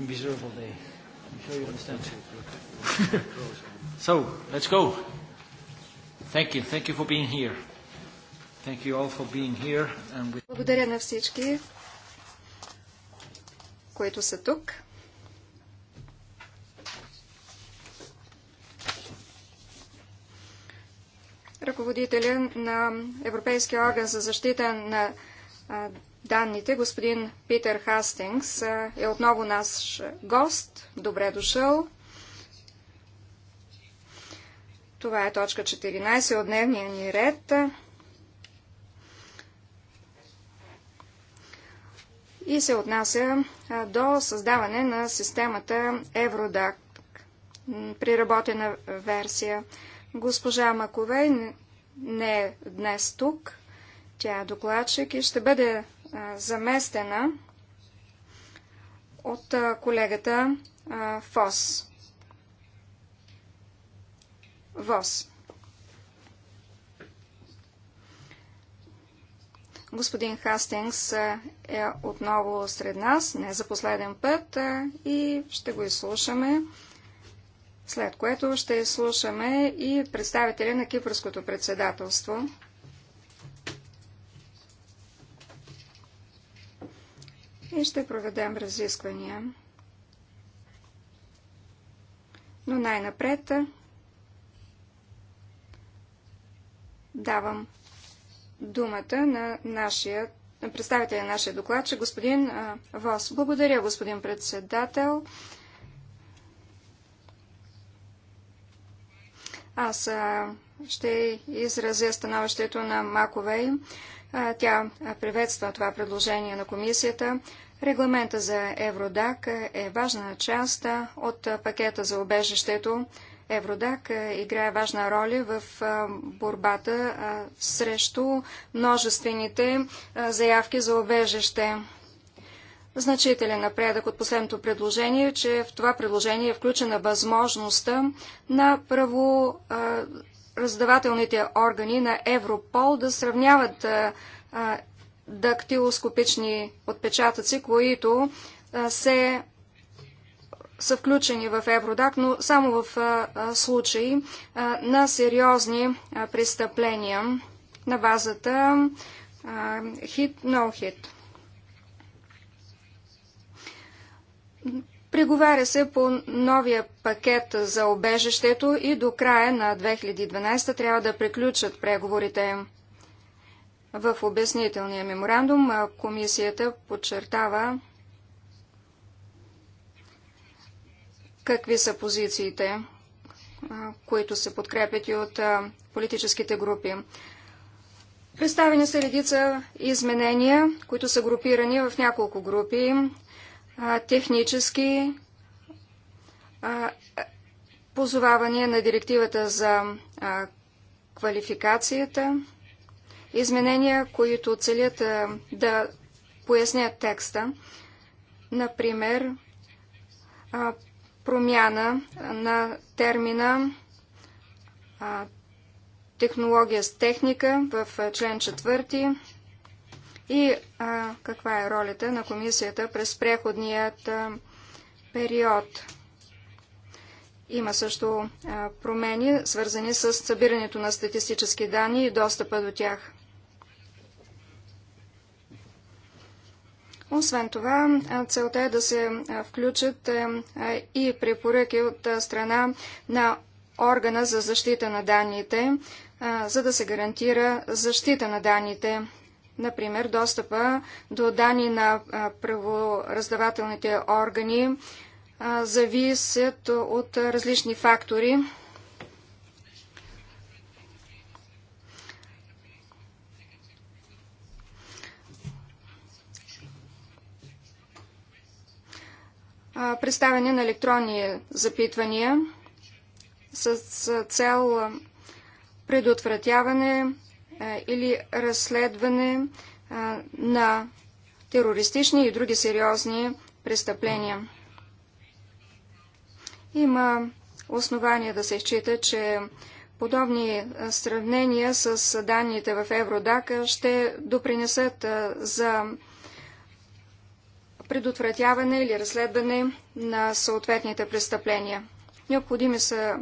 miserable day. I'm sure you understand. so, let's go. Thank you. Thank you for being here. Thank you all for being here. And we... Благодаря на всички, които са тук. Ръководителя на Европейския орган за защита на данните. Господин Питер Хастингс е отново наш гост. Добре дошъл. Това е точка 14 от дневния ни ред. И се отнася до създаване на системата Евродак, приработена версия. Госпожа Маковей не е днес тук. Тя е докладчик и ще бъде заместена от колегата Фос. ВОС. Господин Хастингс е отново сред нас, не за последен път, и ще го изслушаме, след което ще изслушаме и представителя на Кипърското председателство. и ще проведем разисквания. Но най-напред давам думата на нашия представител представителя на нашия доклад, че господин Вос. Благодаря, господин председател. Аз ще изразя становището на Маковей. Тя приветства това предложение на комисията. Регламента за Евродак е важна част от пакета за обежището. Евродак играе важна роля в борбата срещу множествените заявки за обежище. Значителен напредък от последното предложение е, че в това предложение е включена възможността на право раздавателните органи на Европол да сравняват дактилоскопични отпечатъци, които се са включени в Евродак, но само в случаи на сериозни престъпления на базата хит но хит Преговаря се по новия пакет за обежището и до края на 2012 трябва да приключат преговорите. В обяснителния меморандум комисията подчертава какви са позициите, които се подкрепят и от политическите групи. Представени са редица изменения, които са групирани в няколко групи. Технически позовавания на директивата за квалификацията, изменения, които целят да пояснят текста. Например, промяна на термина технология с техника в член 4 и каква е ролята на комисията през преходният период. Има също промени, свързани с събирането на статистически данни и достъпа до тях. Освен това, целта е да се включат и препоръки от страна на органа за защита на данните, за да се гарантира защита на данните. Например, достъпа до данни на правораздавателните органи зависят от различни фактори, представяне на електронни запитвания с цел предотвратяване или разследване на терористични и други сериозни престъпления. Има основания да се счита, че подобни сравнения с данните в Евродака ще допринесат за предотвратяване или разследване на съответните престъпления. Необходими са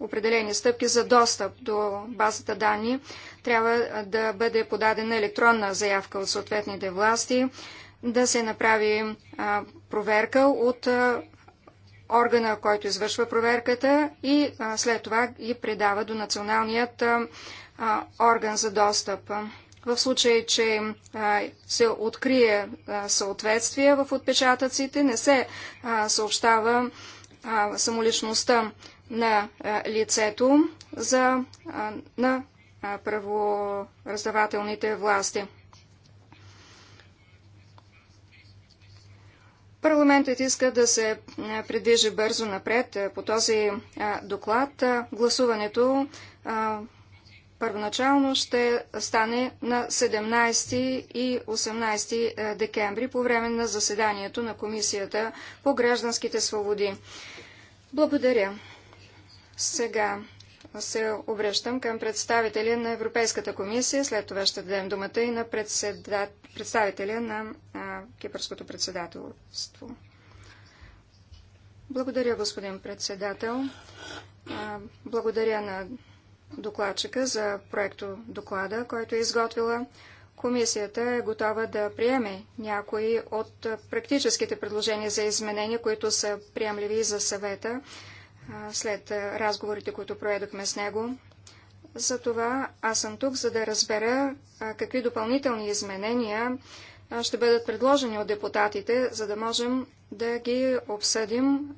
определени стъпки за достъп до базата данни. Трябва да бъде подадена електронна заявка от съответните власти, да се направи проверка от органа, който извършва проверката и след това ги предава до националният орган за достъп в случай, че се открие съответствие в отпечатъците, не се съобщава самоличността на лицето за, на правораздавателните власти. Парламентът иска да се предвижи бързо напред по този доклад. Гласуването първоначално ще стане на 17 и 18 е, декември по време на заседанието на Комисията по гражданските свободи. Благодаря. Сега се обръщам към представителя на Европейската комисия. След това ще дадем думата и на председат... представителя на а, Кипърското председателство. Благодаря, господин председател. А, благодаря на докладчика за проекто доклада, който е изготвила. Комисията е готова да приеме някои от практическите предложения за изменения, които са приемливи за съвета след разговорите, които проведохме с него. Затова аз съм тук, за да разбера какви допълнителни изменения ще бъдат предложени от депутатите, за да можем да ги обсъдим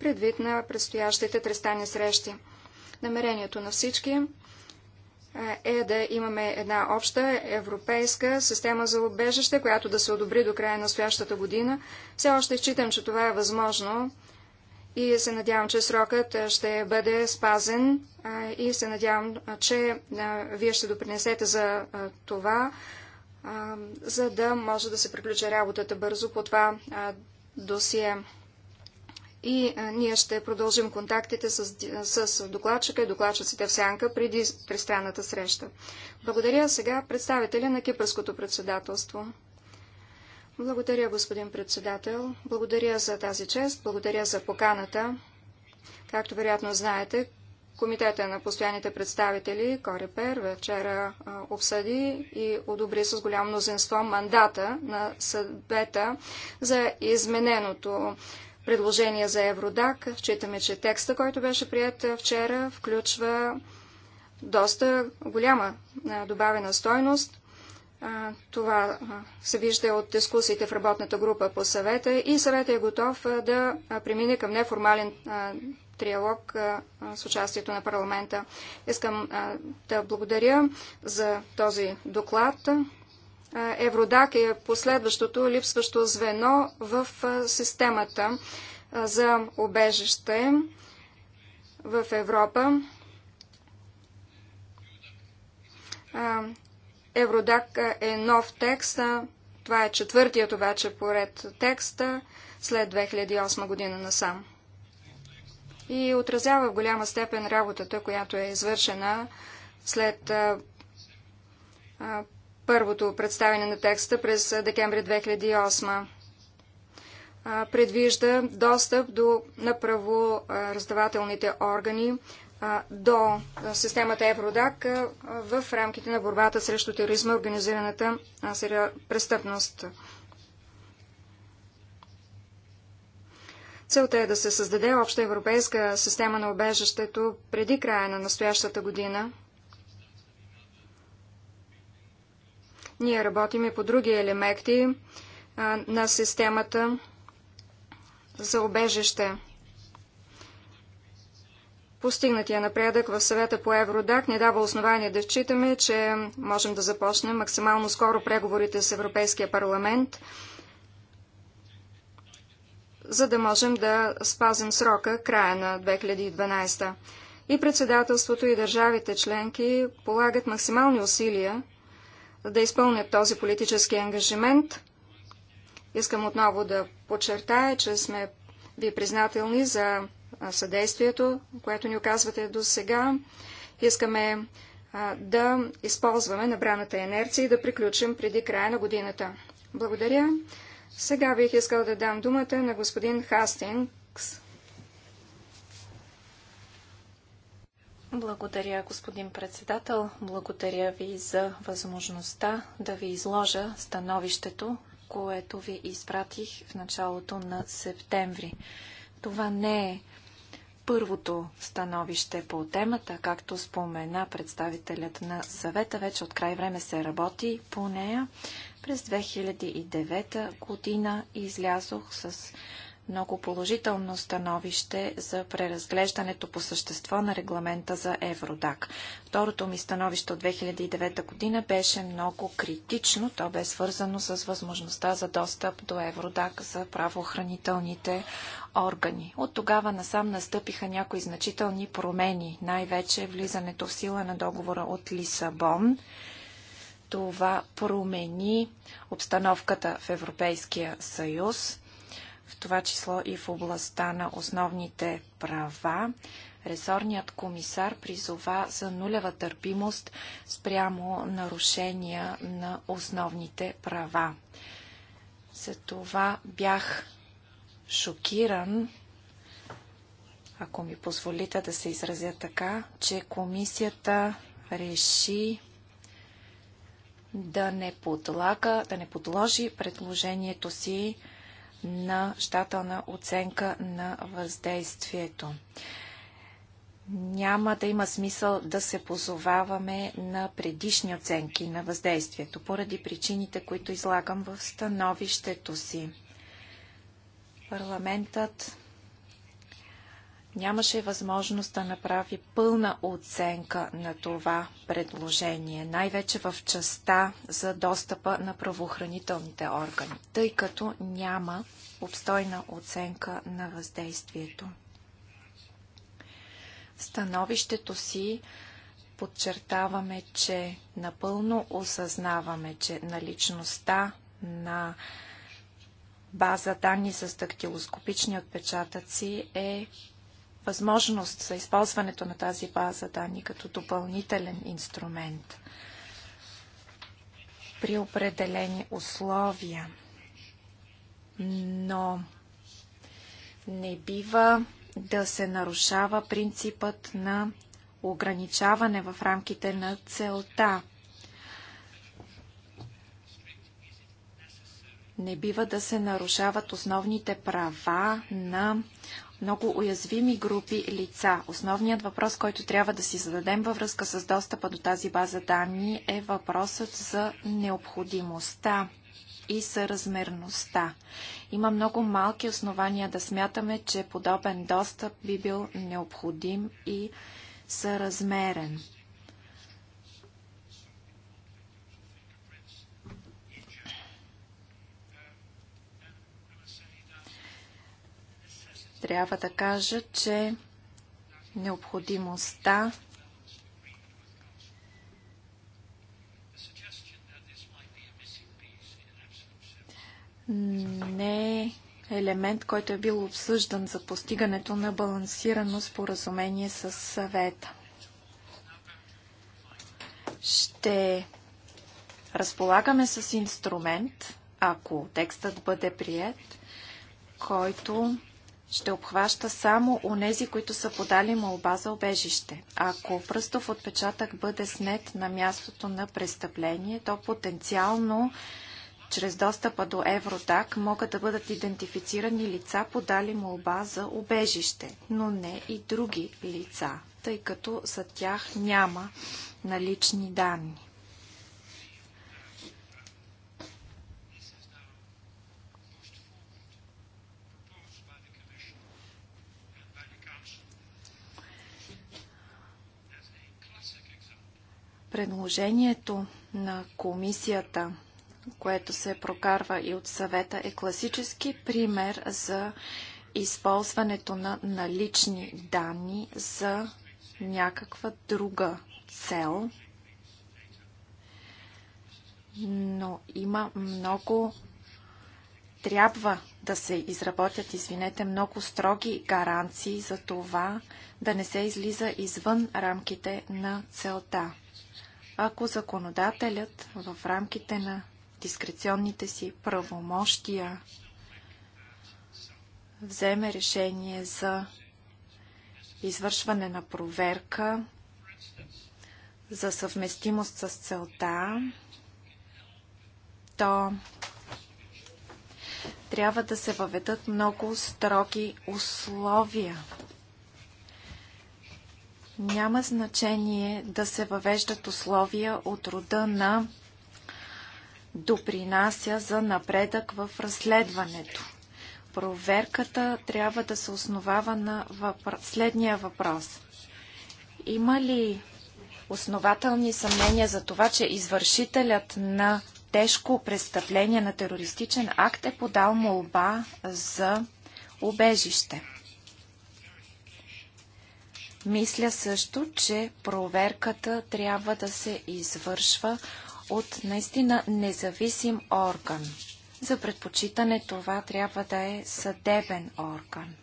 предвид на предстоящите трестани срещи. Намерението на всички е, е да имаме една обща европейска система за убежище, която да се одобри до края на стоящата година. Все още считам, че това е възможно и се надявам, че срокът е, ще бъде спазен е, и се надявам, че вие ще допринесете за това, за да може да се приключи работата бързо по това досие и ние ще продължим контактите с, с докладчика и докладчиците в Сянка преди тристранната среща. Благодаря сега представителя на Кипърското председателство. Благодаря, господин председател. Благодаря за тази чест. Благодаря за поканата. Както вероятно знаете, Комитета на постоянните представители Корепер вчера а, обсъди и одобри с голямо мнозинство мандата на съвета за измененото Предложения за Евродак. Считаме, че текста, който беше прият вчера, включва доста голяма добавена стойност. Това се вижда от дискусиите в работната група по съвета и съвета е готов да премине към неформален триалог с участието на парламента. Искам да благодаря за този доклад. Евродак е последващото липсващо звено в системата за обежище в Европа. Евродак е нов текст. Това е четвъртият обаче поред текста след 2008 година насам. И отразява в голяма степен работата, която е извършена след първото представяне на текста през декември 2008 предвижда достъп до направо раздавателните органи до системата Евродак в рамките на борбата срещу тероризма и организираната престъпност. Целта е да се създаде обща европейска система на обежащето преди края на настоящата година – Ние работим и по други елементи на системата за обежище. Постигнатия напредък в съвета по Евродак ни дава основание да считаме, че можем да започнем максимално скоро преговорите с Европейския парламент, за да можем да спазим срока края на 2012. И председателството и държавите членки полагат максимални усилия да изпълнят този политически ангажимент. Искам отново да подчертая, че сме ви признателни за съдействието, което ни оказвате до сега. Искаме да използваме набраната енерция и да приключим преди края на годината. Благодаря. Сега бих искал да дам думата на господин Хастингс Благодаря, господин председател. Благодаря ви за възможността да ви изложа становището, което ви изпратих в началото на септември. Това не е първото становище по темата, както спомена представителят на съвета, вече от край време се работи по нея. През 2009 година излязох с много положително становище за преразглеждането по същество на регламента за Евродак. Второто ми становище от 2009 година беше много критично. То бе свързано с възможността за достъп до Евродак за правоохранителните органи. От тогава насам настъпиха някои значителни промени, най-вече влизането в сила на договора от Лисабон това промени обстановката в Европейския съюз това число и в областта на основните права, ресорният комисар призова за нулева търпимост спрямо нарушения на основните права. За това бях шокиран, ако ми позволите да се изразя така, че комисията реши да не подлага, да не подложи предложението си на щателна оценка на въздействието. Няма да има смисъл да се позоваваме на предишни оценки на въздействието, поради причините, които излагам в становището си. Парламентът нямаше възможност да направи пълна оценка на това предложение, най-вече в частта за достъпа на правоохранителните органи, тъй като няма обстойна оценка на въздействието. Становището си подчертаваме, че напълно осъзнаваме, че наличността на база данни с дактилоскопични отпечатъци е възможност за използването на тази база данни като допълнителен инструмент при определени условия. Но не бива да се нарушава принципът на ограничаване в рамките на целта. Не бива да се нарушават основните права на много уязвими групи лица. Основният въпрос, който трябва да си зададем във връзка с достъпа до тази база данни е въпросът за необходимостта и съразмерността. Има много малки основания да смятаме, че подобен достъп би бил необходим и съразмерен. трябва да кажа, че необходимостта не е елемент, който е бил обсъждан за постигането на балансирано споразумение с съвета. Ще разполагаме с инструмент, ако текстът бъде прият, който ще обхваща само онези, които са подали молба за обежище. Ако пръстов отпечатък бъде снет на мястото на престъпление, то потенциално чрез достъпа до Евротак могат да бъдат идентифицирани лица, подали молба за обежище, но не и други лица, тъй като за тях няма налични данни. Предложението на комисията, което се прокарва и от съвета, е класически пример за използването на налични данни за някаква друга цел, но има много трябва да се изработят, извинете, много строги гаранции за това да не се излиза извън рамките на целта ако законодателят в рамките на дискреционните си правомощия вземе решение за извършване на проверка за съвместимост с целта, то трябва да се въведат много строги условия няма значение да се въвеждат условия от рода на допринася за напредък в разследването. Проверката трябва да се основава на въпр... следния въпрос. Има ли основателни съмнения за това, че извършителят на тежко престъпление на терористичен акт е подал молба за убежище? Мисля също, че проверката трябва да се извършва от наистина независим орган. За предпочитане това трябва да е съдебен орган.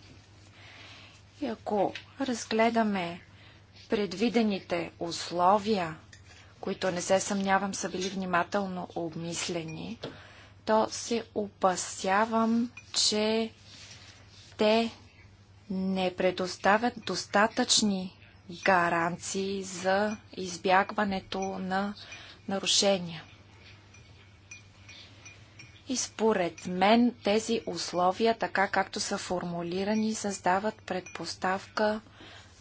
И ако разгледаме предвидените условия, които не се съмнявам са били внимателно обмислени, то се опасявам, че те не предоставят достатъчни гаранции за избягването на нарушения. И според мен тези условия, така както са формулирани, създават предпоставка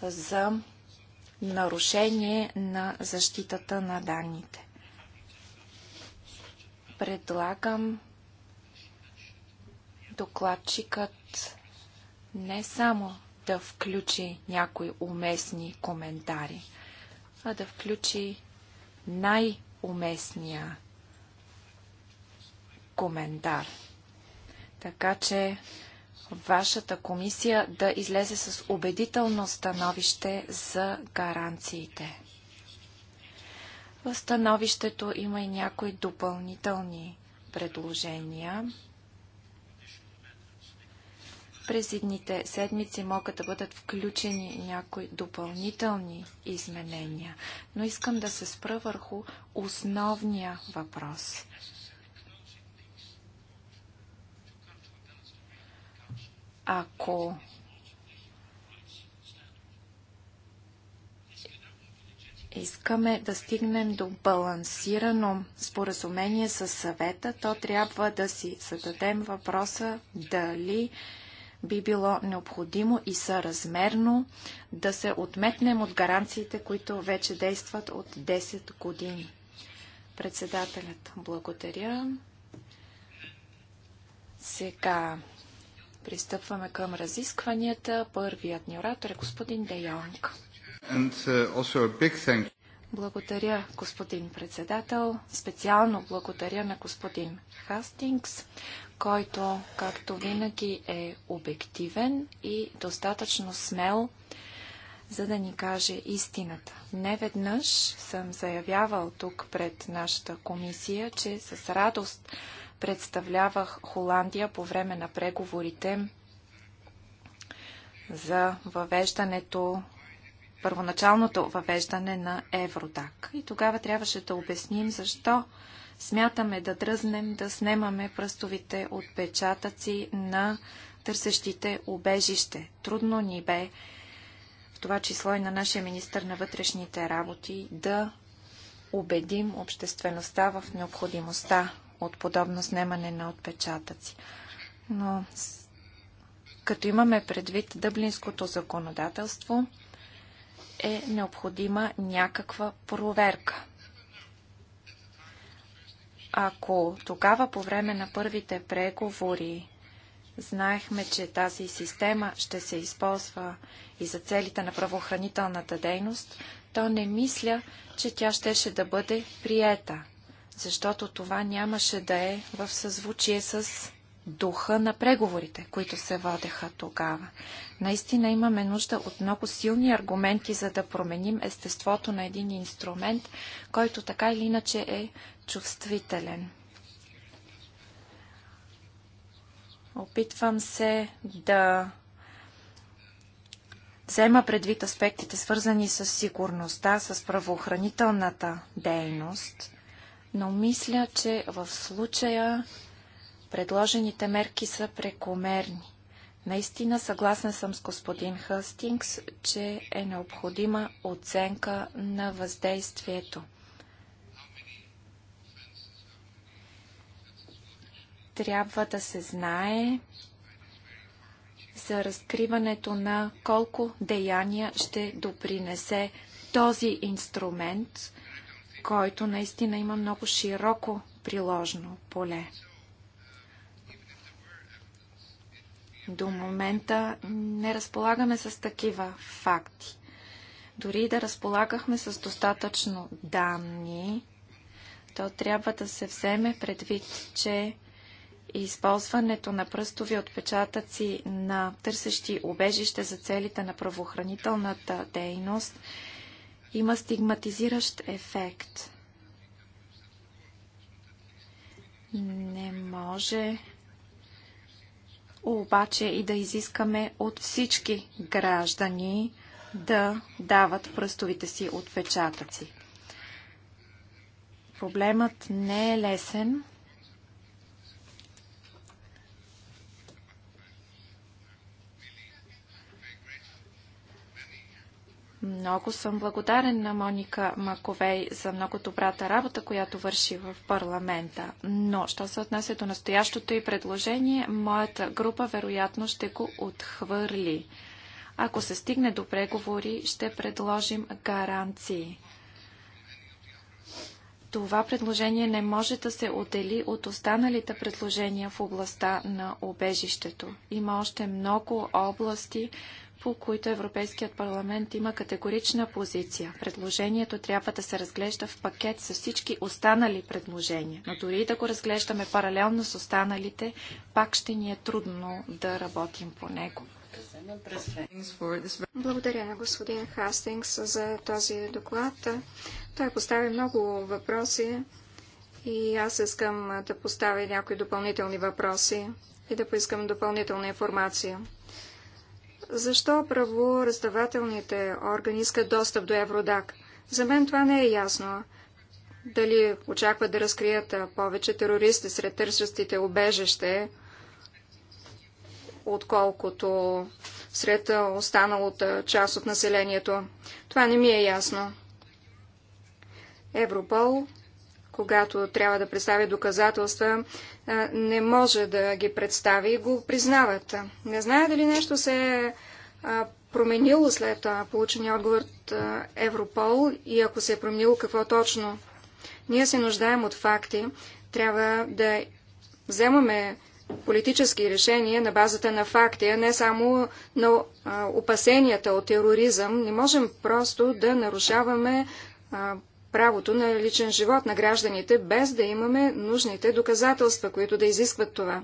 за нарушение на защитата на данните. Предлагам докладчикът не само да включи някои уместни коментари, а да включи най-уместния коментар. Така че вашата комисия да излезе с убедително становище за гаранциите. В становището има и някои допълнителни предложения през едните седмици могат да бъдат включени някои допълнителни изменения, но искам да се спра върху основния въпрос. Ако искаме да стигнем до балансирано споразумение с съвета, то трябва да си зададем въпроса дали би било необходимо и съразмерно да се отметнем от гаранциите, които вече действат от 10 години. Председателят, благодаря. Сега пристъпваме към разискванията. Първият ни оратор е господин Де Йонг. Uh, благодаря, господин председател. Специално благодаря на господин Хастингс, който, както винаги, е обективен и достатъчно смел, за да ни каже истината. Неведнъж съм заявявал тук пред нашата комисия, че с радост представлявах Холандия по време на преговорите за въвеждането, първоначалното въвеждане на Евродак. И тогава трябваше да обясним защо Смятаме да дръзнем да снемаме пръстовите отпечатъци на търсещите убежище. Трудно ни бе, в това число и на нашия министр на вътрешните работи, да убедим обществеността в необходимостта от подобно снемане на отпечатъци. Но като имаме предвид дъблинското законодателство, е необходима някаква проверка. Ако тогава по време на първите преговори знаехме, че тази система ще се използва и за целите на правоохранителната дейност, то не мисля, че тя щеше да бъде приета, защото това нямаше да е в съзвучие с духа на преговорите, които се водеха тогава. Наистина имаме нужда от много силни аргументи, за да променим естеството на един инструмент, който така или иначе е чувствителен. Опитвам се да взема предвид аспектите, свързани с сигурността, с правоохранителната дейност, но мисля, че в случая Предложените мерки са прекомерни. Наистина съгласен съм с господин Хъстингс, че е необходима оценка на въздействието. Трябва да се знае за разкриването на колко деяния ще допринесе този инструмент, който наистина има много широко приложно поле. До момента не разполагаме с такива факти. Дори да разполагахме с достатъчно данни, то трябва да се вземе предвид, че използването на пръстови отпечатъци на търсещи убежище за целите на правоохранителната дейност има стигматизиращ ефект. Не може обаче и да изискаме от всички граждани да дават пръстовите си отпечатъци. Проблемът не е лесен, Много съм благодарен на Моника Маковей за много добрата работа, която върши в парламента. Но, що се отнася до настоящото и предложение, моята група вероятно ще го отхвърли. Ако се стигне до преговори, ще предложим гаранции. Това предложение не може да се отдели от останалите предложения в областта на обежището. Има още много области, по които Европейският парламент има категорична позиция. Предложението трябва да се разглежда в пакет с всички останали предложения, но дори и да го разглеждаме паралелно с останалите, пак ще ни е трудно да работим по него. Благодаря на господин Хастингс за този доклад. Той постави много въпроси и аз искам да поставя някои допълнителни въпроси и да поискам допълнителна информация. Защо раздавателните органи искат достъп до Евродак? За мен това не е ясно. Дали очакват да разкрият повече терористи сред търсещите обежище, отколкото сред останалата част от населението. Това не ми е ясно. Европол, когато трябва да представя доказателства не може да ги представи и го признават. Не зная дали нещо се е променило след получения отговор от Европол и ако се е променило какво точно. Ние се нуждаем от факти. Трябва да вземаме политически решения на базата на факти, а не само на опасенията от тероризъм. Не можем просто да нарушаваме правото на личен живот на гражданите, без да имаме нужните доказателства, които да изискват това.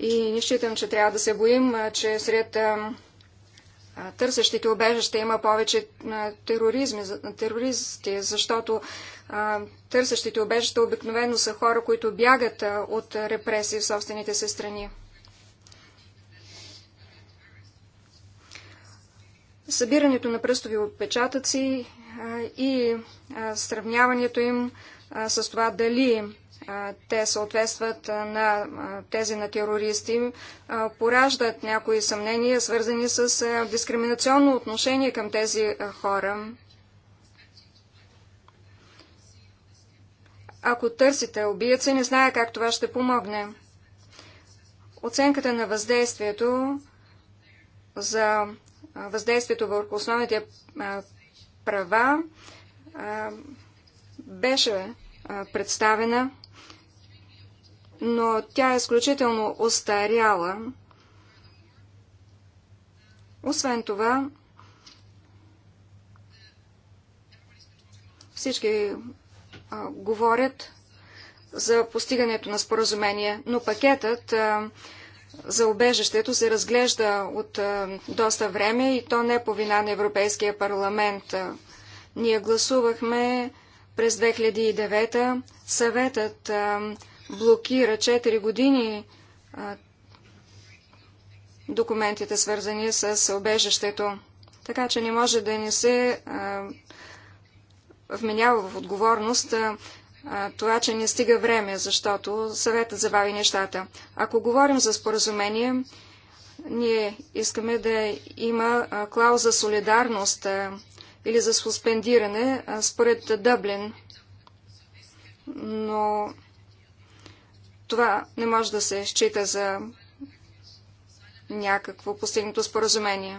И не считам, че трябва да се боим, че сред търсещите обежище има повече тероризми, терористи, защото търсещите обежища обикновено са хора, които бягат от репресии в собствените си страни. събирането на пръстови отпечатъци и сравняването им с това дали те съответстват на тези на терористи, пораждат някои съмнения, свързани с дискриминационно отношение към тези хора. Ако търсите убийца, не знае как това ще помогне. Оценката на въздействието за въздействието върху основните права беше представена, но тя е изключително устаряла. Освен това, всички говорят за постигането на споразумение, но пакетът а, за убежището се разглежда от доста време и то не по вина на Европейския парламент. Ние гласувахме през 2009. Съветът блокира 4 години документите, свързани с обежището. Така че не може да не се вменява в отговорност това, че не стига време, защото съветът забави нещата. Ако говорим за споразумение, ние искаме да има клауза солидарност или за суспендиране според Дъблин. Но това не може да се счита за някакво постигнато споразумение.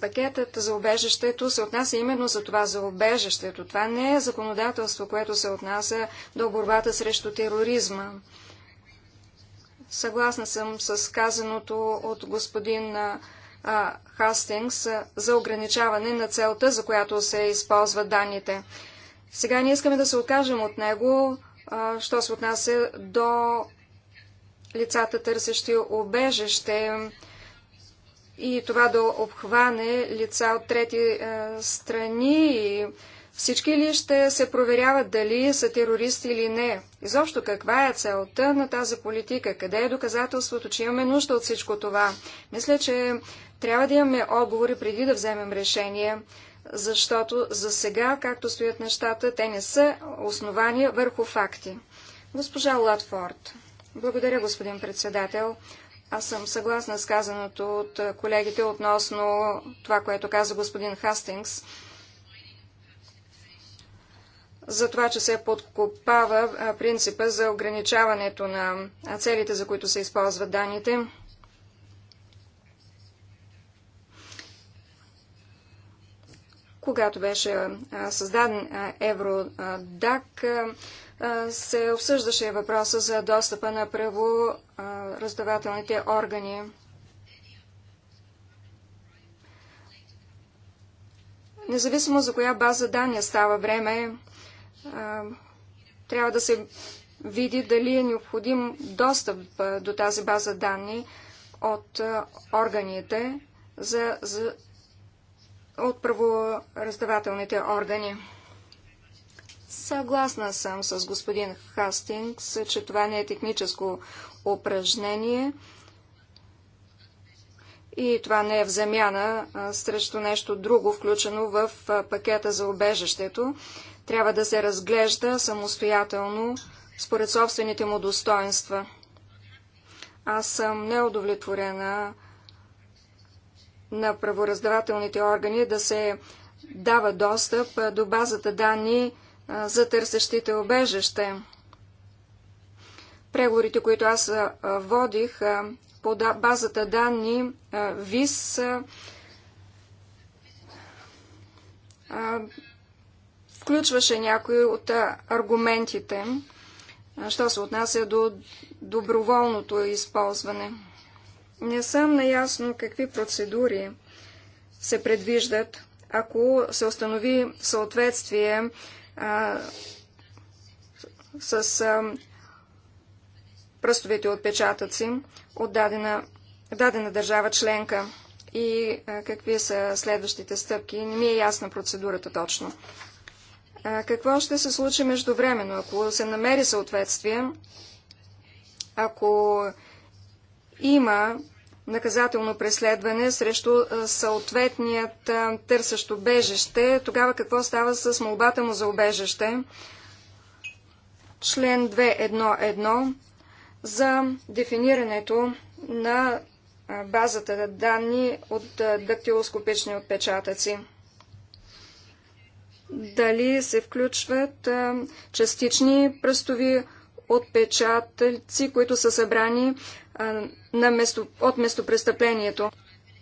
Пакетът за обежището се отнася именно за това, за обежището. Това не е законодателство, което се отнася до борбата срещу тероризма. Съгласна съм с казаното от господин а, Хастингс за ограничаване на целта, за която се използват данните. Сега ние искаме да се откажем от него, а, що се отнася до лицата, търсещи обежище и това да обхване лица от трети е, страни и всички ли ще се проверяват дали са терористи или не? Изобщо каква е целта на тази политика? Къде е доказателството, че имаме нужда от всичко това? Мисля, че трябва да имаме отговори преди да вземем решение, защото за сега, както стоят нещата, те не са основания върху факти. Госпожа Латфорд. Благодаря, господин председател. Аз съм съгласна с казаното от колегите относно това, което каза господин Хастингс. За това, че се подкопава принципа за ограничаването на целите, за които се използват данните. Когато беше създаден Евродак, се обсъждаше въпроса за достъпа на право раздавателните органи. Независимо за коя база данни става време, трябва да се види дали е необходим достъп до тази база данни от органите за, за от правораздавателните органи. Съгласна съм с господин Хастингс, че това не е техническо упражнение и това не е в замяна а, срещу нещо друго, включено в а, пакета за обежището. Трябва да се разглежда самостоятелно според собствените му достоинства. Аз съм неудовлетворена на правораздавателните органи да се дава достъп а, до базата данни за търсещите обежище преговорите, които аз водих по базата данни ВИС, включваше някои от аргументите, що се отнася до доброволното използване. Не съм наясно какви процедури се предвиждат, ако се установи съответствие а, с а, пръстовите отпечатъци от дадена, дадена държава членка и какви са следващите стъпки. Не ми е ясна процедурата точно. Какво ще се случи междувременно, ако се намери съответствие, ако има наказателно преследване срещу съответният търсещ обежище, тогава какво става с молбата му за обежище? Член 2.1.1 за дефинирането на базата на данни от дактилоскопични отпечатъци. Дали се включват частични пръстови отпечатъци, които са събрани на место, от местопрестъплението.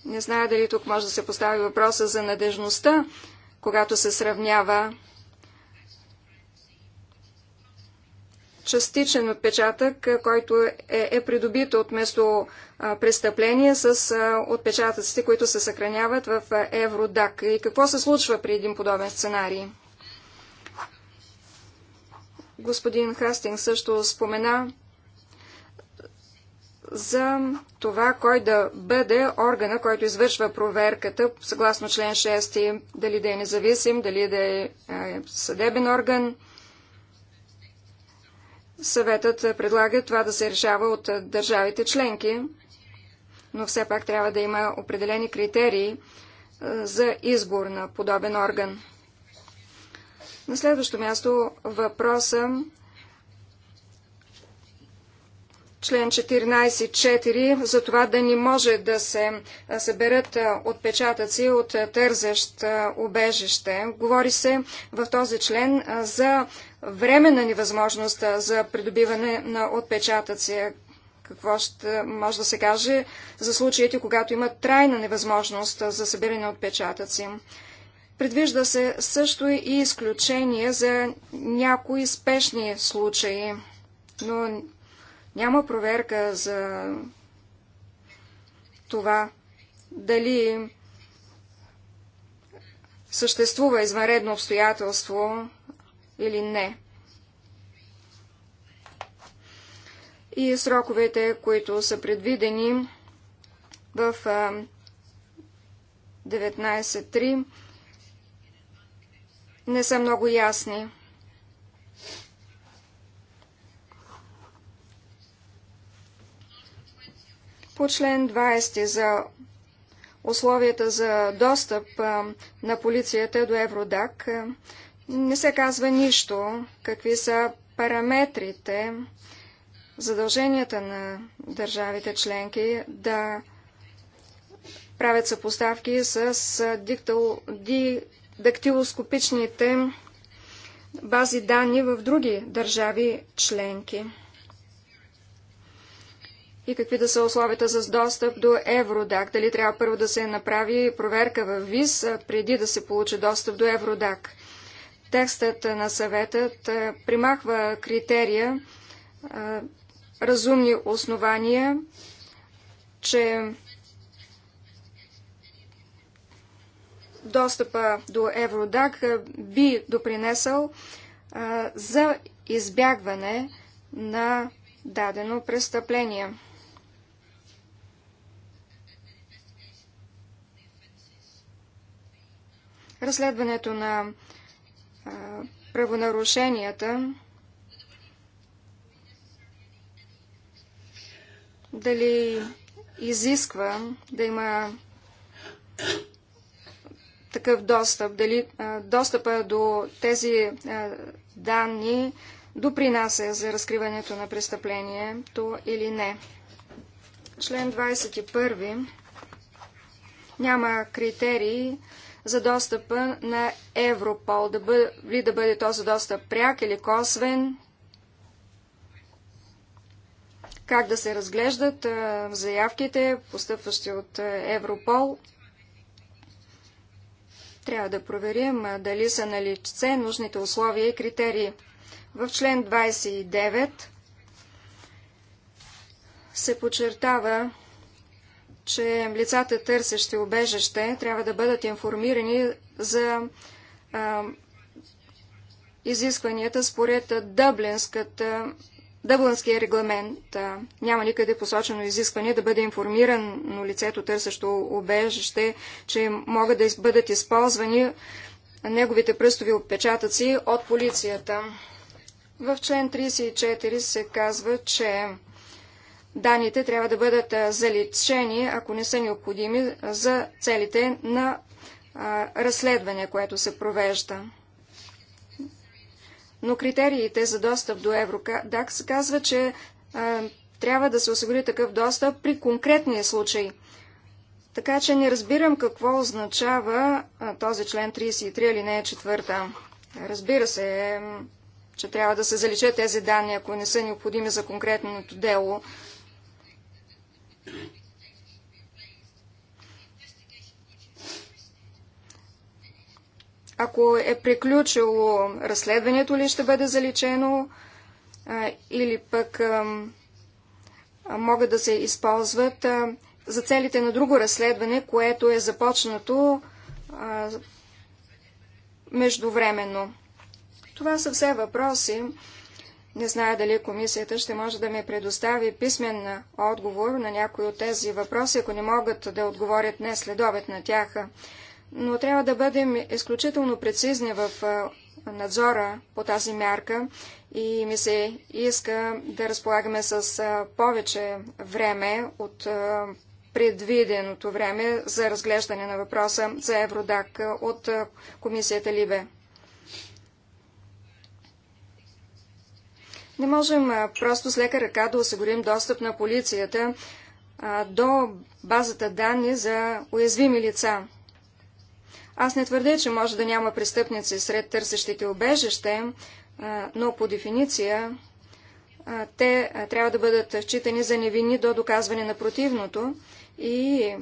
Не зная дали тук може да се постави въпроса за надежността, когато се сравнява частичен отпечатък, който е, е придобит от место престъпление с отпечатъците, които се съхраняват в Евродак. И какво се случва при един подобен сценарий? Господин Хастинг също спомена за това, кой да бъде органа, който извършва проверката, съгласно член 6, дали да е независим, дали да е, е съдебен орган. Съветът предлага това да се решава от държавите членки, но все пак трябва да има определени критерии за избор на подобен орган. На следващо място въпроса член 14.4 за това да не може да се съберат отпечатъци от тързащ убежище. Говори се в този член за временна невъзможност за придобиване на отпечатъци. Какво ще може да се каже за случаите, когато има трайна невъзможност за събиране на отпечатъци? Предвижда се също и изключение за някои спешни случаи, но няма проверка за това дали съществува извънредно обстоятелство, или не. И сроковете, които са предвидени в 19.3, не са много ясни. По член 20 за условията за достъп на полицията до Евродак, не се казва нищо, какви са параметрите, задълженията на държавите членки да правят съпоставки с дактилоскопичните бази данни в други държави членки и какви да са условията за достъп до Евродак. Дали трябва първо да се направи проверка в виз преди да се получи достъп до Евродак. Текстът на съветът е, примахва критерия, е, разумни основания, че достъпа до Евродак е, би допринесъл за избягване на дадено престъпление. Разследването на правонарушенията, дали изисква да има такъв достъп, дали достъпа до тези данни допринася за разкриването на престъплението или не. Член 21 няма критерии за достъпа на Европол, да бъде, ли да бъде този достъп пряк или косвен, как да се разглеждат а, заявките, постъпващи от Европол. Трябва да проверим а, дали са на лице нужните условия и критерии. В член 29 се подчертава че лицата, търсещи обежище, трябва да бъдат информирани за а, изискванията според Дъблинската, Дъблинския регламент. А, няма никъде посочено изискване да бъде информирано лицето, търсещо обежище, че могат да бъдат използвани неговите пръстови отпечатъци от полицията. В член 34 се казва, че данните трябва да бъдат заличени, ако не са необходими за целите на разследване, което се провежда. Но критериите за достъп до Евродакс казва, че трябва да се осигури такъв достъп при конкретния случай. Така че не разбирам какво означава този член 33 алинея 4. Разбира се, че трябва да се заличат тези данни, ако не са необходими за конкретното дело, ако е приключило разследването ли ще бъде заличено или пък могат да се използват за целите на друго разследване, което е започнато междувременно. Това са все въпроси, не зная дали комисията ще може да ми предостави писмен отговор на някои от тези въпроси, ако не могат да отговорят не след на тях. Но трябва да бъдем изключително прецизни в надзора по тази мярка и ми се иска да разполагаме с повече време от предвиденото време за разглеждане на въпроса за Евродак от комисията Либе. Не можем просто с лека ръка да осигурим достъп на полицията до базата данни за уязвими лица. Аз не твърдя, че може да няма престъпници сред търсещите обежище, но по дефиниция те трябва да бъдат считани за невинни до доказване на противното и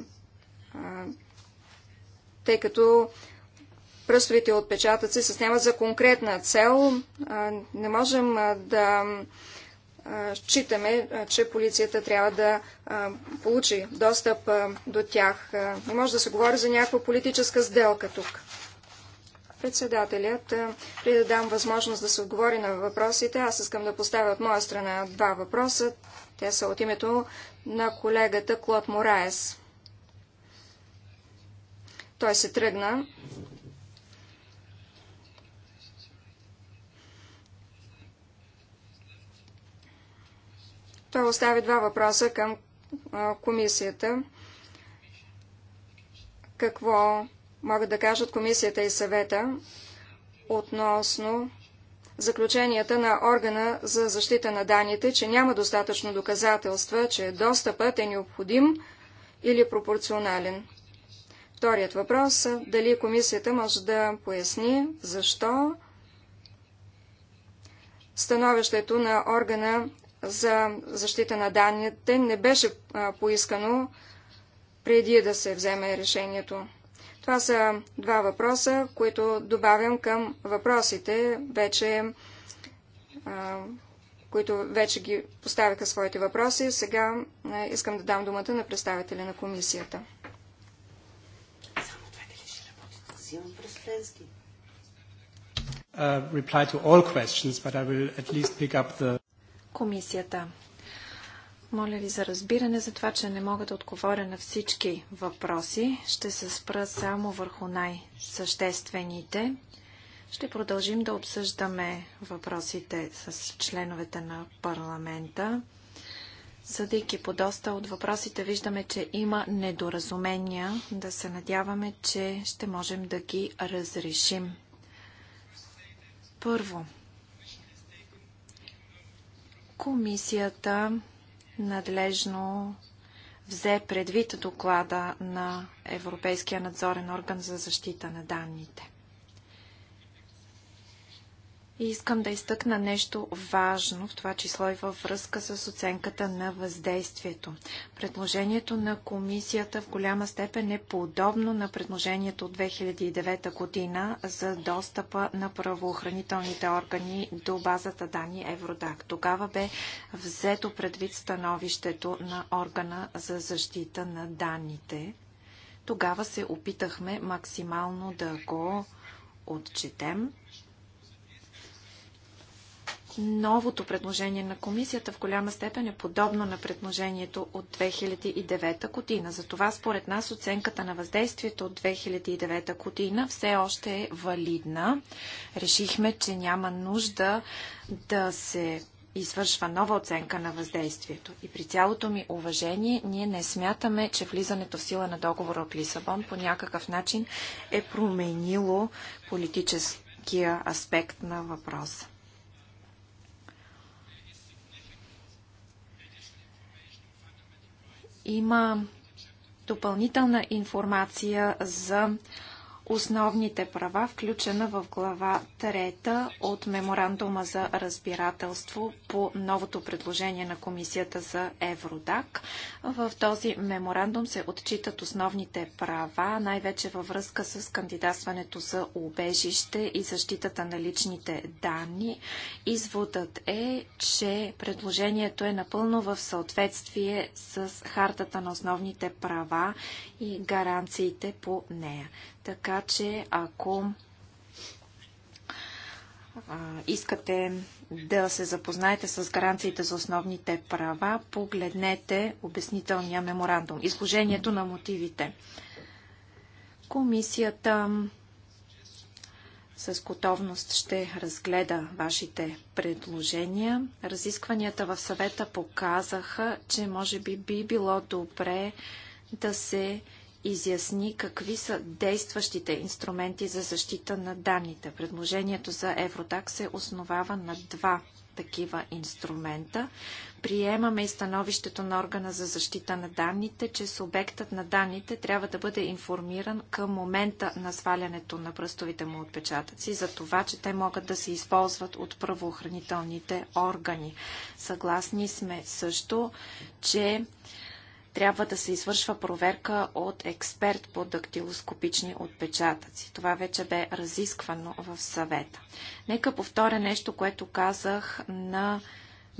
тъй като пръстовите отпечатъци се снимат за конкретна цел. Не можем да считаме, че полицията трябва да получи достъп до тях. Не може да се говори за някаква политическа сделка тук. Председателят, преди да дам възможност да се отговори на въпросите, аз искам да поставя от моя страна два въпроса. Те са от името на колегата Клод Мораес. Той се тръгна, Той остави два въпроса към комисията. Какво могат да кажат комисията и съвета относно заключенията на органа за защита на данните, че няма достатъчно доказателства, че достъпът е необходим или пропорционален. Вторият въпрос е дали комисията може да поясни защо становището на органа за защита на данните не беше поискано преди да се вземе решението. Това са два въпроса, които добавям към въпросите, вече, които вече ги поставяха своите въпроси. Сега искам да дам думата на представителя на комисията. Само двете ли ще работят? Uh, reply to all questions, but I will at least pick up the комисията. Моля ви за разбиране за това, че не мога да отговоря на всички въпроси. Ще се спра само върху най-съществените. Ще продължим да обсъждаме въпросите с членовете на парламента. Съдейки по доста от въпросите, виждаме, че има недоразумения. Да се надяваме, че ще можем да ги разрешим. Първо, Комисията надлежно взе предвид доклада на Европейския надзорен орган за защита на данните. И искам да изтъкна нещо важно, в това число и във връзка с оценката на въздействието. Предложението на комисията в голяма степен е подобно на предложението от 2009 година за достъпа на правоохранителните органи до базата данни Евродак. Тогава бе взето предвид становището на органа за защита на данните. Тогава се опитахме максимално да го отчетем Новото предложение на комисията в голяма степен е подобно на предложението от 2009 година. Затова според нас оценката на въздействието от 2009 година все още е валидна. Решихме, че няма нужда да се извършва нова оценка на въздействието. И при цялото ми уважение, ние не смятаме, че влизането в сила на договора от Лисабон по някакъв начин е променило политическия аспект на въпроса. има допълнителна информация за основните права, включена в глава 3 от меморандума за разбирателство по новото предложение на Комисията за Евродак. В този меморандум се отчитат основните права, най-вече във връзка с кандидатстването за убежище и защитата на личните данни. Изводът е, че предложението е напълно в съответствие с хартата на основните права и гаранциите по нея. Така че ако искате да се запознаете с гаранциите за основните права, погледнете обяснителния меморандум, изложението на мотивите. Комисията с готовност ще разгледа вашите предложения. Разискванията в съвета показаха, че може би би било добре да се изясни какви са действащите инструменти за защита на данните. Предложението за Евротак се основава на два такива инструмента. Приемаме и становището на органа за защита на данните, че субектът на данните трябва да бъде информиран към момента на свалянето на пръстовите му отпечатъци за това, че те могат да се използват от правоохранителните органи. Съгласни сме също, че трябва да се извършва проверка от експерт по дактилоскопични отпечатъци. Това вече бе разисквано в съвета. Нека повторя нещо, което казах на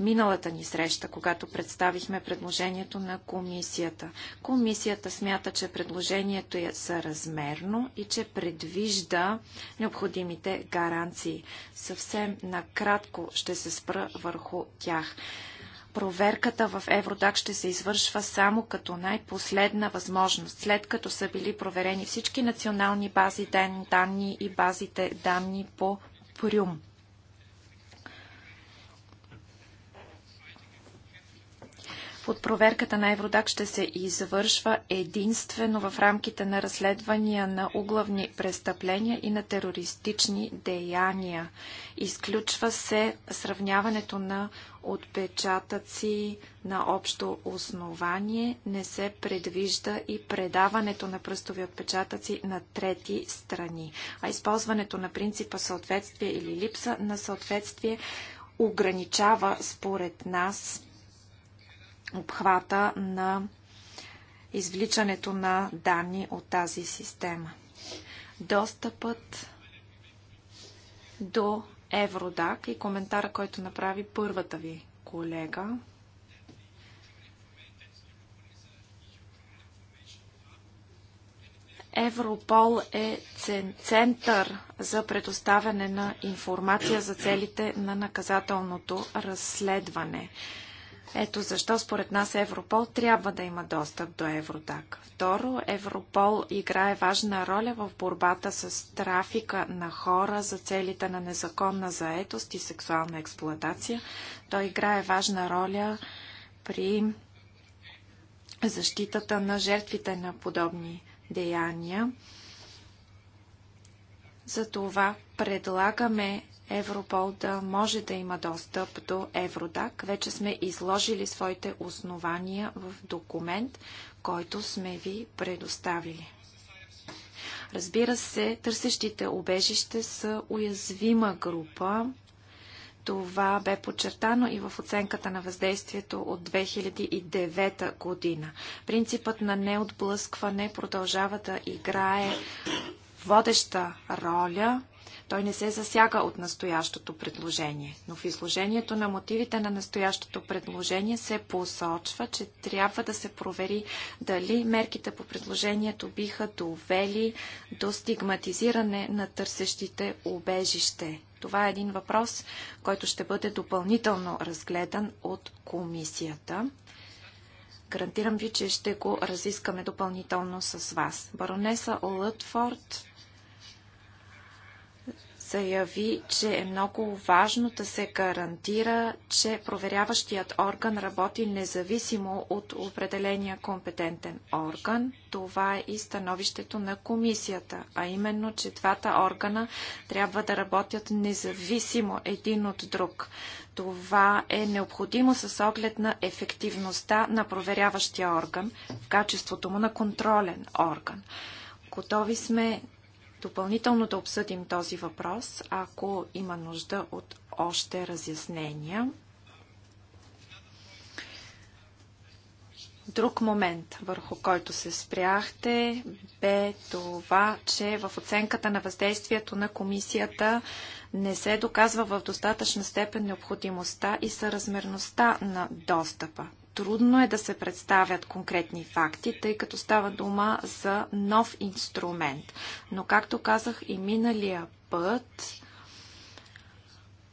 миналата ни среща, когато представихме предложението на комисията. Комисията смята, че предложението е съразмерно и че предвижда необходимите гаранции. Съвсем накратко ще се спра върху тях проверката в Евродак ще се извършва само като най-последна възможност, след като са били проверени всички национални бази данни и базите данни по Прюм. Под проверката на Евродак ще се извършва единствено в рамките на разследвания на углавни престъпления и на терористични деяния. Изключва се сравняването на отпечатъци на общо основание. Не се предвижда и предаването на пръстови отпечатъци на трети страни. А използването на принципа съответствие или липса на съответствие ограничава според нас обхвата на извличането на данни от тази система. Достъпът до Евродак и коментара, който направи първата ви колега. Европол е център за предоставяне на информация за целите на наказателното разследване. Ето защо според нас Европол трябва да има достъп до Евротак. Второ, Европол играе важна роля в борбата с трафика на хора за целите на незаконна заетост и сексуална експлоатация. Той играе важна роля при защитата на жертвите на подобни деяния. Затова предлагаме Европол да може да има достъп до Евродак. Вече сме изложили своите основания в документ, който сме ви предоставили. Разбира се, търсещите обежище са уязвима група. Това бе подчертано и в оценката на въздействието от 2009 година. Принципът на неотблъскване продължава да играе водеща роля той не се засяга от настоящото предложение, но в изложението на мотивите на настоящото предложение се посочва, че трябва да се провери дали мерките по предложението биха довели до стигматизиране на търсещите убежище. Това е един въпрос, който ще бъде допълнително разгледан от комисията. Гарантирам ви, че ще го разискаме допълнително с вас. Баронеса Лътфорд заяви, че е много важно да се гарантира, че проверяващият орган работи независимо от определения компетентен орган. Това е и становището на комисията, а именно, че двата органа трябва да работят независимо един от друг. Това е необходимо с оглед на ефективността на проверяващия орган в качеството му на контролен орган готови сме допълнително да обсъдим този въпрос, ако има нужда от още разяснения. Друг момент, върху който се спряхте, бе това, че в оценката на въздействието на комисията не се доказва в достатъчна степен необходимостта и съразмерността на достъпа трудно е да се представят конкретни факти, тъй като става дума за нов инструмент. Но, както казах и миналия път,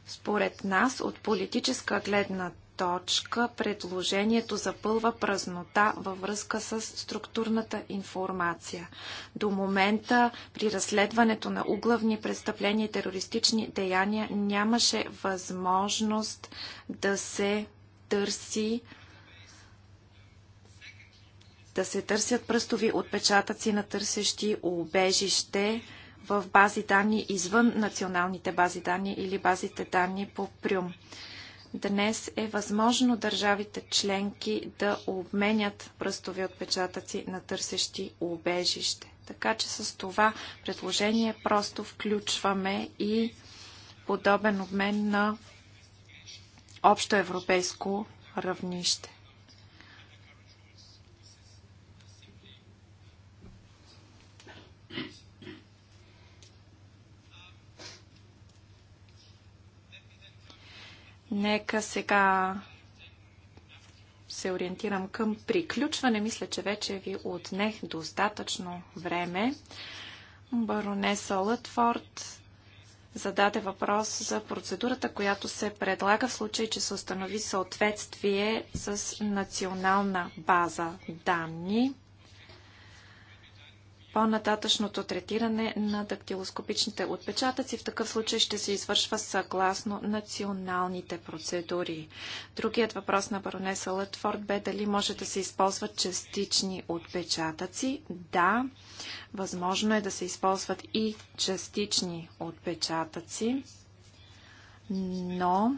според нас от политическа гледна точка предложението запълва празнота във връзка с структурната информация. До момента при разследването на углавни престъпления и терористични деяния нямаше възможност да се търси да се търсят пръстови отпечатъци на търсещи убежище в бази данни извън националните бази данни или базите данни по Прюм. Днес е възможно държавите членки да обменят пръстови отпечатъци на търсещи убежище. Така че с това предложение просто включваме и подобен обмен на общо европейско равнище. Нека сега се ориентирам към приключване. Мисля, че вече ви отнех достатъчно време. Баронеса Лътфорд зададе въпрос за процедурата, която се предлага в случай, че се установи съответствие с национална база данни по-нататъчното третиране на дактилоскопичните отпечатъци в такъв случай ще се извършва съгласно националните процедури. Другият въпрос на баронеса Лътфорд бе дали може да се използват частични отпечатъци. Да, възможно е да се използват и частични отпечатъци, но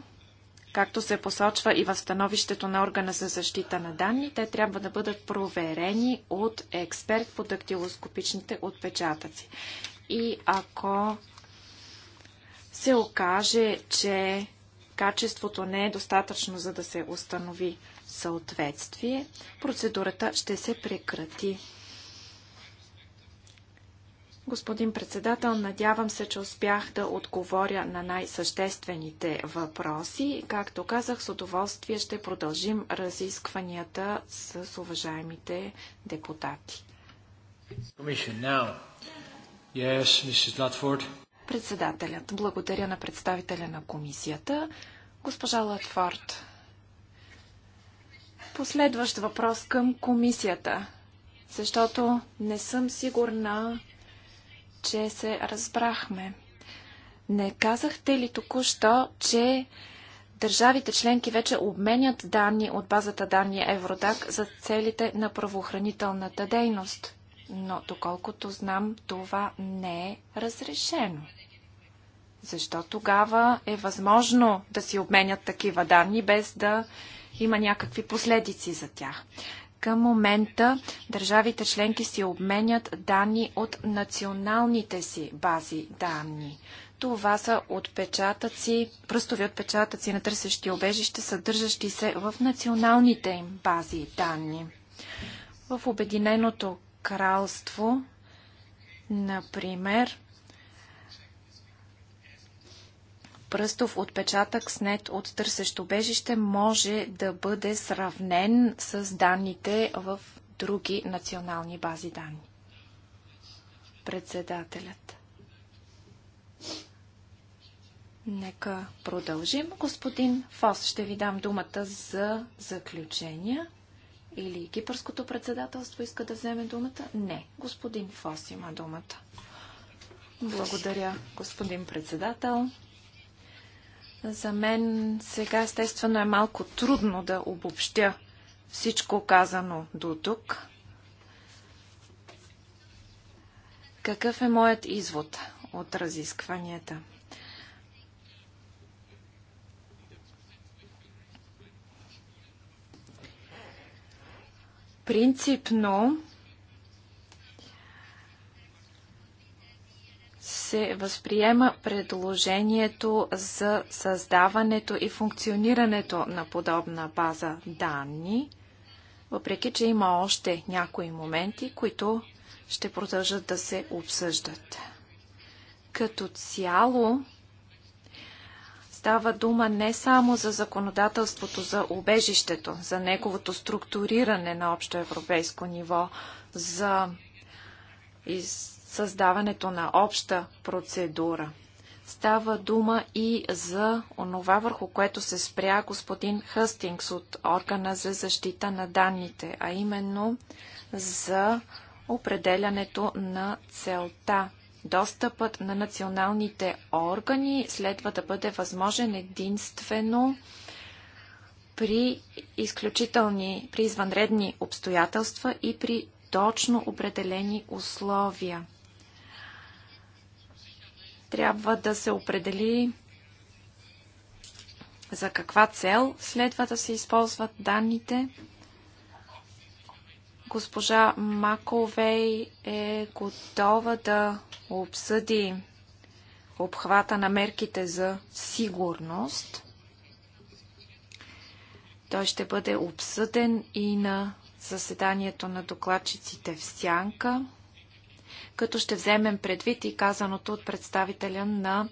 Както се посочва и в становището на органа за защита на данни, те трябва да бъдат проверени от експерт по дактилоскопичните отпечатъци. И ако се окаже, че качеството не е достатъчно, за да се установи съответствие, процедурата ще се прекрати. Господин председател, надявам се, че успях да отговоря на най-съществените въпроси. Както казах, с удоволствие ще продължим разискванията с уважаемите депутати. Председателят, благодаря на представителя на комисията, госпожа Латфорд. Последващ въпрос към комисията, защото не съм сигурна че се разбрахме. Не казахте ли току-що, че държавите членки вече обменят данни от базата данни Евродак за целите на правоохранителната дейност? Но доколкото знам, това не е разрешено. Защо тогава е възможно да си обменят такива данни, без да има някакви последици за тях? Към момента държавите членки си обменят данни от националните си бази данни. Това са отпечатъци, пръстови отпечатъци на търсещи обежище, съдържащи се в националните им бази данни. В Обединеното кралство, например, пръстов отпечатък снет от търсещо бежище може да бъде сравнен с данните в други национални бази данни. Председателят. Нека продължим. Господин Фос, ще ви дам думата за заключения. Или кипърското председателство иска да вземе думата? Не. Господин Фос има думата. Благодаря, господин председател. За мен сега естествено е малко трудно да обобщя всичко казано до тук. Какъв е моят извод от разискванията? Принципно се възприема предложението за създаването и функционирането на подобна база данни, въпреки че има още някои моменти, които ще продължат да се обсъждат. Като цяло, става дума не само за законодателството за убежището, за неговото структуриране на общо европейско ниво, за из създаването на обща процедура. Става дума и за онова, върху което се спря господин Хъстингс от органа за защита на данните, а именно за определянето на целта. Достъпът на националните органи следва да бъде възможен единствено при изключителни, при извънредни обстоятелства и при точно определени условия трябва да се определи за каква цел следва да се използват данните. Госпожа Маковей е готова да обсъди обхвата на мерките за сигурност. Той ще бъде обсъден и на заседанието на докладчиците в Сянка като ще вземем предвид и казаното от представителя на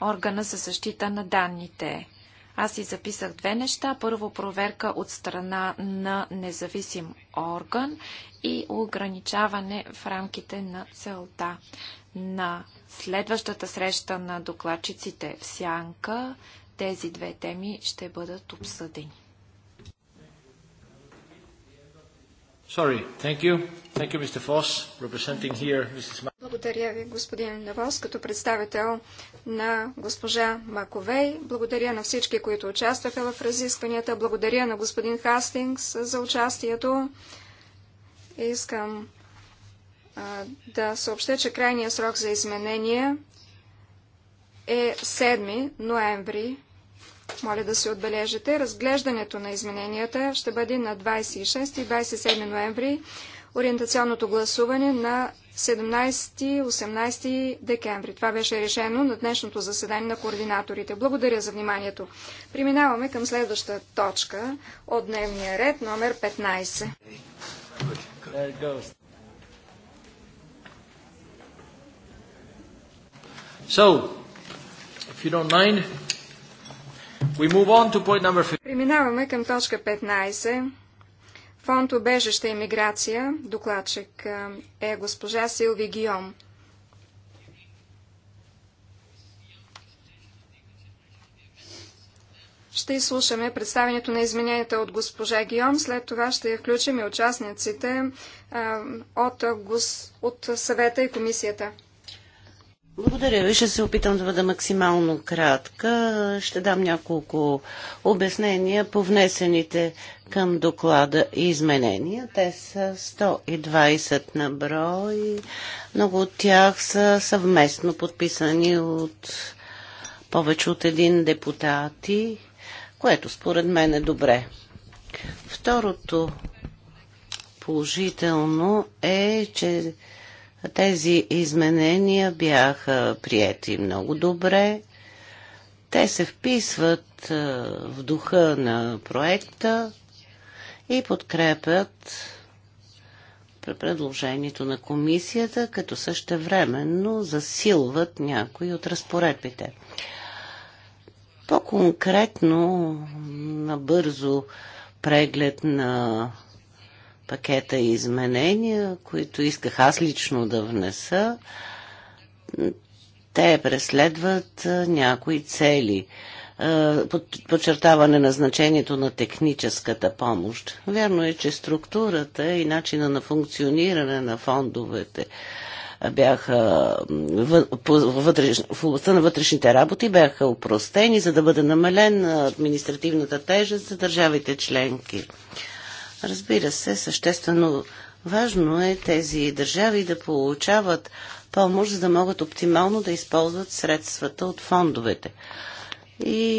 органа за защита на данните. Аз си записах две неща. Първо проверка от страна на независим орган и ограничаване в рамките на целта. На следващата среща на докладчиците в Сянка тези две теми ще бъдат обсъдени. Sorry, thank you. Thank you, Mr. Foss, representing here Mrs. Благодаря ви, господин Навос, като представител на госпожа Маковей. Благодаря на всички, които участваха в разискванията. Благодаря на господин Хастингс за участието. Искам а, да съобща, че крайният срок за изменение е 7 ноември моля да се отбележите. Разглеждането на измененията ще бъде на 26 и 27 ноември. Ориентационното гласуване на 17-18 декември. Това беше решено на днешното заседание на координаторите. Благодаря за вниманието. Преминаваме към следваща точка от дневния ред, номер 15. So, if you don't mind, Преминаваме към точка 15. Фонд обежище и миграция. Докладчик е госпожа Силви Гиом. Ще изслушаме представението на измененията от госпожа Гион, След това ще включим и участниците от, от съвета и комисията. Благодаря ви. Ще се опитам да бъда максимално кратка. Ще дам няколко обяснения по внесените към доклада и изменения. Те са 120 на брой. Много от тях са съвместно подписани от повече от един депутати, което според мен е добре. Второто положително е, че тези изменения бяха приети много добре. Те се вписват е, в духа на проекта и подкрепят предложението на комисията, като същевременно засилват някои от разпоредбите. По-конкретно, на бързо преглед на пакета изменения, които исках аз лично да внеса. Те преследват някои цели. Подчертаване на значението на техническата помощ. Вярно е, че структурата и начина на функциониране на фондовете бяха в областта на вътрешните работи бяха упростени, за да бъде намален административната тежест за държавите членки. Разбира се, съществено важно е тези държави да получават помощ, за да могат оптимално да използват средствата от фондовете и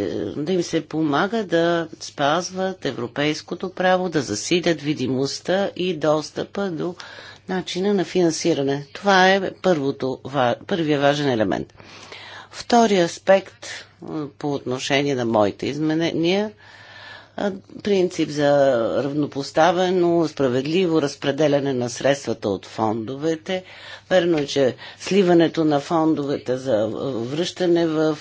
е, да им се помага да спазват европейското право, да засилят видимостта и достъпа до начина на финансиране. Това е първото, първия важен елемент. Втори аспект е, по отношение на моите изменения – принцип за равнопоставено, справедливо разпределяне на средствата от фондовете. Верно е, че сливането на фондовете за връщане в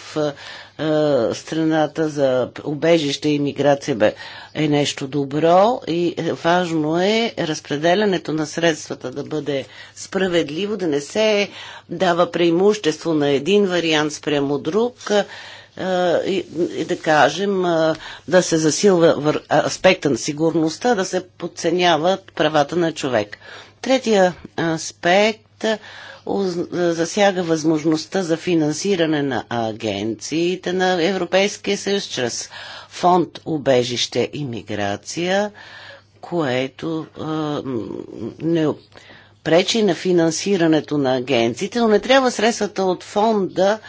страната за убежище и миграция е нещо добро и важно е разпределянето на средствата да бъде справедливо, да не се дава преимущество на един вариант спрямо друг е, и, и да кажем е, да се засилва аспекта на сигурността, да се подценяват правата на човек. Третия аспект е, засяга възможността за финансиране на агенциите на Европейския съюз чрез фонд убежище и миграция, което не пречи на финансирането на агенциите, но не трябва средствата от фонда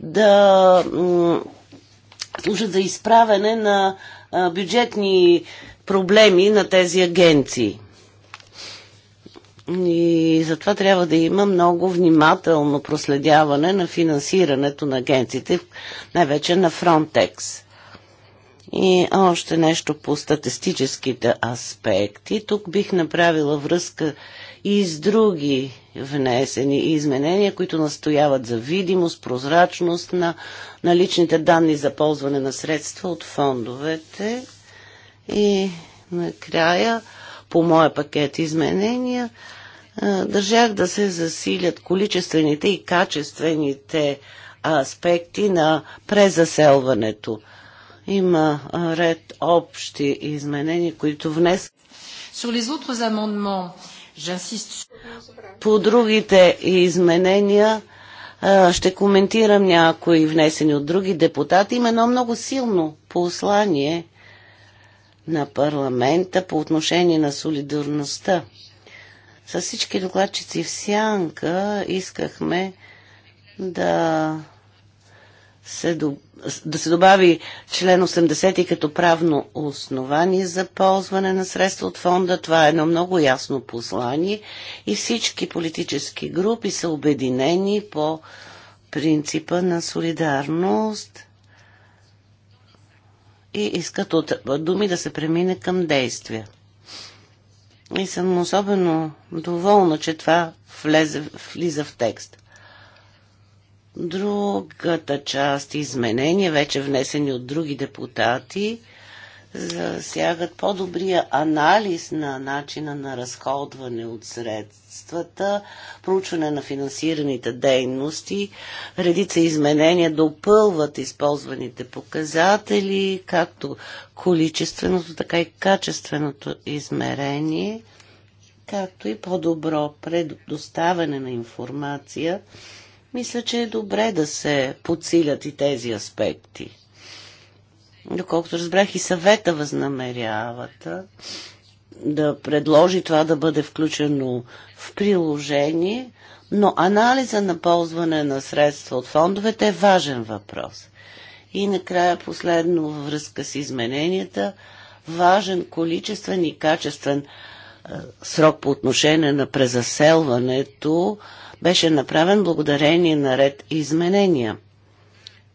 да служат за изправене на бюджетни проблеми на тези агенции. И затова трябва да има много внимателно проследяване на финансирането на агенциите, най-вече на Frontex. И още нещо по статистическите аспекти. Тук бих направила връзка и с други внесени изменения, които настояват за видимост, прозрачност на наличните данни за ползване на средства от фондовете. И накрая, по моя пакет изменения, държах да се засилят количествените и качествените аспекти на презаселването. Има ред общи изменения, които внес. Sur les autres amendements, по другите изменения ще коментирам някои внесени от други депутати. Има едно много силно послание на парламента по отношение на солидарността. С всички докладчици в Сянка искахме да се да се добави член 80 като правно основание за ползване на средства от фонда. Това е едно много ясно послание и всички политически групи са обединени по принципа на солидарност и искат от думи да се премине към действия. И съм особено доволна, че това влезе, влиза в текст. Другата част изменения, вече внесени от други депутати, засягат по-добрия анализ на начина на разходване от средствата, проучване на финансираните дейности. Редица изменения допълват използваните показатели, както количественото, така и качественото измерение, както и по-добро предоставяне на информация мисля, че е добре да се подсилят и тези аспекти. Доколкото разбрах и съвета възнамерявата да предложи това да бъде включено в приложение, но анализа на ползване на средства от фондовете е важен въпрос. И накрая последно във връзка с измененията, важен количествен и качествен срок по отношение на презаселването, беше направен благодарение на ред изменения.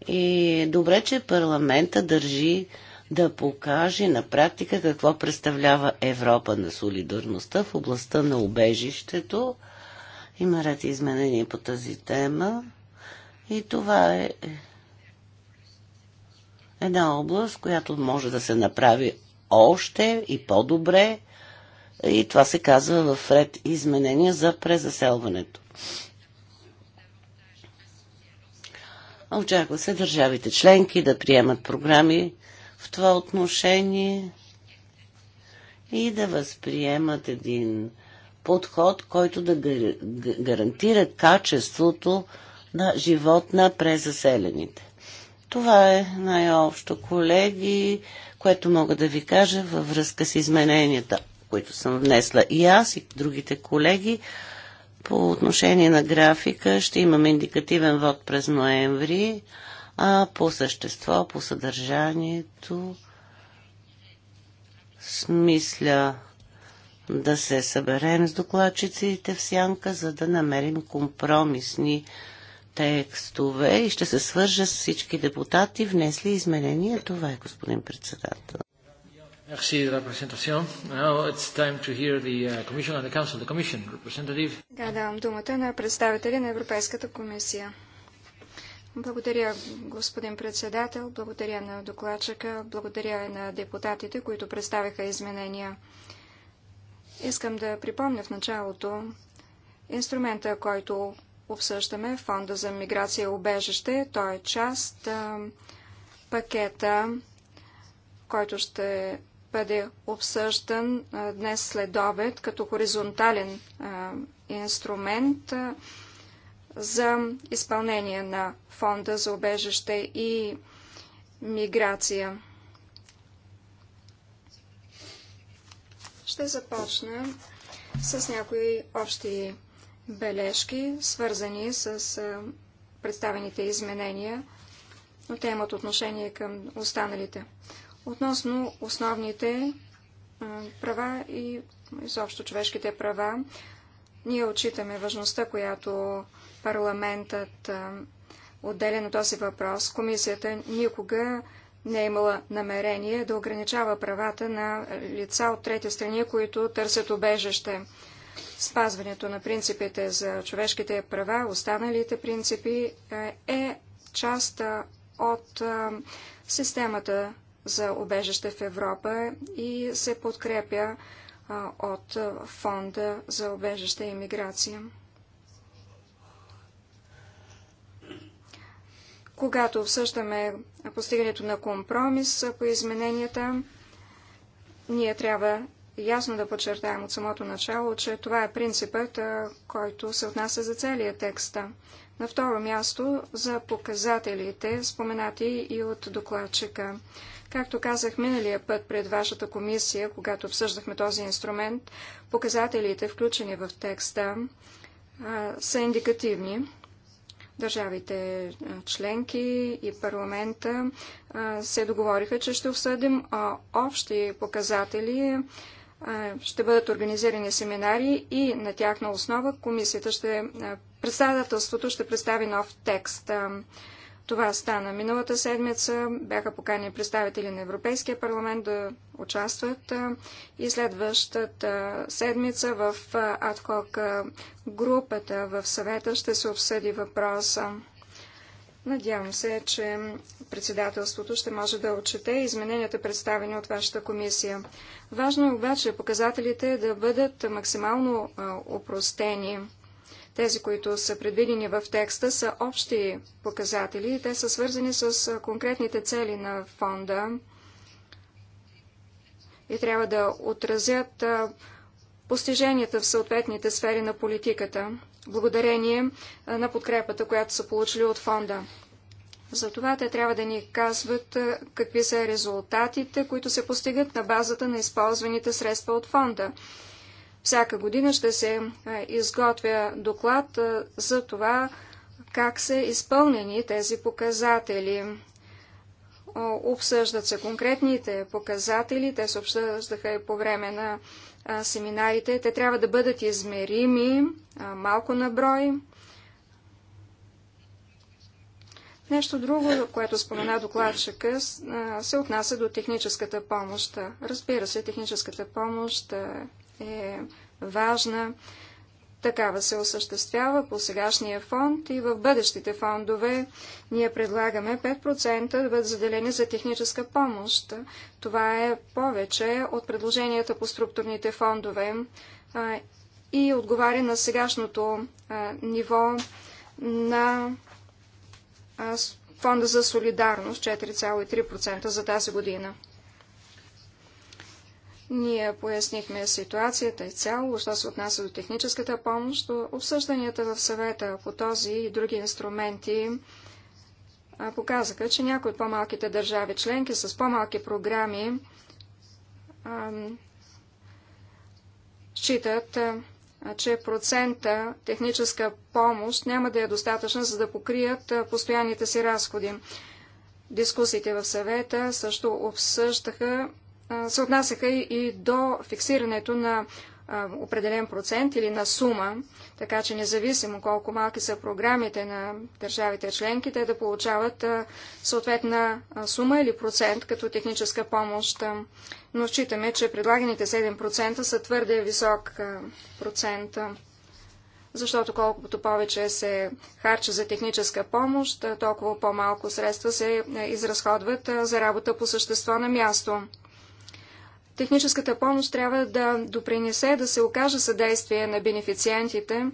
И е добре, че парламента държи да покаже на практика какво представлява Европа на солидарността в областта на убежището. Има ред изменения по тази тема. И това е една област, която може да се направи още и по-добре. И това се казва в ред изменения за презаселването. Очаква се държавите членки да приемат програми в това отношение и да възприемат един подход, който да гарантира качеството на живот на презаселените. Това е най-общо, колеги, което мога да ви кажа във връзка с измененията, които съм внесла и аз и другите колеги. По отношение на графика ще имаме индикативен вод през ноември, а по същество, по съдържанието, смисля да се съберем с докладчиците в сянка, за да намерим компромисни текстове и ще се свържа с всички депутати, внесли изменения. Това е, господин председател. Merci de la presentación. Now it's time to hear the uh, Commission and the Council. The Commission representative. Да, давам думата на представители на Европейската комисия. Благодаря, господин председател, благодаря на докладчика, благодаря и на депутатите, които представиха изменения. Искам да припомня в началото инструмента, който обсъждаме, Фонда за миграция и убежище. Той е част а, пакета, който ще бъде обсъждан днес след обед като хоризонтален инструмент за изпълнение на фонда за обежище и миграция. Ще започна с някои общи бележки, свързани с представените изменения, но те имат отношение към останалите. Относно основните права и изобщо човешките права, ние отчитаме важността, която парламентът отделя на този въпрос. Комисията никога не е имала намерение да ограничава правата на лица от трети страни, които търсят обежище. Спазването на принципите за човешките права, останалите принципи е част от системата за обежище в Европа и се подкрепя от Фонда за обежище и миграция. Когато обсъждаме постигането на компромис по измененията, ние трябва ясно да подчертаем от самото начало, че това е принципът, който се отнася за целия текста. На второ място за показателите, споменати и от докладчика. Както казах миналия път пред вашата комисия, когато обсъждахме този инструмент, показателите, включени в текста, са индикативни. Държавите членки и парламента се договориха, че ще обсъдим общи показатели, ще бъдат организирани семинари и на тяхна основа комисията ще, председателството ще представи нов текст. Това стана миналата седмица. Бяха покани представители на Европейския парламент да участват и следващата седмица в адхок групата в съвета ще се обсъди въпроса. Надявам се, че председателството ще може да отчете измененията, представени от вашата комисия. Важно е обаче показателите да бъдат максимално опростени. Тези, които са предвидени в текста, са общи показатели и те са свързани с конкретните цели на фонда и трябва да отразят постиженията в съответните сфери на политиката, благодарение на подкрепата, която са получили от фонда. Затова те трябва да ни казват какви са резултатите, които се постигат на базата на използваните средства от фонда. Всяка година ще се е, изготвя доклад е, за това как са изпълнени тези показатели. Обсъждат се конкретните показатели, те се обсъждаха и по време на семинарите. Те трябва да бъдат измерими, малко на брой. Нещо друго, което спомена докладчика, се отнася до техническата помощ. Разбира се, техническата помощ е важна. Такава се осъществява по сегашния фонд и в бъдещите фондове ние предлагаме 5% да бъдат заделени за техническа помощ. Това е повече от предложенията по структурните фондове и отговаря на сегашното ниво на фонда за солидарност 4,3% за тази година. Ние пояснихме ситуацията и цяло, що се отнася до техническата помощ, до обсъжданията в съвета по този и други инструменти показаха, че някои от по-малките държави членки с по-малки програми ам, считат, че процента техническа помощ няма да е достатъчна, за да покрият постоянните си разходи. Дискусиите в съвета също обсъждаха се отнасяха и до фиксирането на определен процент или на сума, така че независимо колко малки са програмите на държавите членки, те да получават съответна сума или процент като техническа помощ. Но считаме, че предлаганите 7% са твърде висок процент, защото колкото повече се харча за техническа помощ, толкова по-малко средства се изразходват за работа по същество на място. Техническата помощ трябва да допринесе да се окаже съдействие на бенефициентите,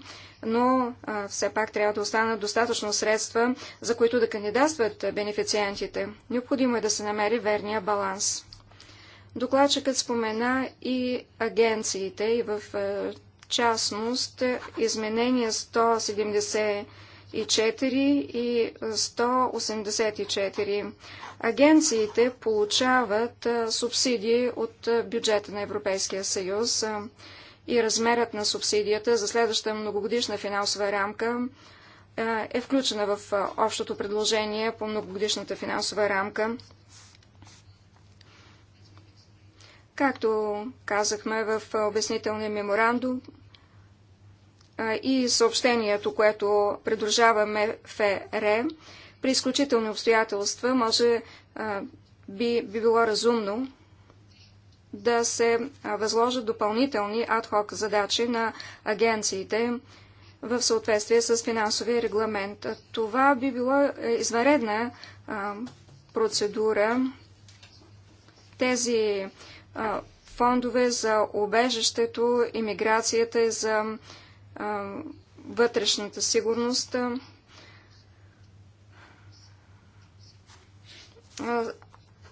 но а, все пак трябва да останат достатъчно средства, за които да кандидатстват бенефициентите. Необходимо е да се намери верния баланс. Докладчикът спомена и агенциите, и в частност изменение 170 и 184. Агенциите получават субсидии от бюджета на Европейския съюз и размерът на субсидията за следващата многогодишна финансова рамка е включена в общото предложение по многогодишната финансова рамка. Както казахме в обяснителния меморандум, и съобщението, което придружава МФР, при изключителни обстоятелства може би, би било разумно да се възложат допълнителни адхок задачи на агенциите в съответствие с финансовия регламент. Това би било е, изваредна процедура. Тези фондове за обежището, иммиграцията и за вътрешната сигурност.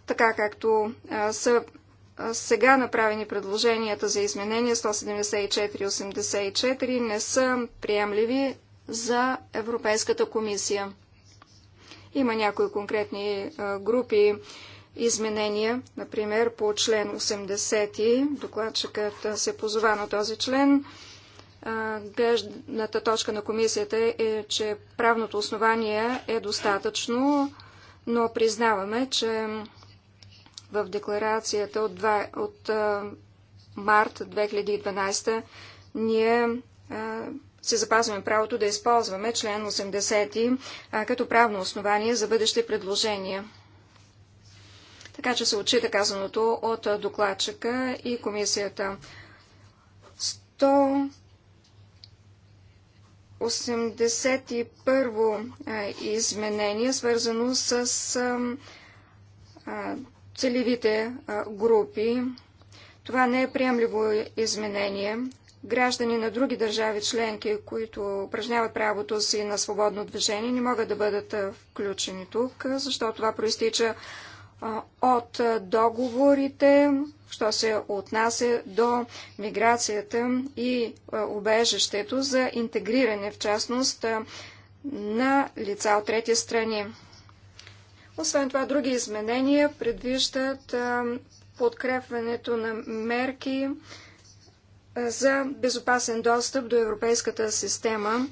Така както са сега направени предложенията за изменения 174-84 не са приемливи за Европейската комисия. Има някои конкретни групи изменения, например по член 80, докладчикът се позова на този член, гледната точка на комисията е, че правното основание е достатъчно, но признаваме, че в декларацията от, 2, от а, март 2012 ние а, запазваме правото да използваме член 80 а, като правно основание за бъдещи предложения. Така че се отчита казаното от докладчика и комисията. 81 изменение, свързано с целевите групи. Това не е приемливо изменение. Граждани на други държави членки, които упражняват правото си на свободно движение, не могат да бъдат включени тук, защото това проистича от договорите що се отнася до миграцията и е, убежището за интегриране, в частност, е, на лица от трети страни. Освен това, други изменения предвиждат е, подкрепването на мерки за безопасен достъп до европейската система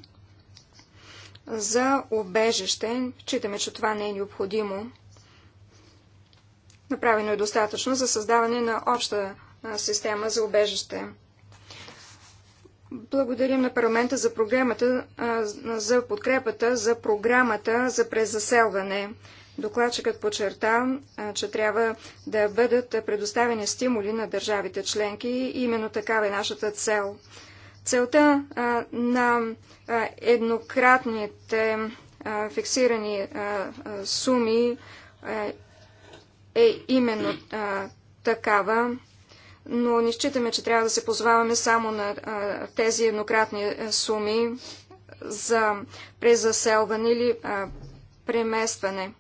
за обежище. Читаме, че това не е необходимо. Направено е достатъчно за създаване на обща система за убежище. Благодарим на парламента за, програмата, за подкрепата за програмата за презаселване. Докладчикът подчерта, че трябва да бъдат предоставени стимули на държавите членки и именно такава е нашата цел. Целта на еднократните фиксирани суми е именно а, такава, но не считаме, че трябва да се позоваваме само на а, тези еднократни суми за презаселване или а, преместване.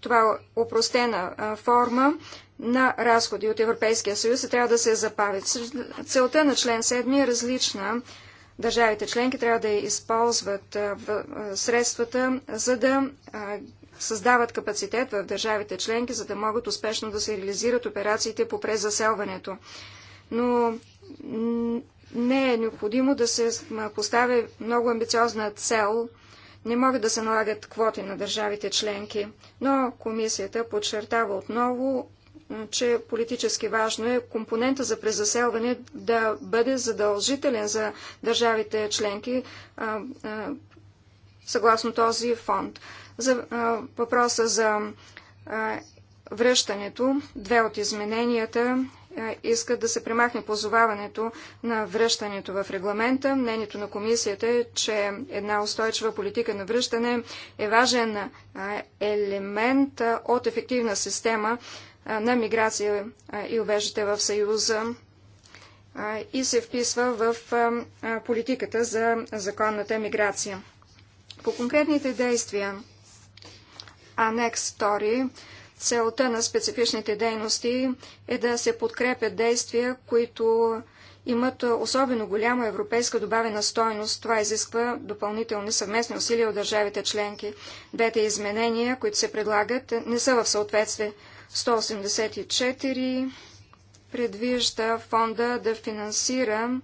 Това е упростена форма на разходи от Европейския съюз и трябва да се запавят. Целта на член 7 е различна. Държавите членки трябва да използват средствата, за да създават капацитет в държавите членки, за да могат успешно да се реализират операциите по презаселването. Но не е необходимо да се поставя много амбициозна цел. Не могат да се налагат квоти на държавите членки, но комисията подчертава отново, че политически важно е компонента за презаселване да бъде задължителен за държавите членки а, а, съгласно този фонд. За въпроса за връщането, две от измененията искат да се премахне позоваването на връщането в регламента. Мнението на комисията е, че една устойчива политика на връщане е важен елемент от ефективна система на миграция и увеждате в Съюза и се вписва в политиката за законната миграция. По конкретните действия Анекс 2 целта на специфичните дейности е да се подкрепят действия, които имат особено голяма европейска добавена стойност. Това изисква допълнителни съвместни усилия от държавите членки. Двете изменения, които се предлагат, не са в съответствие. 184 предвижда фонда да финансира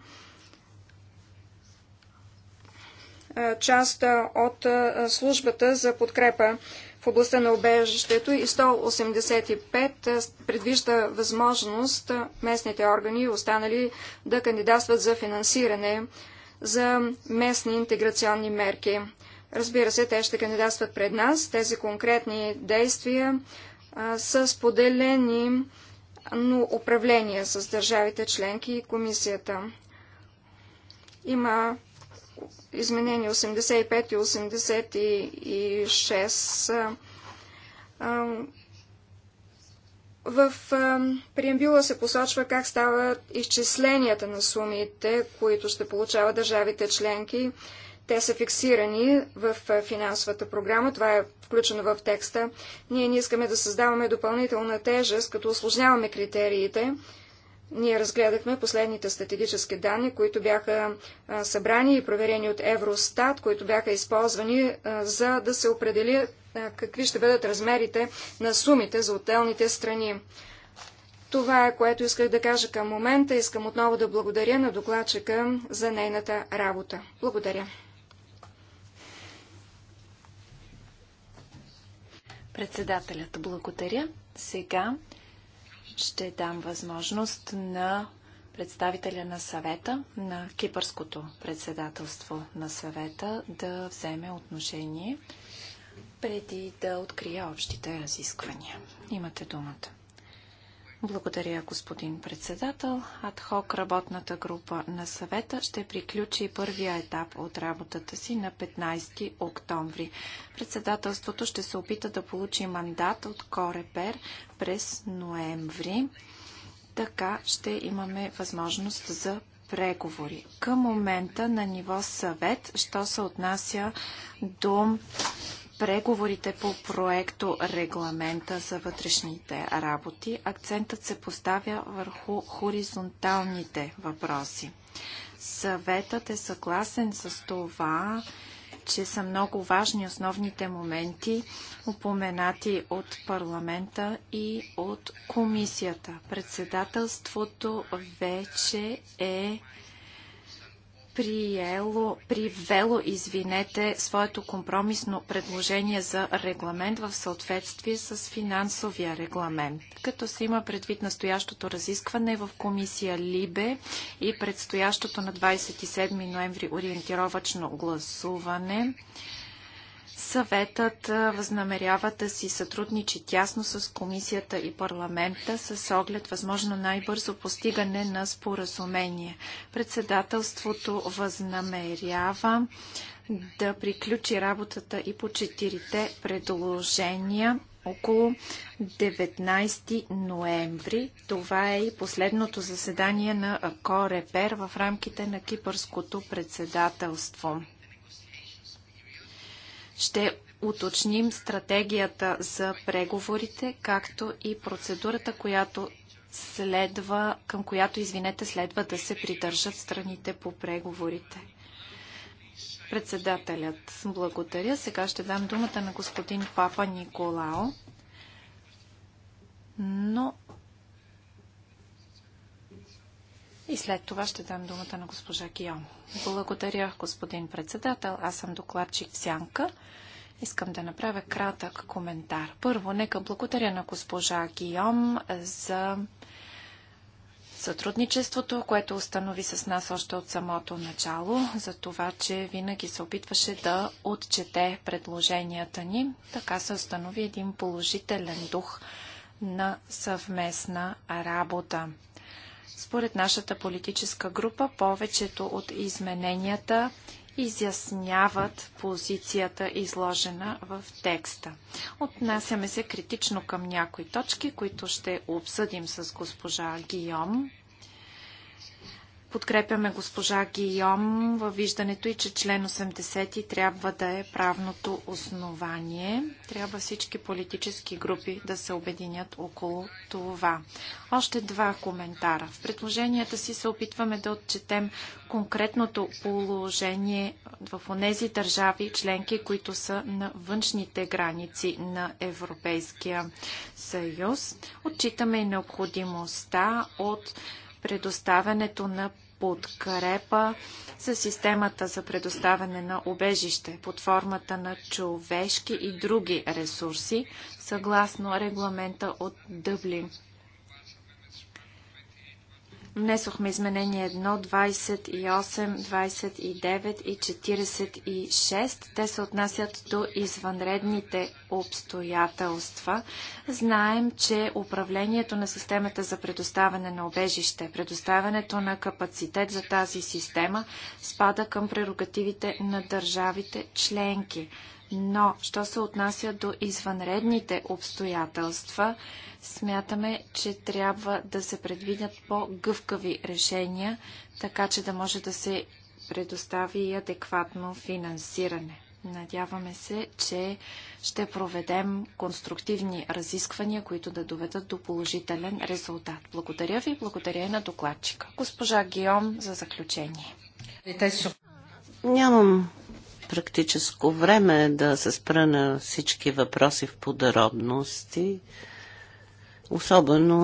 част от службата за подкрепа в областта на убежището и 185 предвижда възможност местните органи и останали да кандидатстват за финансиране за местни интеграционни мерки. Разбира се, те ще кандидатстват пред нас. Тези конкретни действия са споделени но управление с държавите членки и комисията. Има изменения 85 и 86 в преамбюла се посочва как стават изчисленията на сумите, които ще получават държавите членки. Те са фиксирани в финансовата програма. Това е включено в текста. Ние не искаме да създаваме допълнителна тежест, като осложняваме критериите. Ние разгледахме последните стратегически данни, които бяха събрани и проверени от Евростат, които бяха използвани за да се определи какви ще бъдат размерите на сумите за отделните страни. Това е което исках да кажа към момента. Искам отново да благодаря на докладчика за нейната работа. Благодаря. Председателят благодаря. Сега ще дам възможност на представителя на съвета, на кипърското председателство на съвета, да вземе отношение преди да открия общите разисквания. Имате думата. Благодаря, господин председател. Адхок работната група на съвета ще приключи първия етап от работата си на 15 октомври. Председателството ще се опита да получи мандат от Корепер през ноември. Така ще имаме възможност за преговори. Към момента на ниво съвет, що се отнася до преговорите по проекто регламента за вътрешните работи акцентът се поставя върху хоризонталните въпроси. Съветът е съгласен с това, че са много важни основните моменти, упоменати от парламента и от комисията. Председателството вече е приело, привело, извинете, своето компромисно предложение за регламент в съответствие с финансовия регламент. Като се има предвид настоящото разискване в комисия Либе и предстоящото на 27 ноември ориентировачно гласуване, Съветът възнамерява да си сътрудничи тясно с комисията и парламента с оглед възможно най-бързо постигане на споразумение. Председателството възнамерява да приключи работата и по четирите предложения около 19 ноември. Това е и последното заседание на Корепер в рамките на кипърското председателство. Ще уточним стратегията за преговорите, както и процедурата, която следва, към която, извинете, следва да се придържат страните по преговорите. Председателят, благодаря. Сега ще дам думата на господин Папа Николао, но И след това ще дам думата на госпожа Гион. Благодаря, господин председател. Аз съм докладчик в Сянка. Искам да направя кратък коментар. Първо, нека благодаря на госпожа Гиом за сътрудничеството, което установи с нас още от самото начало, за това, че винаги се опитваше да отчете предложенията ни. Така се установи един положителен дух на съвместна работа. Според нашата политическа група, повечето от измененията изясняват позицията, изложена в текста. Отнасяме се критично към някои точки, които ще обсъдим с госпожа Гийом. Подкрепяме госпожа Гийом във виждането и, че член 80 трябва да е правното основание. Трябва всички политически групи да се обединят около това. Още два коментара. В предложенията си се опитваме да отчетем конкретното положение в онези държави членки, които са на външните граници на Европейския съюз. Отчитаме и необходимостта от предоставянето на подкрепа за системата за предоставяне на обежище под формата на човешки и други ресурси, съгласно регламента от Дъблин. Внесохме изменения 1, 28, 29 и 46. Те се отнасят до извънредните обстоятелства. Знаем, че управлението на системата за предоставяне на обежище, предоставянето на капацитет за тази система спада към прерогативите на държавите членки. Но, що се отнася до извънредните обстоятелства, смятаме, че трябва да се предвидят по-гъвкави решения, така че да може да се предостави и адекватно финансиране. Надяваме се, че ще проведем конструктивни разисквания, които да доведат до положителен резултат. Благодаря ви, благодаря и на докладчика. Госпожа Гиом за заключение. Нямам практическо време е да се спра на всички въпроси в подробности. Особено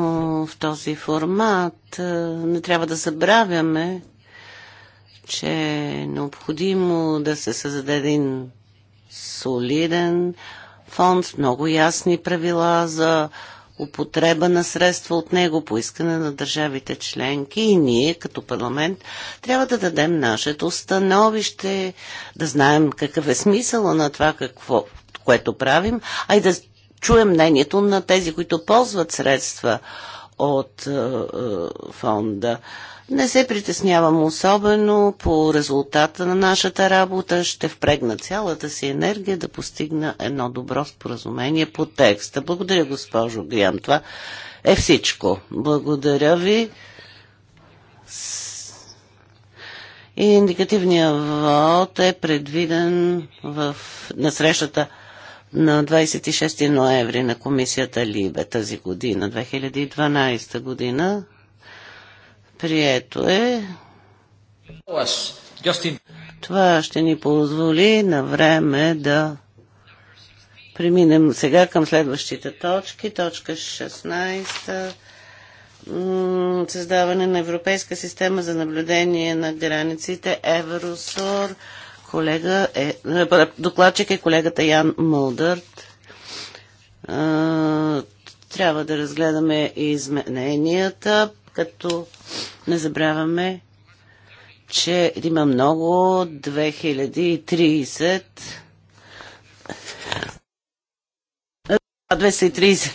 в този формат е, не трябва да забравяме, че е необходимо да се създаде един солиден фонд с много ясни правила за употреба на средства от него по искане на държавите членки и ние като парламент трябва да дадем нашето становище, да знаем какъв е смисъла на това, какво, което правим, а и да чуем мнението на тези, които ползват средства от е, е, фонда. Е, не се притеснявам особено по резултата на нашата работа. Ще впрегна цялата си енергия да постигна едно добро споразумение по текста. Благодаря, госпожо Гриан. Това е всичко. Благодаря ви. И индикативният вод е предвиден в, на срещата на 26 ноември на комисията Либе тази година, 2012 година. Прието е. Това ще ни позволи на време да преминем сега към следващите точки. Точка 16 създаване на Европейска система за наблюдение на границите Евросор. Колега е, е, докладчик е колегата Ян Мулдърт. Трябва да разгледаме измененията като не забравяме, че има много 2030 230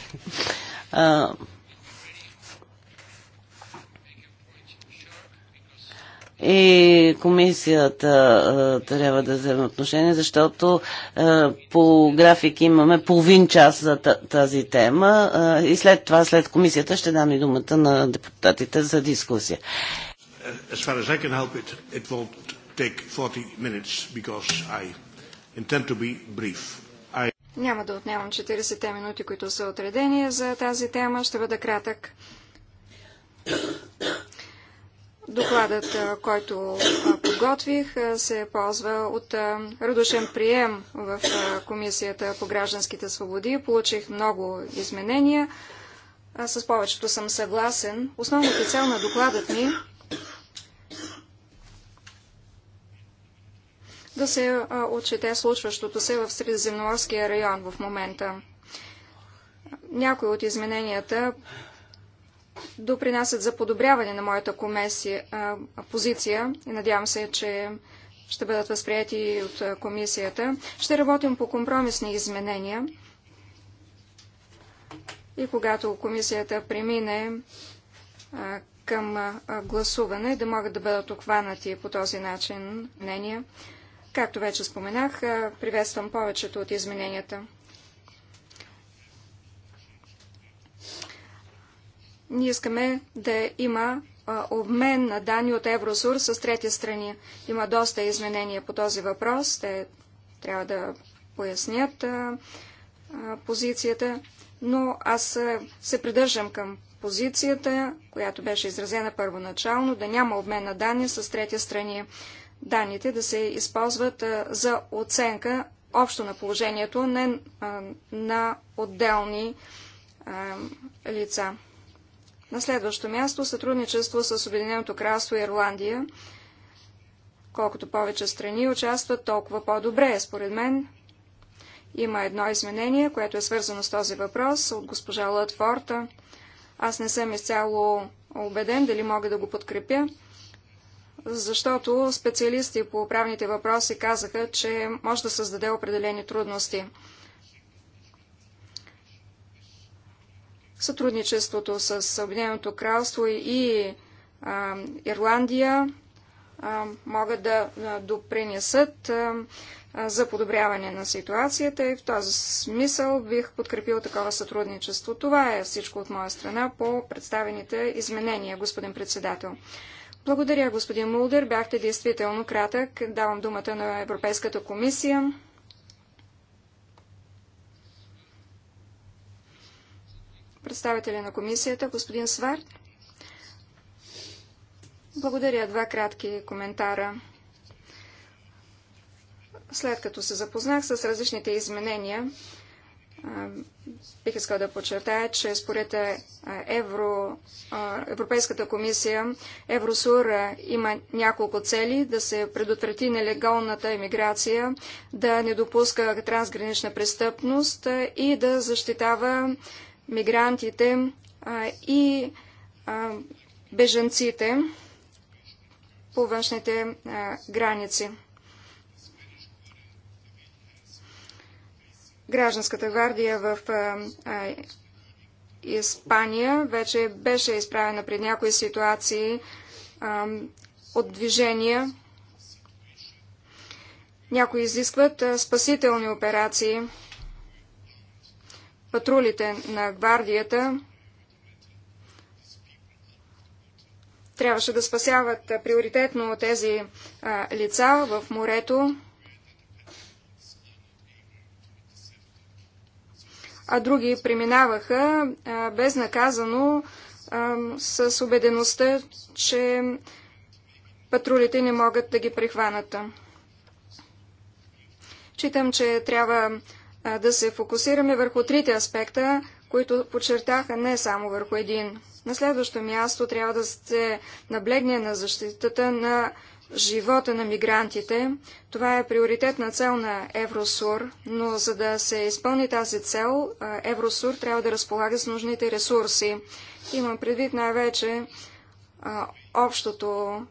и комисията а, трябва да вземе отношение, защото а, по график имаме половин час за тази тема а, и след това, след комисията, ще дам и думата на депутатите за дискусия. As far as I can help it, it won't take 40 minutes because I intend to be brief. I... Няма да отнемам 40 те минути, които са отредени за тази тема. Ще бъда кратък. Докладът, който подготвих, се ползва от радушен прием в Комисията по гражданските свободи. Получих много изменения. С повечето съм съгласен. Основната цел на докладът ми да се отчете случващото се в Средиземноморския район в момента. Някои от измененията допринасят за подобряване на моята комисия, а, позиция и надявам се, че ще бъдат възприяти от комисията. Ще работим по компромисни изменения и когато комисията премине а, към а, гласуване, да могат да бъдат обхванати по този начин мнения. Както вече споменах, приветствам повечето от измененията. Ние искаме да има обмен на данни от Евросур с трети страни. Има доста изменения по този въпрос. Те трябва да пояснят позицията, но аз се придържам към позицията, която беше изразена първоначално, да няма обмен на данни с трети страни. Данните да се използват за оценка общо на положението, не на отделни лица. На следващо място сътрудничество с Обединеното кралство и Ирландия. Колкото повече страни участват, толкова по-добре е, според мен. Има едно изменение, което е свързано с този въпрос от госпожа Лътфорта. Аз не съм изцяло убеден дали мога да го подкрепя, защото специалисти по правните въпроси казаха, че може да създаде определени трудности. сътрудничеството с Обединеното кралство и а, Ирландия а, могат да допринесат а, за подобряване на ситуацията и в този смисъл бих подкрепил такова сътрудничество. Това е всичко от моя страна по представените изменения, господин председател. Благодаря, господин Мулдер. Бяхте действително кратък. Давам думата на Европейската комисия. представителя на комисията, господин Сварт. Благодаря. Два кратки коментара. След като се запознах с различните изменения, бих искал да подчертая, че според Евро, Европейската комисия, Евросур има няколко цели да се предотврати нелегалната емиграция, да не допуска трансгранична престъпност и да защитава мигрантите и беженците по външните граници. Гражданската гвардия в Испания вече беше изправена пред някои ситуации а, от движения. Някои изискват а, спасителни операции патрулите на гвардията трябваше да спасяват приоритетно тези а, лица в морето, а други преминаваха а, безнаказано а, с убедеността, че патрулите не могат да ги прихванат. Читам, че трябва да се фокусираме върху трите аспекта, които подчертаха не само върху един. На следващо място трябва да се наблегне на защитата на живота на мигрантите. Това е приоритетна цел на Евросур, но за да се изпълни тази цел, Евросур трябва да разполага с нужните ресурси. Имам предвид най-вече общото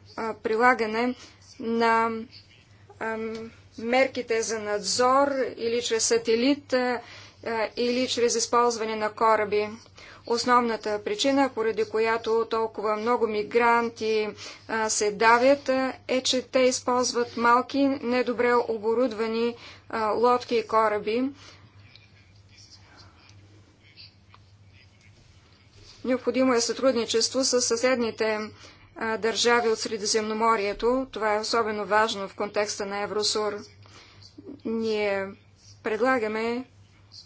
прилагане на мерките за надзор или чрез сателит, или чрез използване на кораби. Основната причина, поради която толкова много мигранти а, се давят, е, че те използват малки, недобре оборудвани а, лодки и кораби. Необходимо е сътрудничество с съседните държави от Средиземноморието. Това е особено важно в контекста на Евросур. Ние предлагаме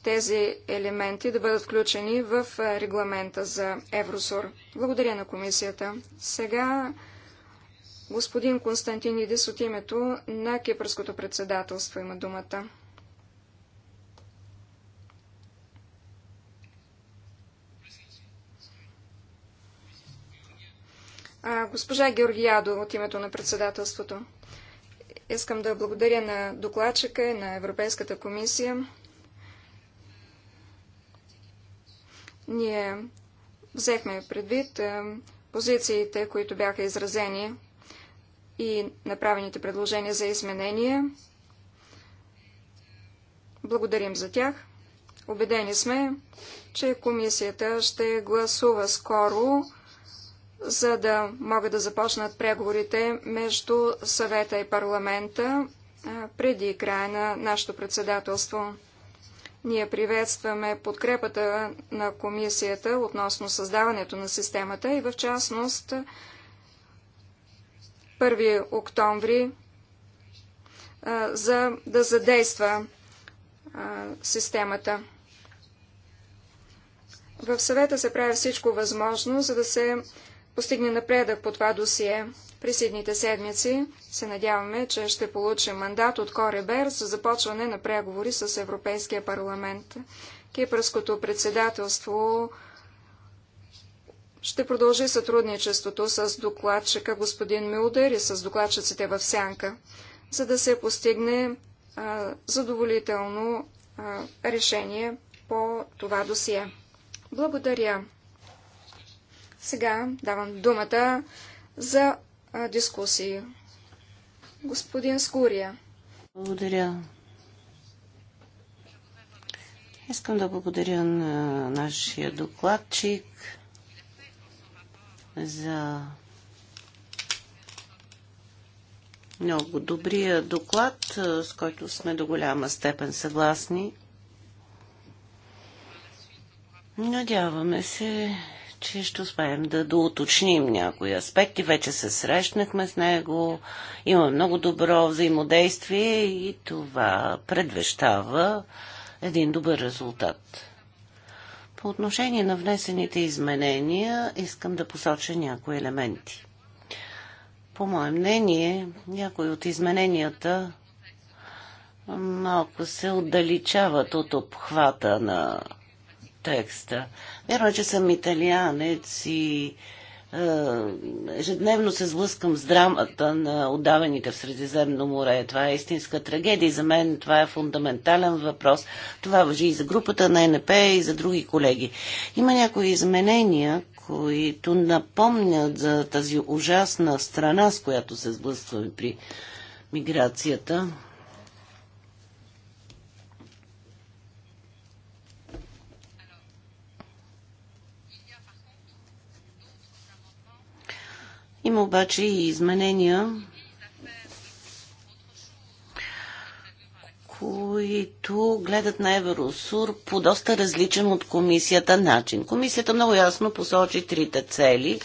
тези елементи да бъдат включени в регламента за Евросур. Благодаря на комисията. Сега господин Константин Идис от името на Кипърското председателство има думата. А, госпожа Георгиадо от името на председателството. Искам да благодаря на докладчика и на Европейската комисия. Ние взехме предвид позициите, които бяха изразени и направените предложения за изменения. Благодарим за тях. Обедени сме, че комисията ще гласува скоро за да могат да започнат преговорите между съвета и парламента преди края на нашето председателство. Ние приветстваме подкрепата на комисията относно създаването на системата и в частност 1 октомври за да задейства системата. В съвета се прави всичко възможно, за да се постигне напредък по това досие. През едните седмици се надяваме, че ще получим мандат от Коребер за започване на преговори с Европейския парламент. Кипърското председателство ще продължи сътрудничеството с докладчика господин Милдер и с докладчиците в Сянка, за да се постигне а, задоволително а, решение по това досие. Благодаря. Сега давам думата за а, дискусии. Господин Скурия. Благодаря. Искам да благодаря на нашия докладчик за много добрия доклад, с който сме до голяма степен съгласни. Надяваме се че ще успеем да доуточним някои аспекти. Вече се срещнахме с него, има много добро взаимодействие и това предвещава един добър резултат. По отношение на внесените изменения искам да посоча някои елементи. По мое мнение, някои от измененията малко се отдалечават от обхвата на текста. Вярно е, че съм италианец и е, ежедневно се сблъскам с драмата на отдаваните в Средиземно море. Това е истинска трагедия и за мен това е фундаментален въпрос. Това въжи и за групата на НП и за други колеги. Има някои изменения, които напомнят за тази ужасна страна, с която се сблъскваме при миграцията. Има обаче и изменения, които гледат на Евросур по доста различен от комисията начин. Комисията много ясно посочи трите цели,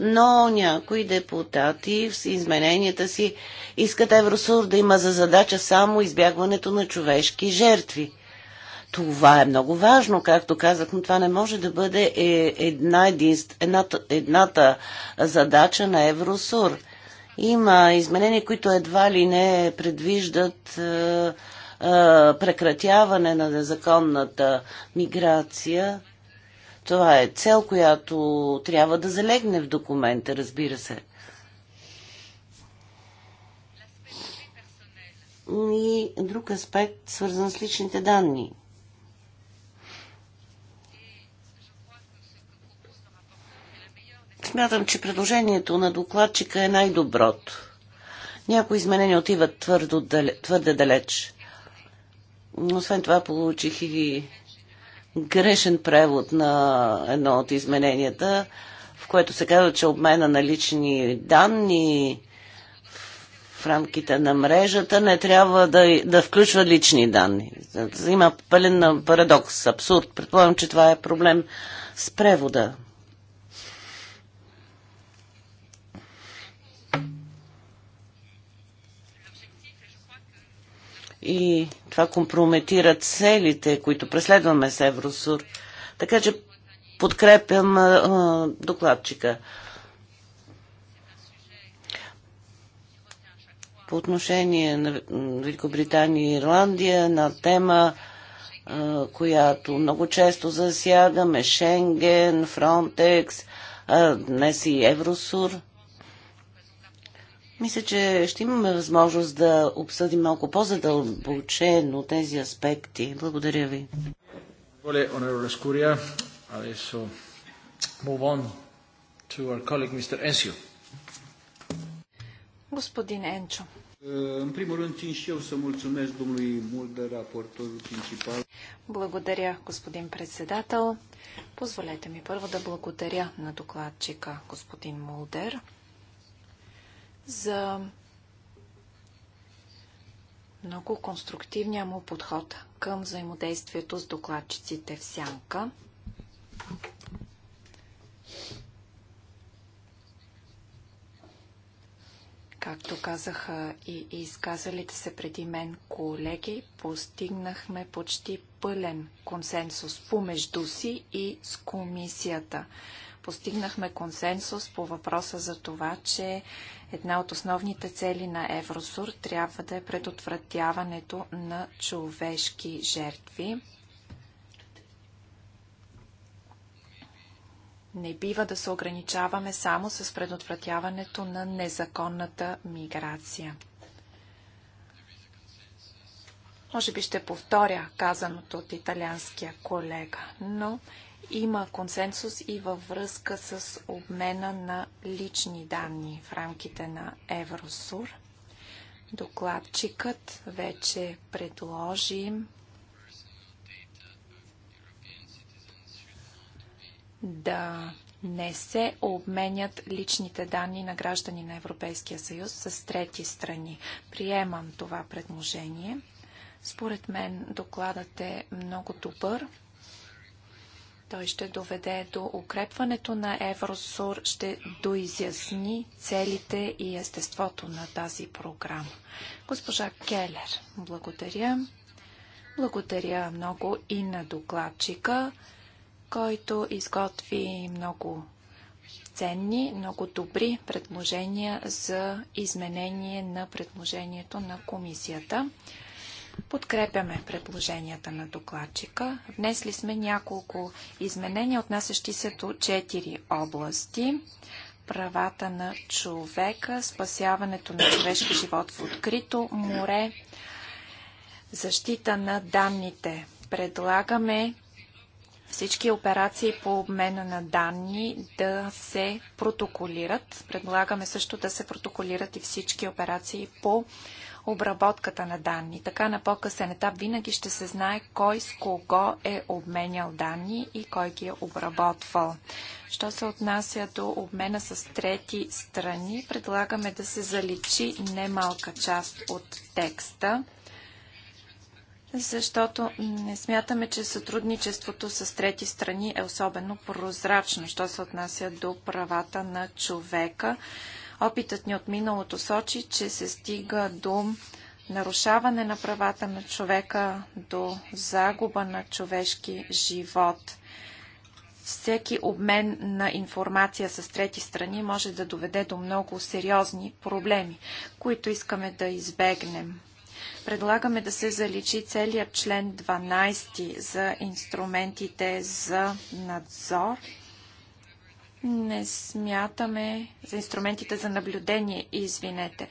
но някои депутати в измененията си искат Евросур да има за задача само избягването на човешки жертви – това е много важно, както казах, но това не може да бъде е, една единст, едната, едната задача на Евросур. Има изменения, които едва ли не предвиждат е, е, прекратяване на незаконната миграция. Това е цел, която трябва да залегне в документа, разбира се. И друг аспект, свързан с личните данни. Смятам, че предложението на докладчика е най-доброто. Някои изменения отиват твърдо, твърде далеч. Освен това получих и грешен превод на едно от измененията, в което се казва, че обмена на лични данни в рамките на мрежата не трябва да, да включва лични данни. Има пълен парадокс, абсурд. Предполагам, че това е проблем с превода. и това компрометира целите, които преследваме с Евросур. Така че подкрепям а, докладчика. По отношение на Великобритания и Ирландия, на тема, а, която много често засягаме, Шенген, Фронтекс, а, днес и Евросур – мисля, че ще имаме възможност да обсъдим малко по-задълбочено тези аспекти. Благодаря ви. Господин Енчо. Э, în primul rând, țin și eu să mulțumesc domnului Mulder, raportorul principal. Благодаря, господин председател. Позволете ми първо да благодаря на докладчика господин Мулдер за много конструктивния му подход към взаимодействието с докладчиците в сянка. Както казаха и изказалите се преди мен колеги, постигнахме почти пълен консенсус помежду си и с комисията. Постигнахме консенсус по въпроса за това, че Една от основните цели на Евросур трябва да е предотвратяването на човешки жертви. Не бива да се ограничаваме само с предотвратяването на незаконната миграция. Може би ще повторя казаното от италианския колега, но има консенсус и във връзка с обмена на лични данни в рамките на Евросур. Докладчикът вече предложи да не се обменят личните данни на граждани на Европейския съюз с трети страни. Приемам това предложение. Според мен докладът е много добър. Той ще доведе до укрепването на Евросур, ще доизясни целите и естеството на тази програма. Госпожа Келер, благодаря. Благодаря много и на докладчика, който изготви много ценни, много добри предложения за изменение на предложението на комисията. Подкрепяме предложенията на докладчика. Внесли сме няколко изменения, отнасящи се до четири области. Правата на човека, спасяването на човешки живот в открито море, защита на данните. Предлагаме всички операции по обмена на данни да се протоколират. Предлагаме също да се протоколират и всички операции по обработката на данни. Така на по-късен етап винаги ще се знае кой с кого е обменял данни и кой ги е обработвал. Що се отнася до обмена с трети страни, предлагаме да се заличи немалка част от текста защото не смятаме, че сътрудничеството с трети страни е особено прозрачно, що се отнася до правата на човека. Опитът ни от миналото сочи, че се стига до нарушаване на правата на човека, до загуба на човешки живот. Всеки обмен на информация с трети страни може да доведе до много сериозни проблеми, които искаме да избегнем. Предлагаме да се заличи целият член 12 за инструментите за надзор не смятаме за инструментите за наблюдение, извинете.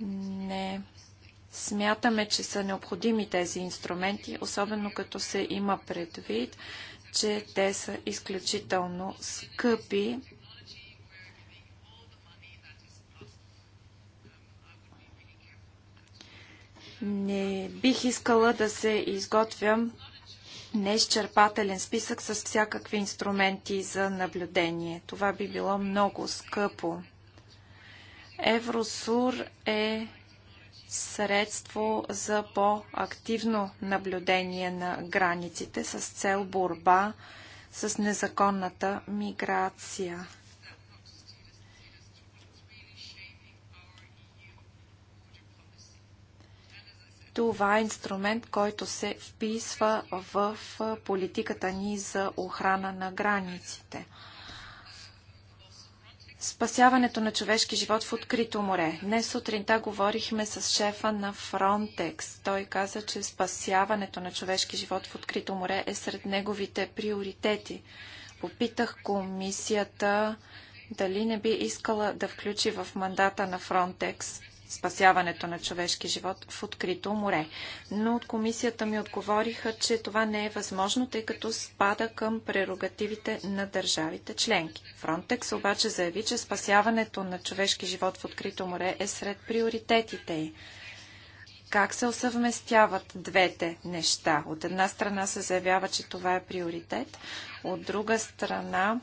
Не смятаме, че са необходими тези инструменти, особено като се има предвид, че те са изключително скъпи. Не бих искала да се изготвям неизчерпателен списък с всякакви инструменти за наблюдение. Това би било много скъпо. Евросур е средство за по-активно наблюдение на границите с цел борба с незаконната миграция. Това е инструмент, който се вписва в политиката ни за охрана на границите. Спасяването на човешки живот в открито море. Днес сутринта говорихме с шефа на Фронтекс. Той каза, че спасяването на човешки живот в открито море е сред неговите приоритети. Попитах комисията дали не би искала да включи в мандата на Фронтекс спасяването на човешки живот в открито море. Но от комисията ми отговориха, че това не е възможно, тъй като спада към прерогативите на държавите членки. Фронтекс обаче заяви, че спасяването на човешки живот в открито море е сред приоритетите й как се осъвместяват двете неща. От една страна се заявява, че това е приоритет, от друга страна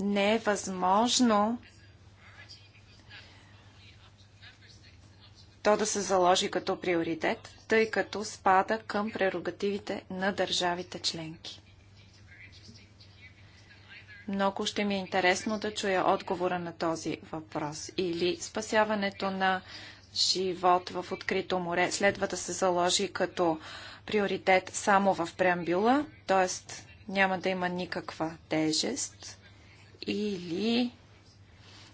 не е възможно то да се заложи като приоритет, тъй като спада към прерогативите на държавите членки. Много ще ми е интересно да чуя отговора на този въпрос. Или спасяването на живот в открито море следва да се заложи като приоритет само в преамбюла, т.е. няма да има никаква тежест. Или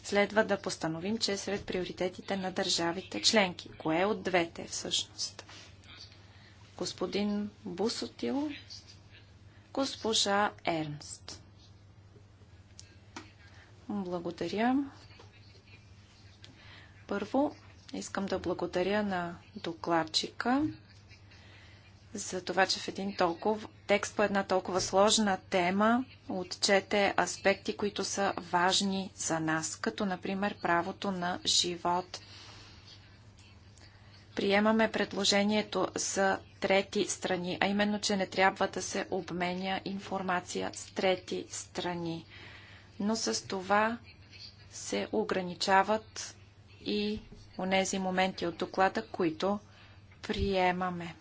следва да постановим, че е сред приоритетите на държавите членки. Кое е от двете всъщност? Господин Бусотил, госпожа Ернст. Благодаря. Първо, искам да благодаря на докладчика за това, че в един толкова, текст по една толкова сложна тема отчете аспекти, които са важни за нас, като например правото на живот. Приемаме предложението за трети страни, а именно, че не трябва да се обменя информация с трети страни. Но с това се ограничават и онези моменти от доклада, които приемаме.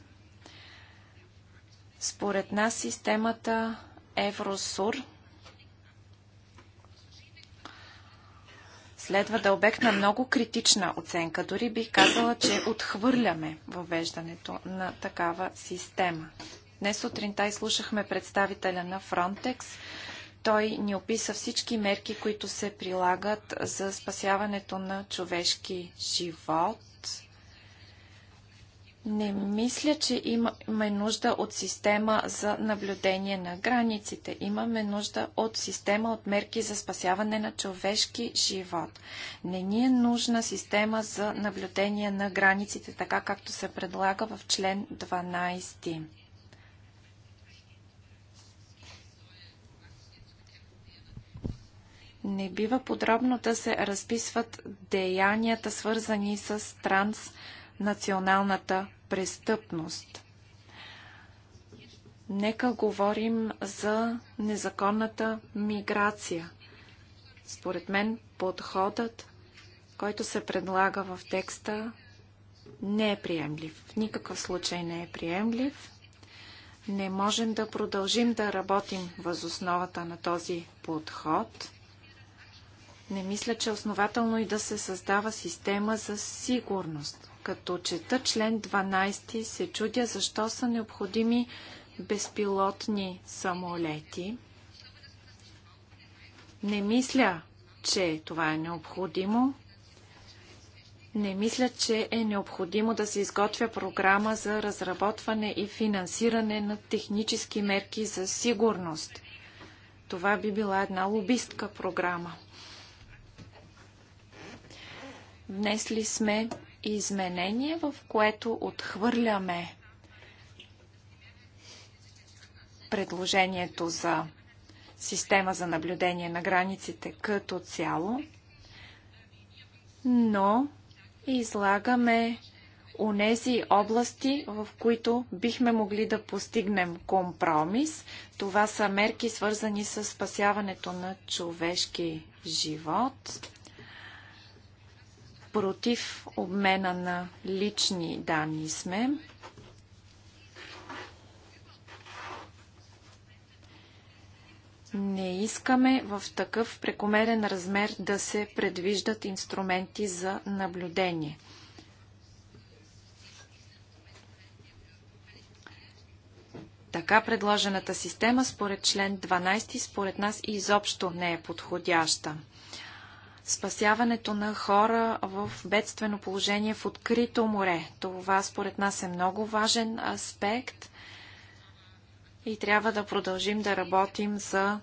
Според нас системата Евросур следва да е обект на много критична оценка. Дори бих казала, че отхвърляме въвеждането на такава система. Днес сутринта изслушахме представителя на Frontex. Той ни описа всички мерки, които се прилагат за спасяването на човешки живот. Не мисля, че имаме нужда от система за наблюдение на границите. Имаме нужда от система от мерки за спасяване на човешки живот. Не ни е нужна система за наблюдение на границите, така както се предлага в член 12. не бива подробно да се разписват деянията, свързани с транс националната престъпност. Нека говорим за незаконната миграция. Според мен подходът, който се предлага в текста, не е приемлив. В никакъв случай не е приемлив. Не можем да продължим да работим възосновата на този подход. Не мисля, че е основателно и да се създава система за сигурност. Като чета член 12 се чудя защо са необходими безпилотни самолети. Не мисля, че това е необходимо. Не мисля, че е необходимо да се изготвя програма за разработване и финансиране на технически мерки за сигурност. Това би била една лобистка програма. Внесли сме изменение, в което отхвърляме предложението за система за наблюдение на границите като цяло, но излагаме унези области, в които бихме могли да постигнем компромис. Това са мерки свързани с спасяването на човешки живот, Против обмена на лични данни сме. Не искаме в такъв прекомерен размер да се предвиждат инструменти за наблюдение. Така предложената система според член 12 според нас изобщо не е подходяща спасяването на хора в бедствено положение в открито море. Това според нас е много важен аспект и трябва да продължим да работим за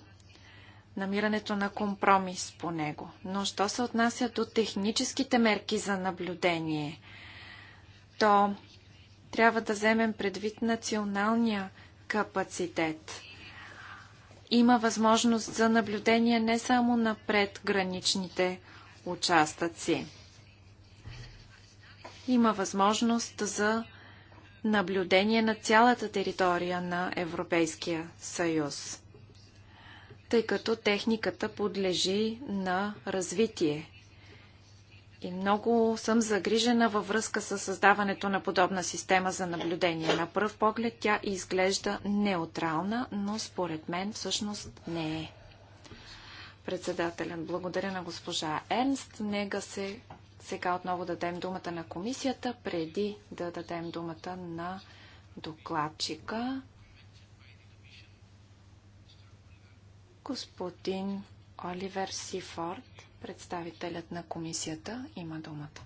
намирането на компромис по него. Но що се отнася до техническите мерки за наблюдение, то трябва да вземем предвид националния капацитет има възможност за наблюдение не само на предграничните участъци. Има възможност за наблюдение на цялата територия на Европейския съюз, тъй като техниката подлежи на развитие. И много съм загрижена във връзка с създаването на подобна система за наблюдение. На пръв поглед тя изглежда неутрална, но според мен всъщност не е. Председателен, благодаря на госпожа Ернст. Нега се сега отново дадем думата на комисията, преди да дадем думата на докладчика. Господин Оливер Сифорд Представителят на комисията има думата.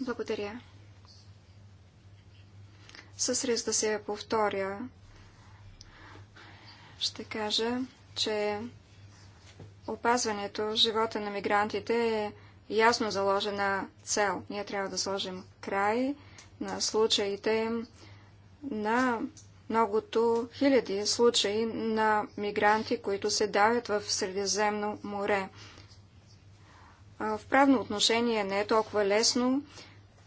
Благодаря. С риск да се повторя, ще кажа, че опазването живота на мигрантите е ясно заложена цел. Ние трябва да сложим край на случаите на многото хиляди случаи на мигранти, които се давят в Средиземно море. В правно отношение не е толкова лесно.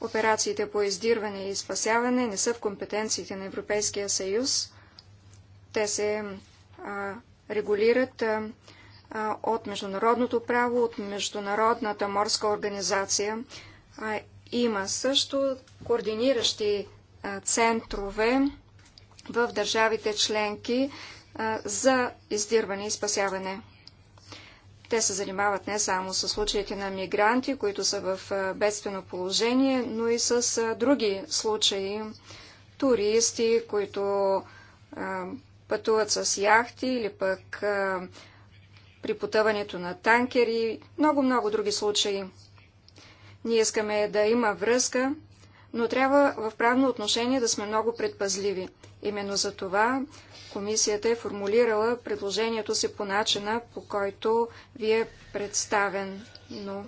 Операциите по издирване и спасяване не са в компетенциите на Европейския съюз. Те се а, регулират а, а, от международното право, от Международната морска организация. А, има също координиращи а, центрове, в държавите членки за издирване и спасяване. Те се занимават не само с случаите на мигранти, които са в бедствено положение, но и с други случаи. Туристи, които пътуват с яхти или пък при потъването на танкери, много-много други случаи. Ние искаме да има връзка но трябва в правно отношение да сме много предпазливи. Именно за това комисията е формулирала предложението си по начина, по който ви е представен. Но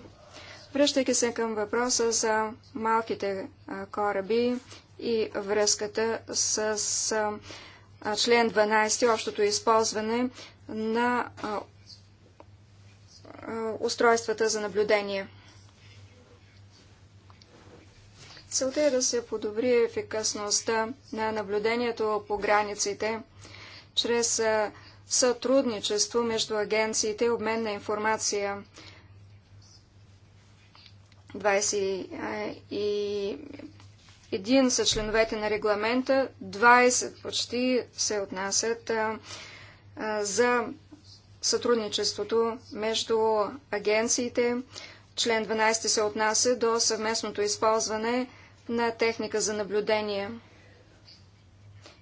връщайки се към въпроса за малките кораби и връзката с член 12, общото използване на устройствата за наблюдение. Целта е да се подобри ефикасността на наблюдението по границите чрез сътрудничество между агенциите и обмен на информация. 21 са членовете на регламента, 20 почти се отнасят за сътрудничеството между агенциите. Член 12 се отнася до съвместното използване на техника за наблюдение.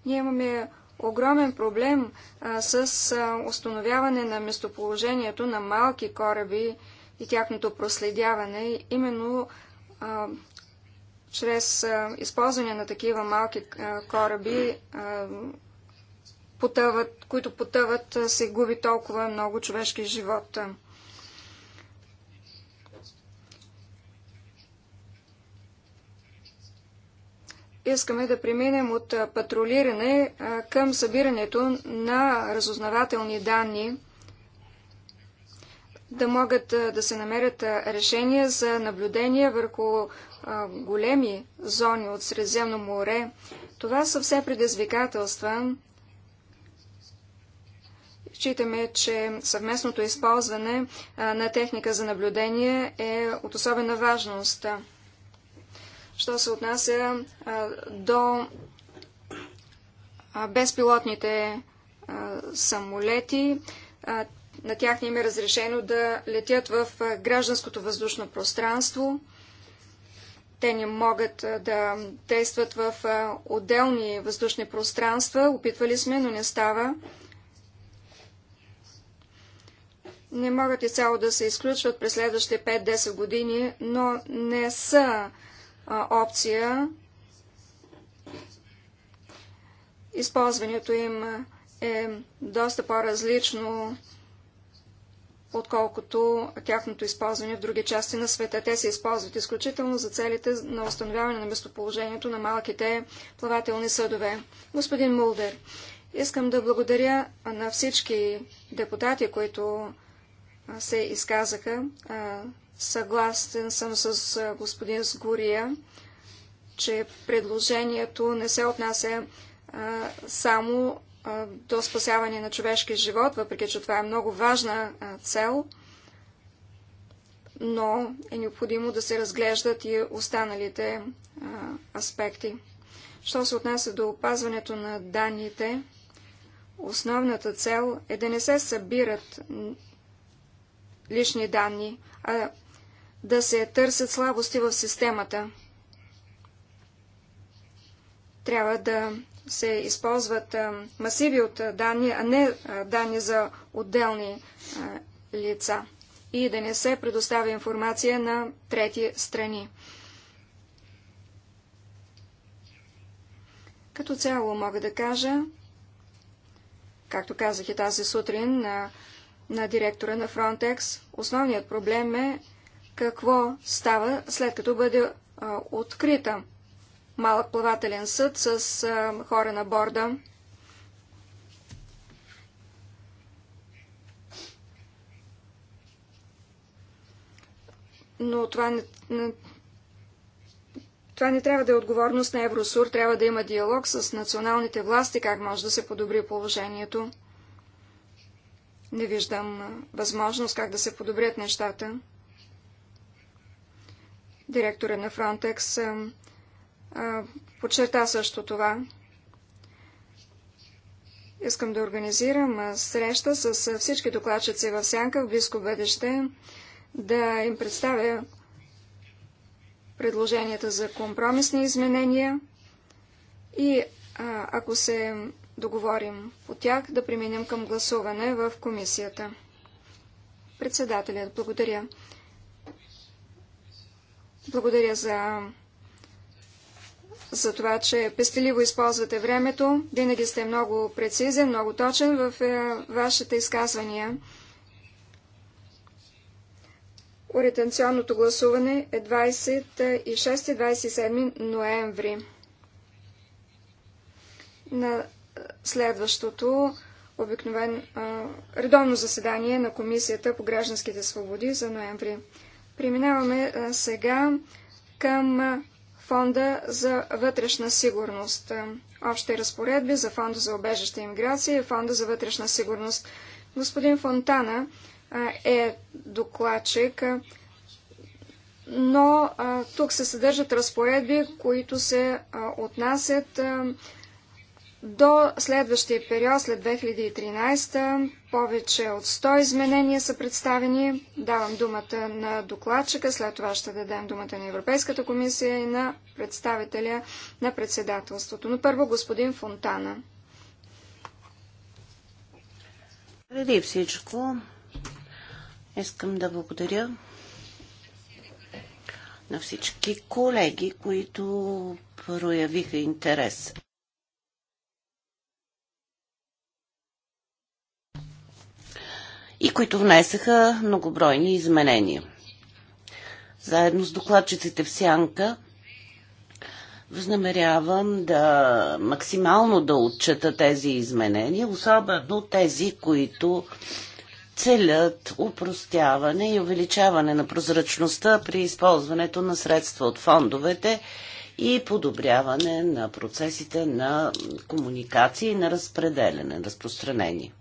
Ние имаме огромен проблем а, с а, установяване на местоположението на малки кораби и тяхното проследяване, именно а, чрез а, използване на такива малки а, кораби, а, потъват, които потъват, а, се губи толкова много човешки живота. искаме да преминем от патрулиране към събирането на разузнавателни данни, да могат да се намерят решения за наблюдение върху големи зони от Средземно море. Това са все предизвикателства. Считаме, че съвместното използване на техника за наблюдение е от особена важност що се отнася до безпилотните самолети. На тях не им е разрешено да летят в гражданското въздушно пространство. Те не могат да действат в отделни въздушни пространства. Опитвали сме, но не става. Не могат и цяло да се изключват през следващите 5-10 години, но не са опция. Използването им е доста по-различно отколкото тяхното използване в други части на света. Те се използват изключително за целите на установяване на местоположението на малките плавателни съдове. Господин Мулдер, искам да благодаря на всички депутати, които се изказаха Съгласен съм с господин Сгория, че предложението не се отнася а, само а, до спасяване на човешки живот, въпреки че това е много важна а, цел, но е необходимо да се разглеждат и останалите аспекти. Що се отнася до опазването на данните, основната цел е да не се събират лични данни, а да се търсят слабости в системата. Трябва да се използват масиви от данни, а не данни за отделни лица и да не се предоставя информация на трети страни. Като цяло мога да кажа, както казах и тази сутрин на, на директора на Frontex, основният проблем е, какво става след като бъде а, открита малък плавателен съд с а, хора на борда. Но това не, не, това не трябва да е отговорност на Евросур, трябва да има диалог с националните власти, как може да се подобри положението. Не виждам възможност как да се подобрят нещата. Директора на Фронтекс подчерта също това. Искам да организирам среща с всички докладчици в Сянка в близко бъдеще, да им представя предложенията за компромисни изменения и ако се договорим по тях, да преминем към гласуване в комисията. Председателят, благодаря. Благодаря за, за това, че пестеливо използвате времето. Винаги сте много прецизен, много точен в е, вашите изказвания. Ориентационното гласуване е 26-27 ноември. На следващото обикновено е, редовно заседание на Комисията по гражданските свободи за ноември. Преминаваме сега към Фонда за вътрешна сигурност. Общи разпоредби за Фонда за обежище и миграция и Фонда за вътрешна сигурност. Господин Фонтана е докладчик, но тук се съдържат разпоредби, които се отнасят до следващия период, след 2013, повече от 100 изменения са представени. Давам думата на докладчика, след това ще дадем думата на Европейската комисия и на представителя на председателството. Но първо господин Фонтана. Преди всичко, искам да благодаря на всички колеги, които проявиха интерес. и които внесаха многобройни изменения. Заедно с докладчиците в Сянка възнамерявам да максимално да отчета тези изменения, особено тези, които целят упростяване и увеличаване на прозрачността при използването на средства от фондовете и подобряване на процесите на комуникация и на разпределяне, разпространение.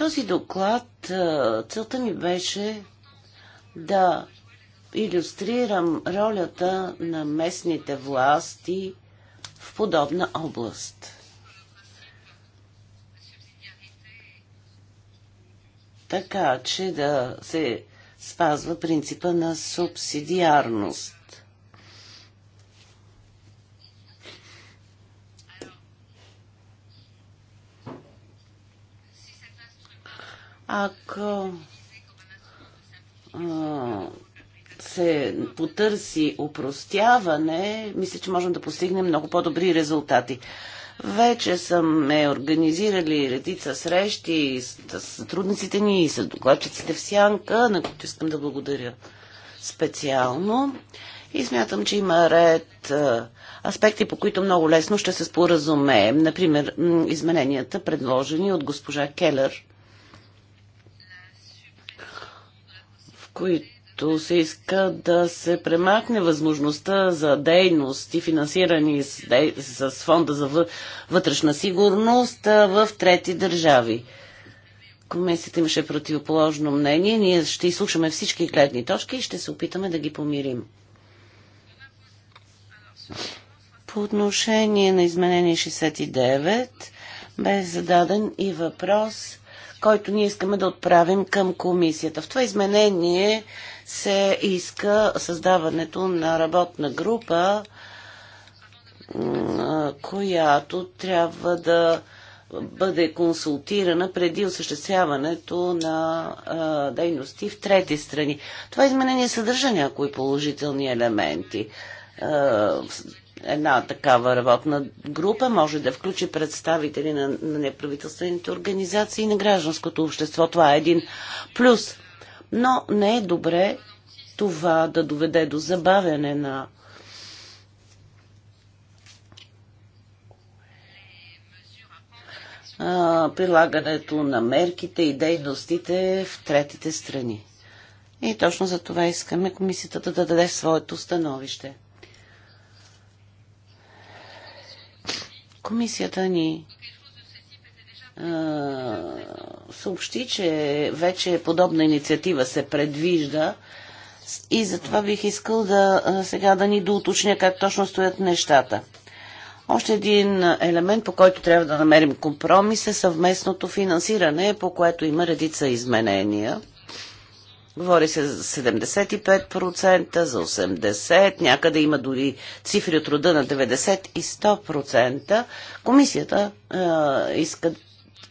Този доклад, целта ми беше да иллюстрирам ролята на местните власти в подобна област. Така че да се спазва принципа на субсидиарност. Ако се потърси упростяване, мисля, че можем да постигнем много по-добри резултати. Вече сме организирали редица срещи с сътрудниците ни и с докладчиците в Сянка, на които искам да благодаря специално. И смятам, че има ред аспекти, по които много лесно ще се споразумеем. Например, измененията, предложени от госпожа Келер – които се иска да се премахне възможността за дейности, финансирани с, с фонда за вътрешна сигурност в трети държави. Комисията имаше противоположно мнение. Ние ще изслушаме всички гледни точки и ще се опитаме да ги помирим. По отношение на изменение 69 бе зададен и въпрос който ние искаме да отправим към комисията. В това изменение се иска създаването на работна група, която трябва да бъде консултирана преди осъществяването на а, дейности в трети страни. Това изменение съдържа някои положителни елементи. Една такава работна група може да включи представители на, на неправителствените организации и на гражданското общество. Това е един плюс. Но не е добре това да доведе до забавяне на прилагането на мерките и дейностите в третите страни. И точно за това искаме комисията да даде своето становище. Комисията ни съобщи, че вече подобна инициатива се предвижда и затова бих искал да сега да ни доуточня как точно стоят нещата. Още един елемент, по който трябва да намерим компромис е съвместното финансиране, по което има редица изменения – Говори се за 75%, за 80%, някъде има дори цифри от рода на 90% и 100%. Комисията е, иска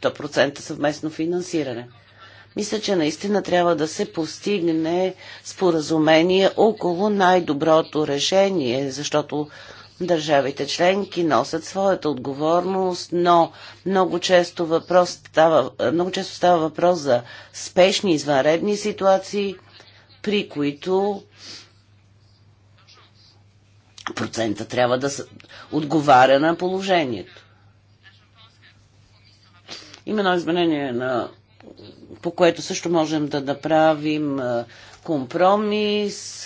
100% съвместно финансиране. Мисля, че наистина трябва да се постигне споразумение около най-доброто решение, защото Държавите членки носят своята отговорност, но много често, въпрос става, много често става въпрос за спешни извънредни ситуации, при които процента трябва да отговаря на положението. Има едно изменение, на, по което също можем да направим компромис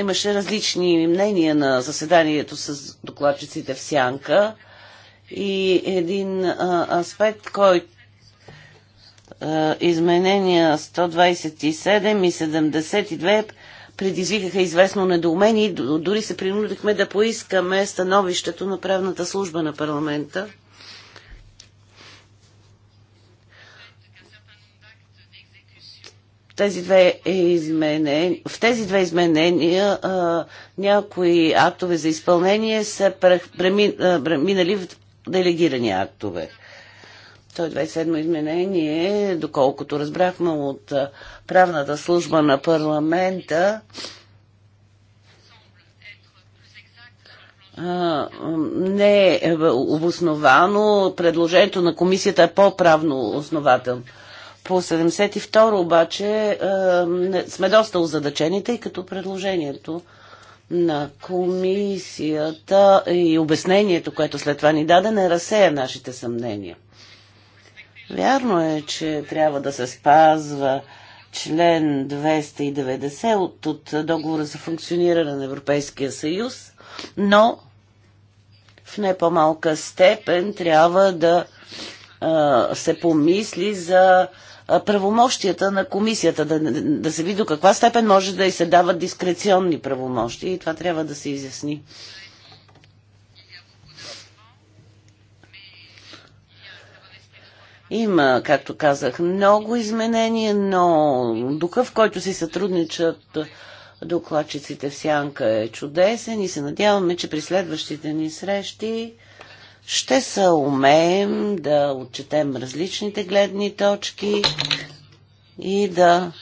Имаше различни мнения на заседанието с докладчиците в Сянка и един аспект, който изменения 127 и 72 предизвикаха известно недоумение и дори се принудихме да поискаме становището на правната служба на парламента. тези две изменения, в тези две изменения а, някои актове за изпълнение са преминали в делегирани актове. 27 е изменение, доколкото разбрахме от правната служба на парламента, не е обосновано. Предложението на комисията е по-правно основателно. По 72 обаче е, сме доста озадачени, тъй като предложението на комисията и обяснението, което след това ни даде, не разсея нашите съмнения. Вярно е, че трябва да се спазва член 290 от, от договора за функциониране на Европейския съюз, но в не по-малка степен трябва да а, е, се помисли за правомощията на комисията, да, да се види до каква степен може да и се дават дискреционни правомощия и това трябва да се изясни. Има, както казах, много изменения, но духа, в който си сътрудничат докладчиците в Сянка е чудесен и се надяваме, че при следващите ни срещи ще се умеем да отчетем различните гледни точки и да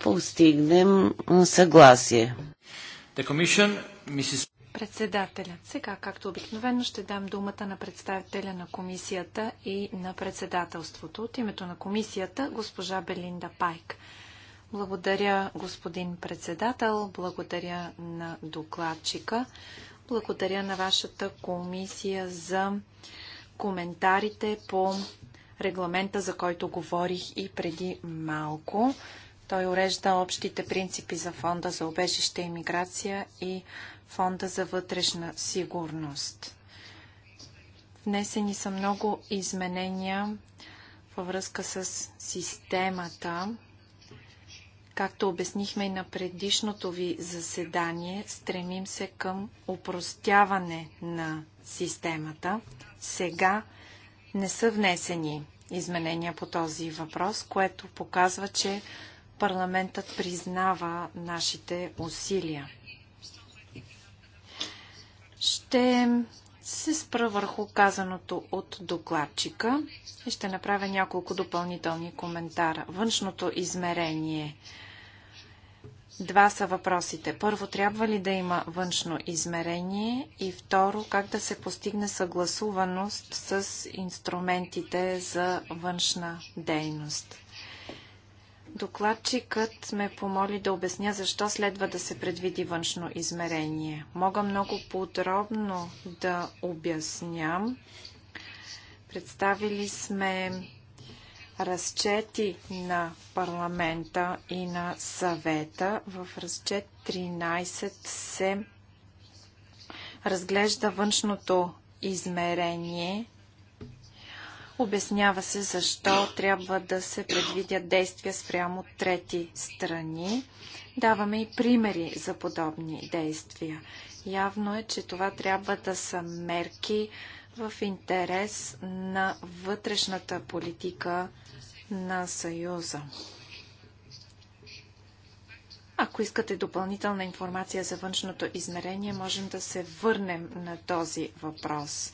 постигнем съгласие. Председателя. Сега, както обикновено, ще дам думата на представителя на комисията и на председателството. От името на комисията, госпожа Белинда Пайк. Благодаря, господин председател, благодаря на докладчика. Благодаря на вашата комисия за коментарите по регламента, за който говорих и преди малко. Той урежда общите принципи за фонда за обежище и миграция и фонда за вътрешна сигурност. Внесени са много изменения във връзка с системата Както обяснихме и на предишното ви заседание, стремим се към упростяване на системата. Сега не са внесени изменения по този въпрос, което показва, че парламентът признава нашите усилия. Ще се спра върху казаното от докладчика и ще направя няколко допълнителни коментара. Външното измерение. Два са въпросите. Първо, трябва ли да има външно измерение? И второ, как да се постигне съгласуваност с инструментите за външна дейност? Докладчикът ме помоли да обясня защо следва да се предвиди външно измерение. Мога много подробно да обясням, Представили сме разчети на парламента и на съвета. В разчет 13 се разглежда външното измерение. Обяснява се защо трябва да се предвидят действия спрямо трети страни. Даваме и примери за подобни действия. Явно е, че това трябва да са мерки, в интерес на вътрешната политика на Съюза. Ако искате допълнителна информация за външното измерение, можем да се върнем на този въпрос.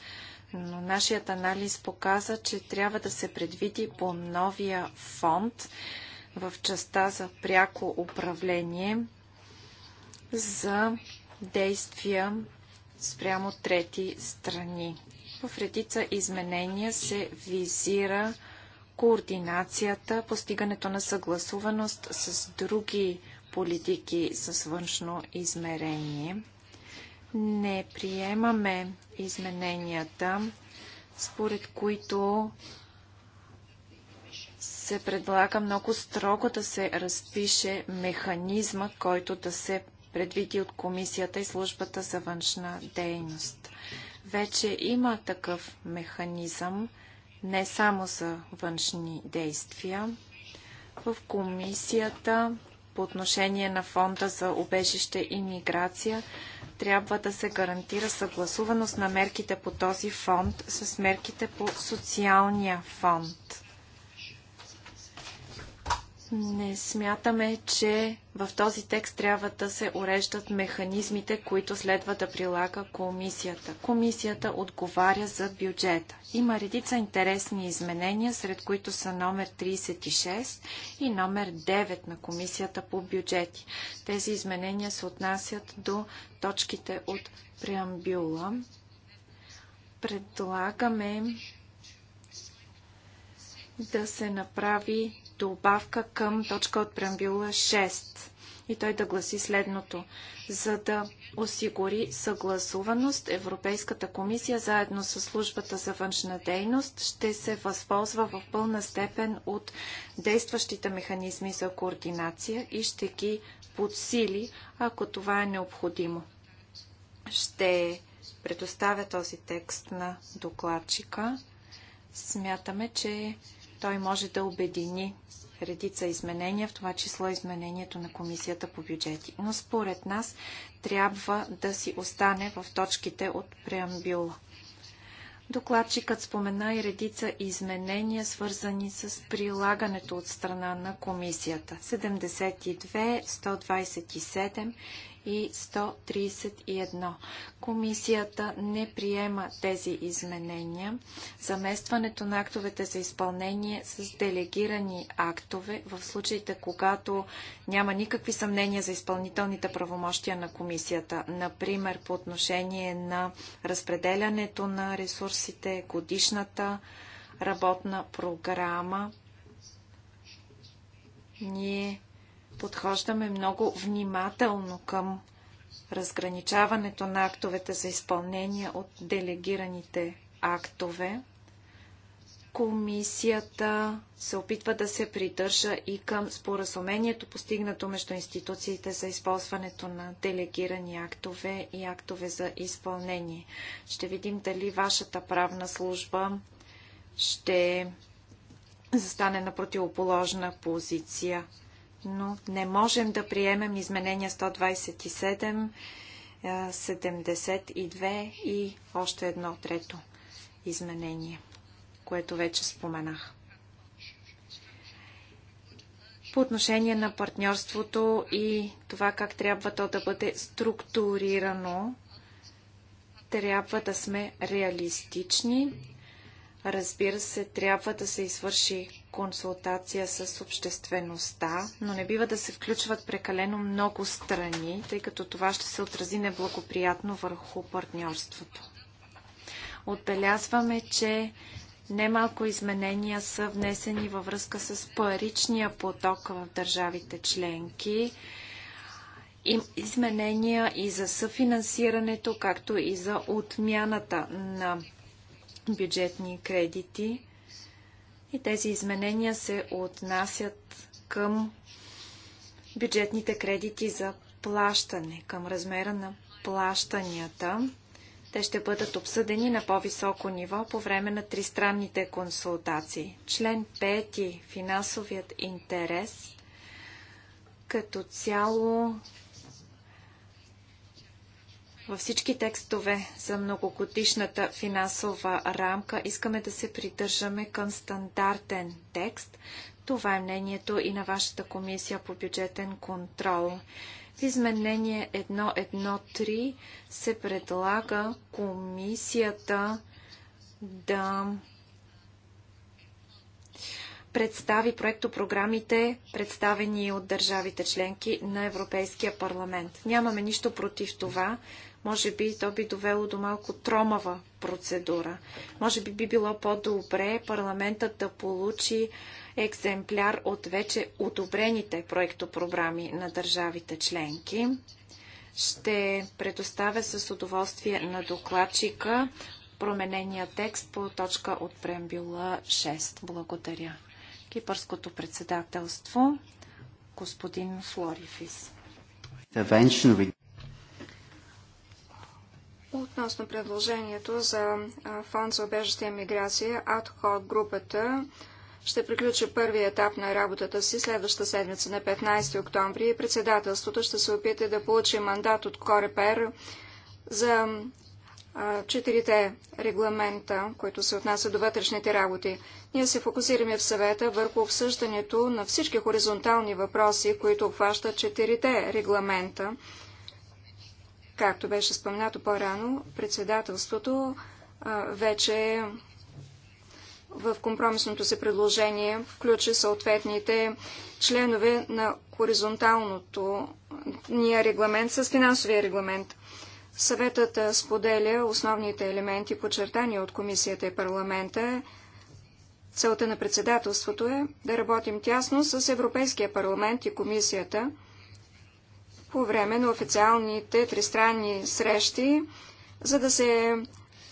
Но нашият анализ показа, че трябва да се предвиди по новия фонд в частта за пряко управление за действия спрямо трети страни. В редица изменения се визира координацията, постигането на съгласуваност с други политики с външно измерение. Не приемаме измененията, според които се предлага много строго да се разпише механизма, който да се предвиди от комисията и службата за външна дейност. Вече има такъв механизъм не само за външни действия. В комисията по отношение на фонда за обежище и миграция трябва да се гарантира съгласуваност на мерките по този фонд с мерките по социалния фонд. Не смятаме, че в този текст трябва да се уреждат механизмите, които следва да прилага комисията. Комисията отговаря за бюджета. Има редица интересни изменения, сред които са номер 36 и номер 9 на комисията по бюджети. Тези изменения се отнасят до точките от преамбюла. Предлагаме да се направи добавка към точка от преамбюла 6 и той да гласи следното. За да осигури съгласуваност, Европейската комисия заедно с службата за външна дейност ще се възползва в пълна степен от действащите механизми за координация и ще ги подсили, ако това е необходимо. Ще предоставя този текст на докладчика. Смятаме, че той може да обедини редица изменения, в това число изменението на Комисията по бюджети. Но според нас трябва да си остане в точките от преамбюла. Докладчикът спомена и редица изменения, свързани с прилагането от страна на комисията. 72, 127 и 131. Комисията не приема тези изменения. Заместването на актовете за изпълнение с делегирани актове в случаите, когато няма никакви съмнения за изпълнителните правомощия на комисията, например по отношение на разпределянето на ресурсите, годишната работна програма, ние подхождаме много внимателно към разграничаването на актовете за изпълнение от делегираните актове. Комисията се опитва да се придържа и към споразумението, постигнато между институциите за използването на делегирани актове и актове за изпълнение. Ще видим дали вашата правна служба ще застане на противоположна позиция но не можем да приемем изменения 127, 72 и още едно трето изменение, което вече споменах. По отношение на партньорството и това как трябва то да бъде структурирано, трябва да сме реалистични. Разбира се, трябва да се извърши консултация с обществеността, но не бива да се включват прекалено много страни, тъй като това ще се отрази неблагоприятно върху партньорството. Отбелязваме, че немалко изменения са внесени във връзка с паричния поток в държавите членки изменения и за съфинансирането, както и за отмяната на бюджетни кредити. И тези изменения се отнасят към бюджетните кредити за плащане, към размера на плащанията. Те ще бъдат обсъдени на по-високо ниво по време на тристранните консултации. Член 5. Финансовият интерес като цяло във всички текстове за многокотишната финансова рамка искаме да се придържаме към стандартен текст. Това е мнението и на вашата комисия по бюджетен контрол. В изменение 1.1.3 се предлага комисията да представи проектопрограмите, представени от държавите членки на Европейския парламент. Нямаме нищо против това, може би то би довело до малко тромава процедура. Може би би било по-добре парламентът да получи екземпляр от вече одобрените проектопрограми на държавите членки. Ще предоставя с удоволствие на докладчика променения текст по точка от преамбюла 6. Благодаря. Кипърското председателство господин Флорифис. Относно предложението за фонд за обежаща и миграция, АДХО групата ще приключи първи етап на работата си следваща седмица на 15 октомври и председателството ще се опита да получи мандат от Корепер за четирите регламента, които се отнасят до вътрешните работи. Ние се фокусираме в съвета върху обсъждането на всички хоризонтални въпроси, които обхващат четирите регламента Както беше споменато по-рано, председателството а, вече в компромисното се предложение включи съответните членове на хоризонталното ния регламент с финансовия регламент. Съветът споделя основните елементи, подчертани от комисията и парламента. Целта на председателството е да работим тясно с Европейския парламент и комисията – по време на официалните тристранни срещи, за да се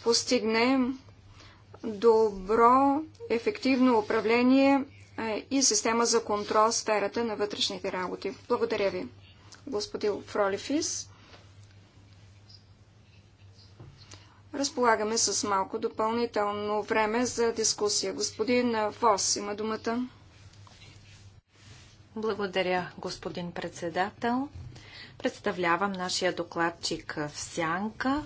постигне добро, ефективно управление и система за контрол в сферата на вътрешните работи. Благодаря ви, господин Фролифис. Разполагаме с малко допълнително време за дискусия. Господин Фос, има думата. Благодаря, господин председател. Представлявам нашия докладчик в Сянка,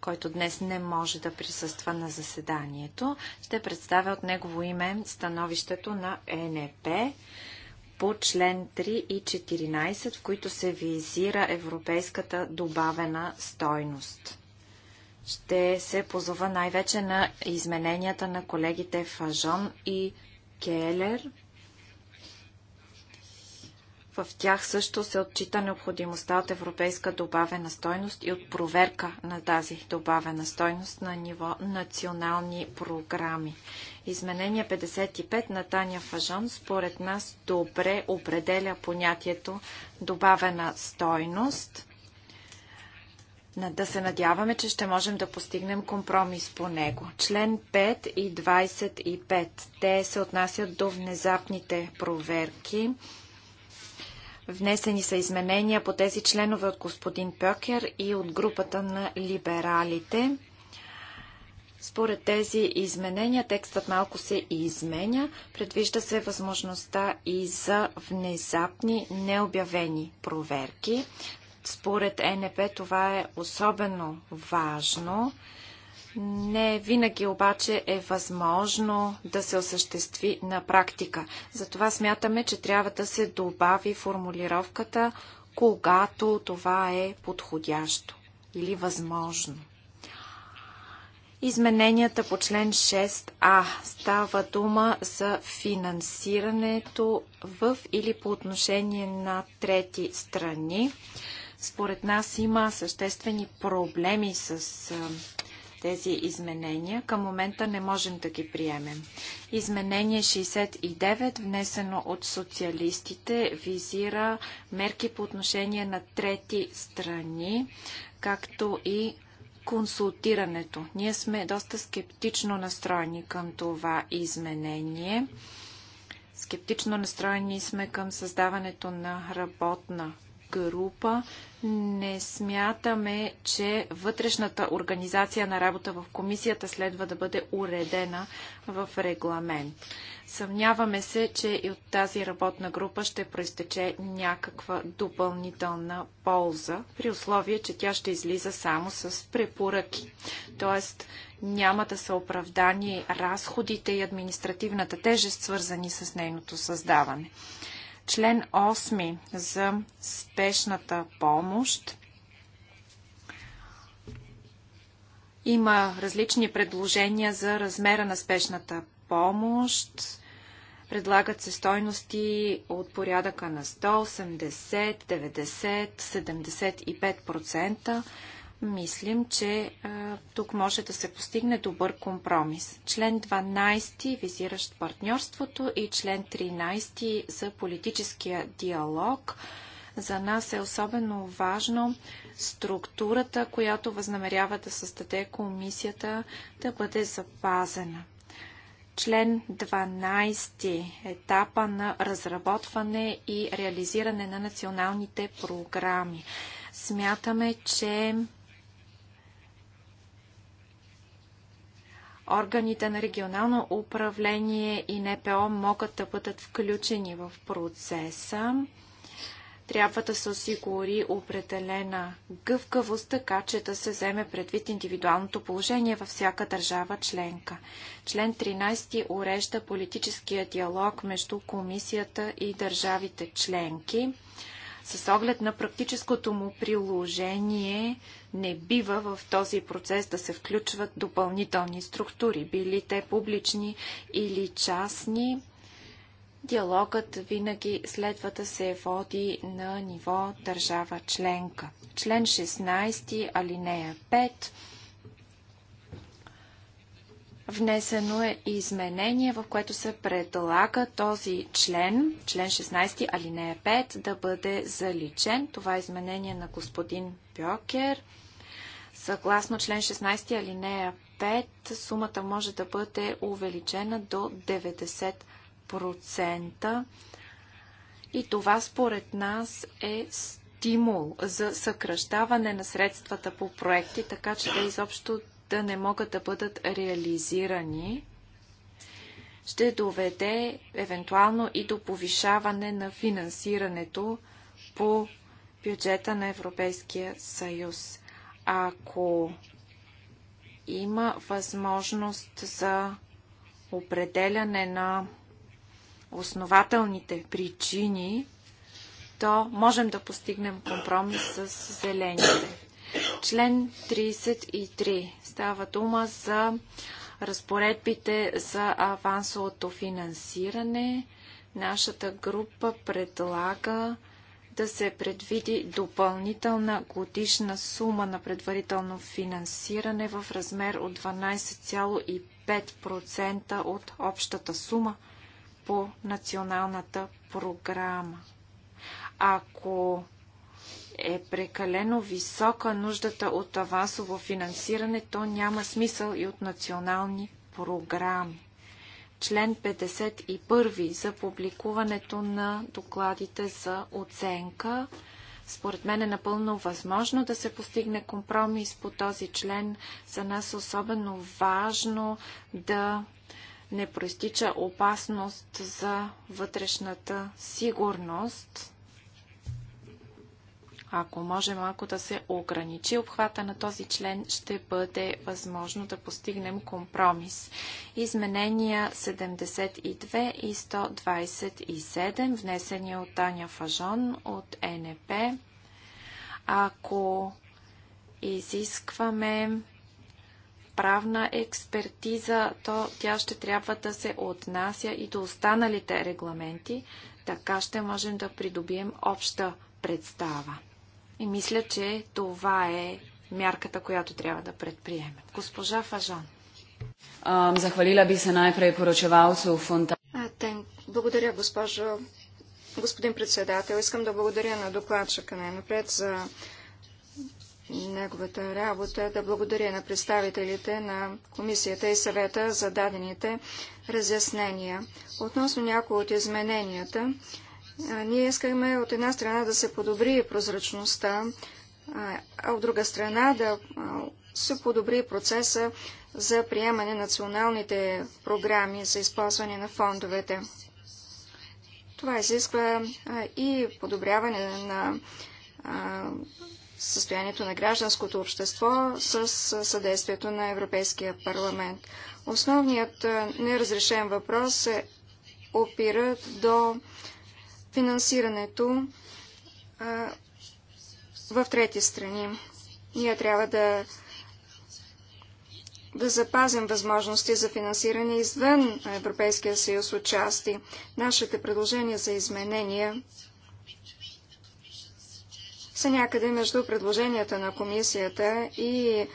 който днес не може да присъства на заседанието. Ще представя от негово име становището на ЕНП по член 3 и 14, в които се визира европейската добавена стойност. Ще се позова най-вече на измененията на колегите Фажон и Келер – в тях също се отчита необходимостта от европейска добавена стойност и от проверка на тази добавена стойност на ниво национални програми. Изменение 55 на Таня Фажон според нас добре определя понятието добавена стойност. Да се надяваме, че ще можем да постигнем компромис по него. Член 5 и 25. Те се отнасят до внезапните проверки. Внесени са изменения по тези членове от господин Пьокер и от групата на либералите. Според тези изменения текстът малко се изменя. Предвижда се възможността и за внезапни необявени проверки. Според НП това е особено важно. Не винаги обаче е възможно да се осъществи на практика. Затова смятаме, че трябва да се добави формулировката, когато това е подходящо или възможно. Измененията по член 6а става дума за финансирането в или по отношение на трети страни. Според нас има съществени проблеми с тези изменения. Към момента не можем да ги приемем. Изменение 69, внесено от социалистите, визира мерки по отношение на трети страни, както и консултирането. Ние сме доста скептично настроени към това изменение. Скептично настроени сме към създаването на работна група не смятаме, че вътрешната организация на работа в комисията следва да бъде уредена в регламент. Съмняваме се, че и от тази работна група ще проистече някаква допълнителна полза, при условие, че тя ще излиза само с препоръки. Тоест, няма да са оправдани разходите и административната тежест, свързани с нейното създаване. Член 8 за спешната помощ. Има различни предложения за размера на спешната помощ. Предлагат се стойности от порядъка на 180, 90, 75% мислим, че а, тук може да се постигне добър компромис. Член 12, визиращ партньорството и член 13 за политическия диалог. За нас е особено важно структурата, която възнамерява да създаде комисията, да бъде запазена. Член 12. Етапа на разработване и реализиране на националните програми. Смятаме, че органите на регионално управление и НПО могат да бъдат включени в процеса. Трябва да се осигури определена гъвкавост, така че да се вземе предвид индивидуалното положение във всяка държава членка. Член 13 урежда политическия диалог между комисията и държавите членки. С оглед на практическото му приложение не бива в този процес да се включват допълнителни структури, били те публични или частни. Диалогът винаги следва да се води на ниво държава членка. Член 16, алинея 5 Внесено е изменение, в което се предлага този член, член 16, алинея 5, да бъде заличен. Това е изменение на господин Бьокер. Съгласно член 16, алинея 5, сумата може да бъде увеличена до 90%. И това според нас е стимул за съкръщаване на средствата по проекти, така че те изобщо да не могат да бъдат реализирани, ще доведе евентуално и до повишаване на финансирането по бюджета на Европейския съюз. Ако има възможност за определяне на основателните причини, то можем да постигнем компромис с зелените. Член 33. Става дума за разпоредбите за авансовото финансиране. Нашата група предлага да се предвиди допълнителна годишна сума на предварително финансиране в размер от 12,5% от общата сума по националната програма. Ако е прекалено висока нуждата от авансово финансиране, то няма смисъл и от национални програми. Член 51 за публикуването на докладите за оценка. Според мен е напълно възможно да се постигне компромис по този член. За нас е особено важно да не проистича опасност за вътрешната сигурност ако може малко да се ограничи обхвата на този член, ще бъде възможно да постигнем компромис. Изменения 72 и 127, внесени от Таня Фажон от НП. Ако изискваме правна експертиза, то тя ще трябва да се отнася и до останалите регламенти. Така ще можем да придобием обща представа. И мисля, че това е мярката, която трябва да предприемем. Госпожа Фажан. Захвалила би се най-пре поручевалцу Фонта. Благодаря, госпожо, господин председател. Искам да благодаря на докладчика най-напред за неговата работа, да благодаря на представителите на комисията и съвета за дадените разяснения. Относно някои от измененията, ние искаме от една страна да се подобри прозрачността, а от друга страна да се подобри процеса за приемане на националните програми за използване на фондовете. Това изисква и подобряване на състоянието на гражданското общество с съдействието на Европейския парламент. Основният неразрешен въпрос е опира до финансирането в трети страни. Ние трябва да, да запазим възможности за финансиране извън Европейския съюз от части. Нашите предложения за изменения са някъде между предложенията на комисията и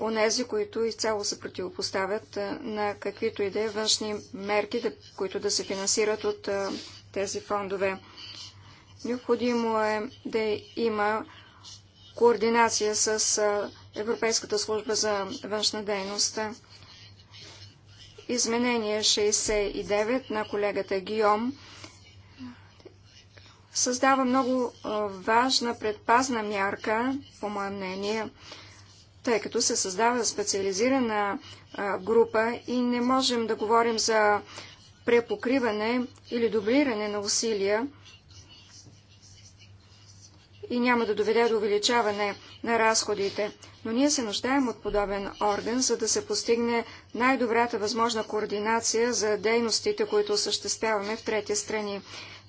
онези, които изцяло се противопоставят на каквито и да е външни мерки, да, които да се финансират от а, тези фондове. Необходимо е да има координация с Европейската служба за външна дейност. Изменение 69 на колегата Гиом създава много важна предпазна мярка, по мое мнение, тъй като се създава специализирана група и не можем да говорим за препокриване или дублиране на усилия и няма да доведе до увеличаване на разходите. Но ние се нуждаем от подобен орган, за да се постигне най-добрата възможна координация за дейностите, които осъществяваме в трети страни.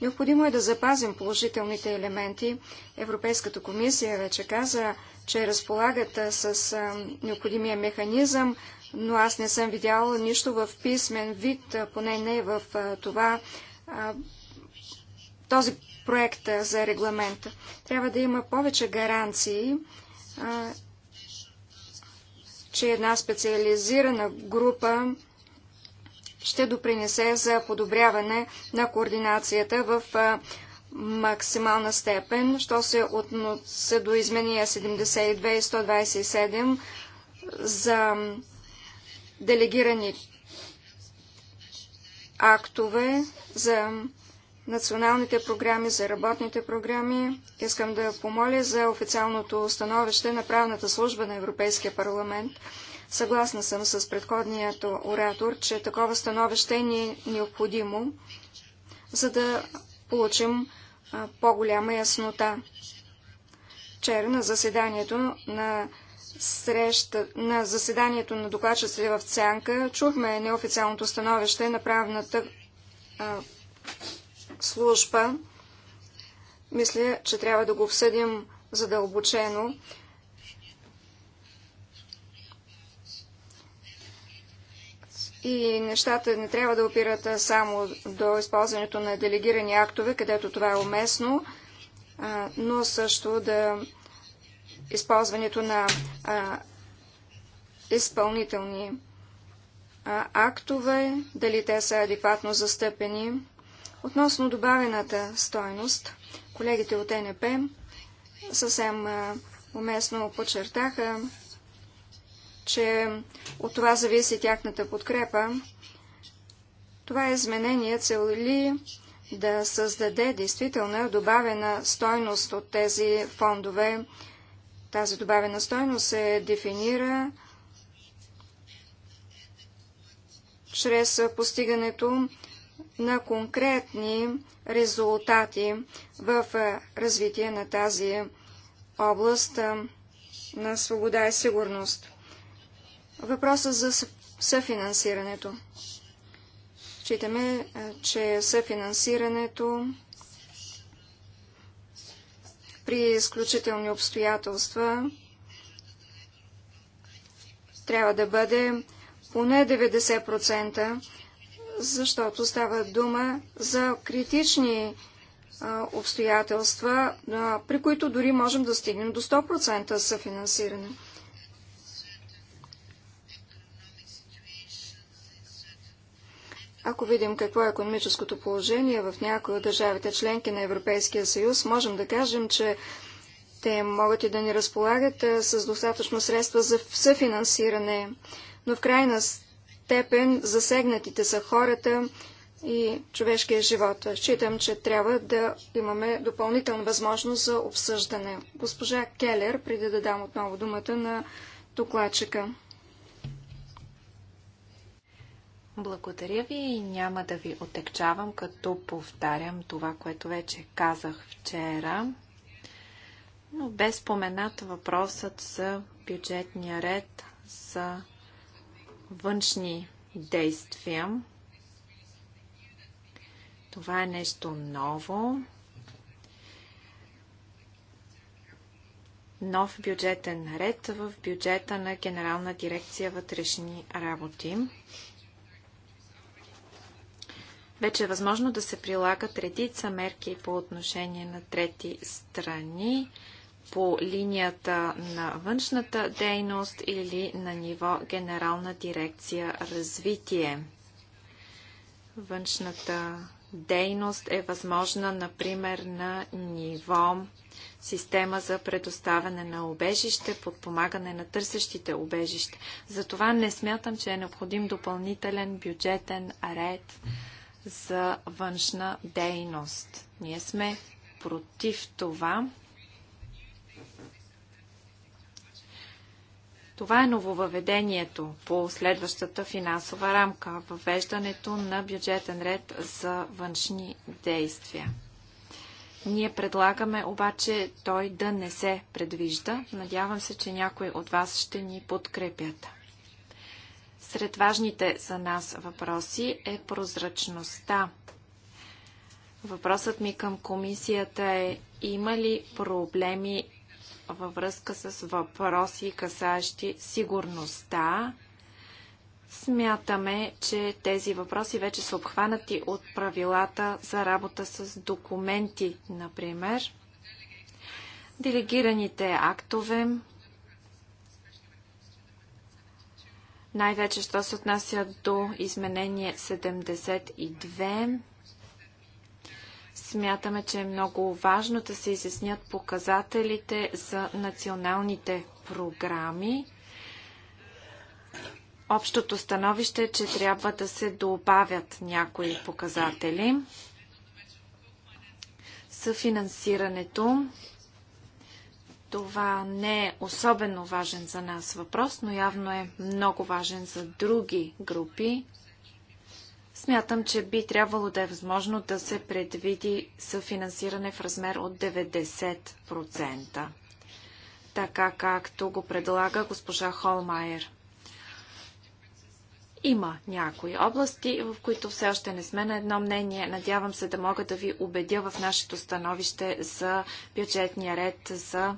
Необходимо е да запазим положителните елементи. Европейската комисия вече каза, че разполагат с необходимия механизъм но аз не съм видяла нищо в писмен вид, поне не в това, този проект за регламента. Трябва да има повече гаранции, че една специализирана група ще допринесе за подобряване на координацията в максимална степен, що се относи до изменения 72 и 127 за делегирани актове за националните програми, за работните програми. Искам да помоля за официалното становище на правната служба на Европейския парламент. Съгласна съм с предходният оратор, че такова становище ни е необходимо, за да получим по-голяма яснота. Вчера на заседанието на среща, на заседанието на докладчиците в Цянка чухме неофициалното становище на правната а, служба. Мисля, че трябва да го обсъдим задълбочено. И нещата не трябва да опират само до използването на делегирани актове, където това е уместно, а, но също да използването на а, изпълнителни а, актове, дали те са адекватно застъпени. Относно добавената стойност, колегите от НП съвсем а, уместно подчертаха, че от това зависи тяхната подкрепа. Това изменение цели да създаде действителна добавена стойност от тези фондове, тази добавена стойност се дефинира чрез постигането на конкретни резултати в развитие на тази област на свобода и сигурност. Въпросът за съфинансирането. Читаме, че съфинансирането при изключителни обстоятелства трябва да бъде поне 90%, защото става дума за критични обстоятелства, при които дори можем да стигнем до 100% съфинансиране. Ако видим какво е економическото положение в някои от държавите членки на Европейския съюз, можем да кажем, че те могат и да ни разполагат с достатъчно средства за съфинансиране, но в крайна степен засегнатите са хората и човешкия живот. Считам, че трябва да имаме допълнителна възможност за обсъждане. Госпожа Келер, преди да дам отново думата на докладчика. Благодаря ви и няма да ви отекчавам, като повтарям това, което вече казах вчера. Но без споменат въпросът за бюджетния ред за външни действия. Това е нещо ново. Нов бюджетен ред в бюджета на Генерална дирекция вътрешни работи. Вече е възможно да се прилагат редица мерки по отношение на трети страни по линията на външната дейност или на ниво Генерална дирекция развитие. Външната дейност е възможна, например, на ниво система за предоставяне на обежище, подпомагане на търсещите обежище. Затова не смятам, че е необходим допълнителен бюджетен ред за външна дейност. Ние сме против това. Това е нововъведението по следващата финансова рамка въвеждането на бюджетен ред за външни действия. Ние предлагаме обаче той да не се предвижда. Надявам се, че някои от вас ще ни подкрепят. Сред важните за нас въпроси е прозрачността. Въпросът ми към комисията е има ли проблеми във връзка с въпроси, касащи сигурността. Смятаме, че тези въпроси вече са обхванати от правилата за работа с документи, например. Делегираните актове Най-вече, що се отнася до изменение 72, смятаме, че е много важно да се изяснят показателите за националните програми. Общото становище е, че трябва да се добавят някои показатели. Съфинансирането това не е особено важен за нас въпрос, но явно е много важен за други групи. Смятам, че би трябвало да е възможно да се предвиди съфинансиране в размер от 90%, така както го предлага госпожа Холмайер. Има някои области, в които все още не сме на едно мнение. Надявам се да мога да ви убедя в нашето становище за бюджетния ред за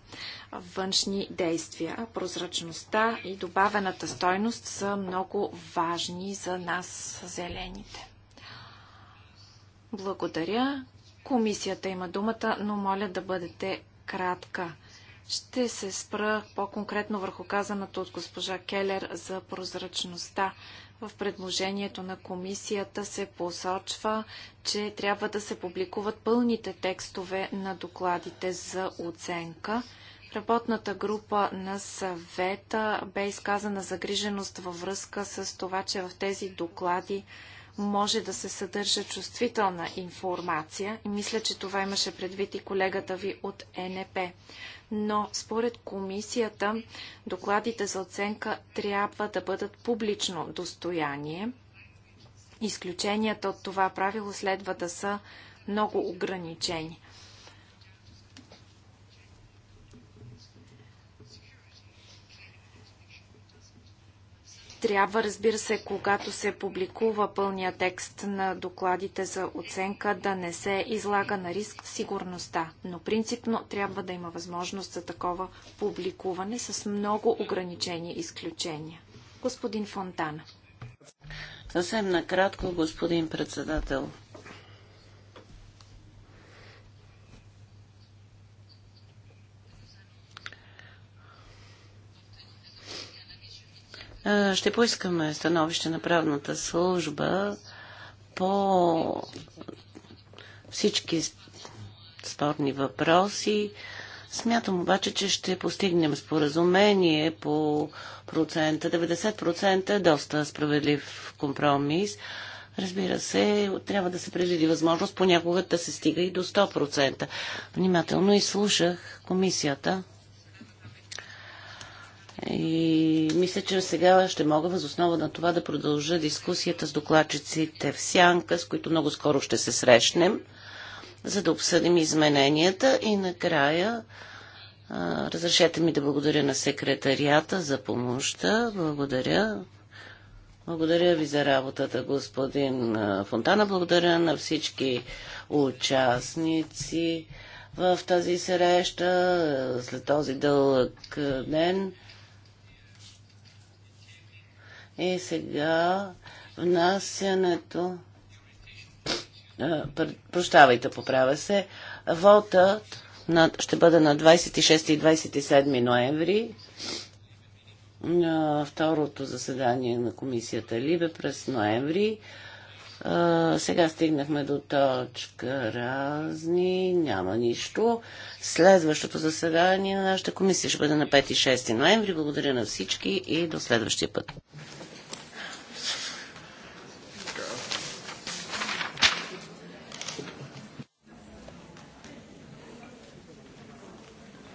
външни действия. Прозрачността и добавената стойност са много важни за нас, зелените. Благодаря. Комисията има думата, но моля да бъдете кратка. Ще се спра по-конкретно върху казаното от госпожа Келер за прозрачността. В предложението на комисията се посочва, че трябва да се публикуват пълните текстове на докладите за оценка. Работната група на съвета бе изказана загриженост във връзка с това, че в тези доклади може да се съдържа чувствителна информация и мисля, че това имаше предвид и колегата ви от НП но според комисията докладите за оценка трябва да бъдат публично достояние. Изключенията от това правило следва да са много ограничени. Трябва, разбира се, когато се публикува пълния текст на докладите за оценка, да не се излага на риск сигурността. Но принципно трябва да има възможност за такова публикуване с много ограничени изключения. Господин Фонтана. Съвсем накратко, господин председател. Е, ще поискаме становище на правната служба по всички спорни въпроси. Смятам обаче, че ще постигнем споразумение по процента. 90% е доста справедлив компромис. Разбира се, трябва да се предвиди възможност понякога да се стига и до 100%. Внимателно изслушах комисията. И мисля, че сега ще мога възоснова на това да продължа дискусията с докладчиците в Сянка, с които много скоро ще се срещнем, за да обсъдим измененията и накрая а, разрешете ми да благодаря на секретарията за помощта. Благодаря. Благодаря ви за работата, господин Фонтана. Благодаря на всички участници в тази среща след този дълъг ден. И сега внасянето. Прощавайте, поправя се. Вотът на, ще бъде на 26 и 27 ноември. На второто заседание на комисията Либе през ноември. сега стигнахме до точка разни, няма нищо. Следващото заседание на нашата комисия ще бъде на 5 и 6 ноември. Благодаря на всички и до следващия път.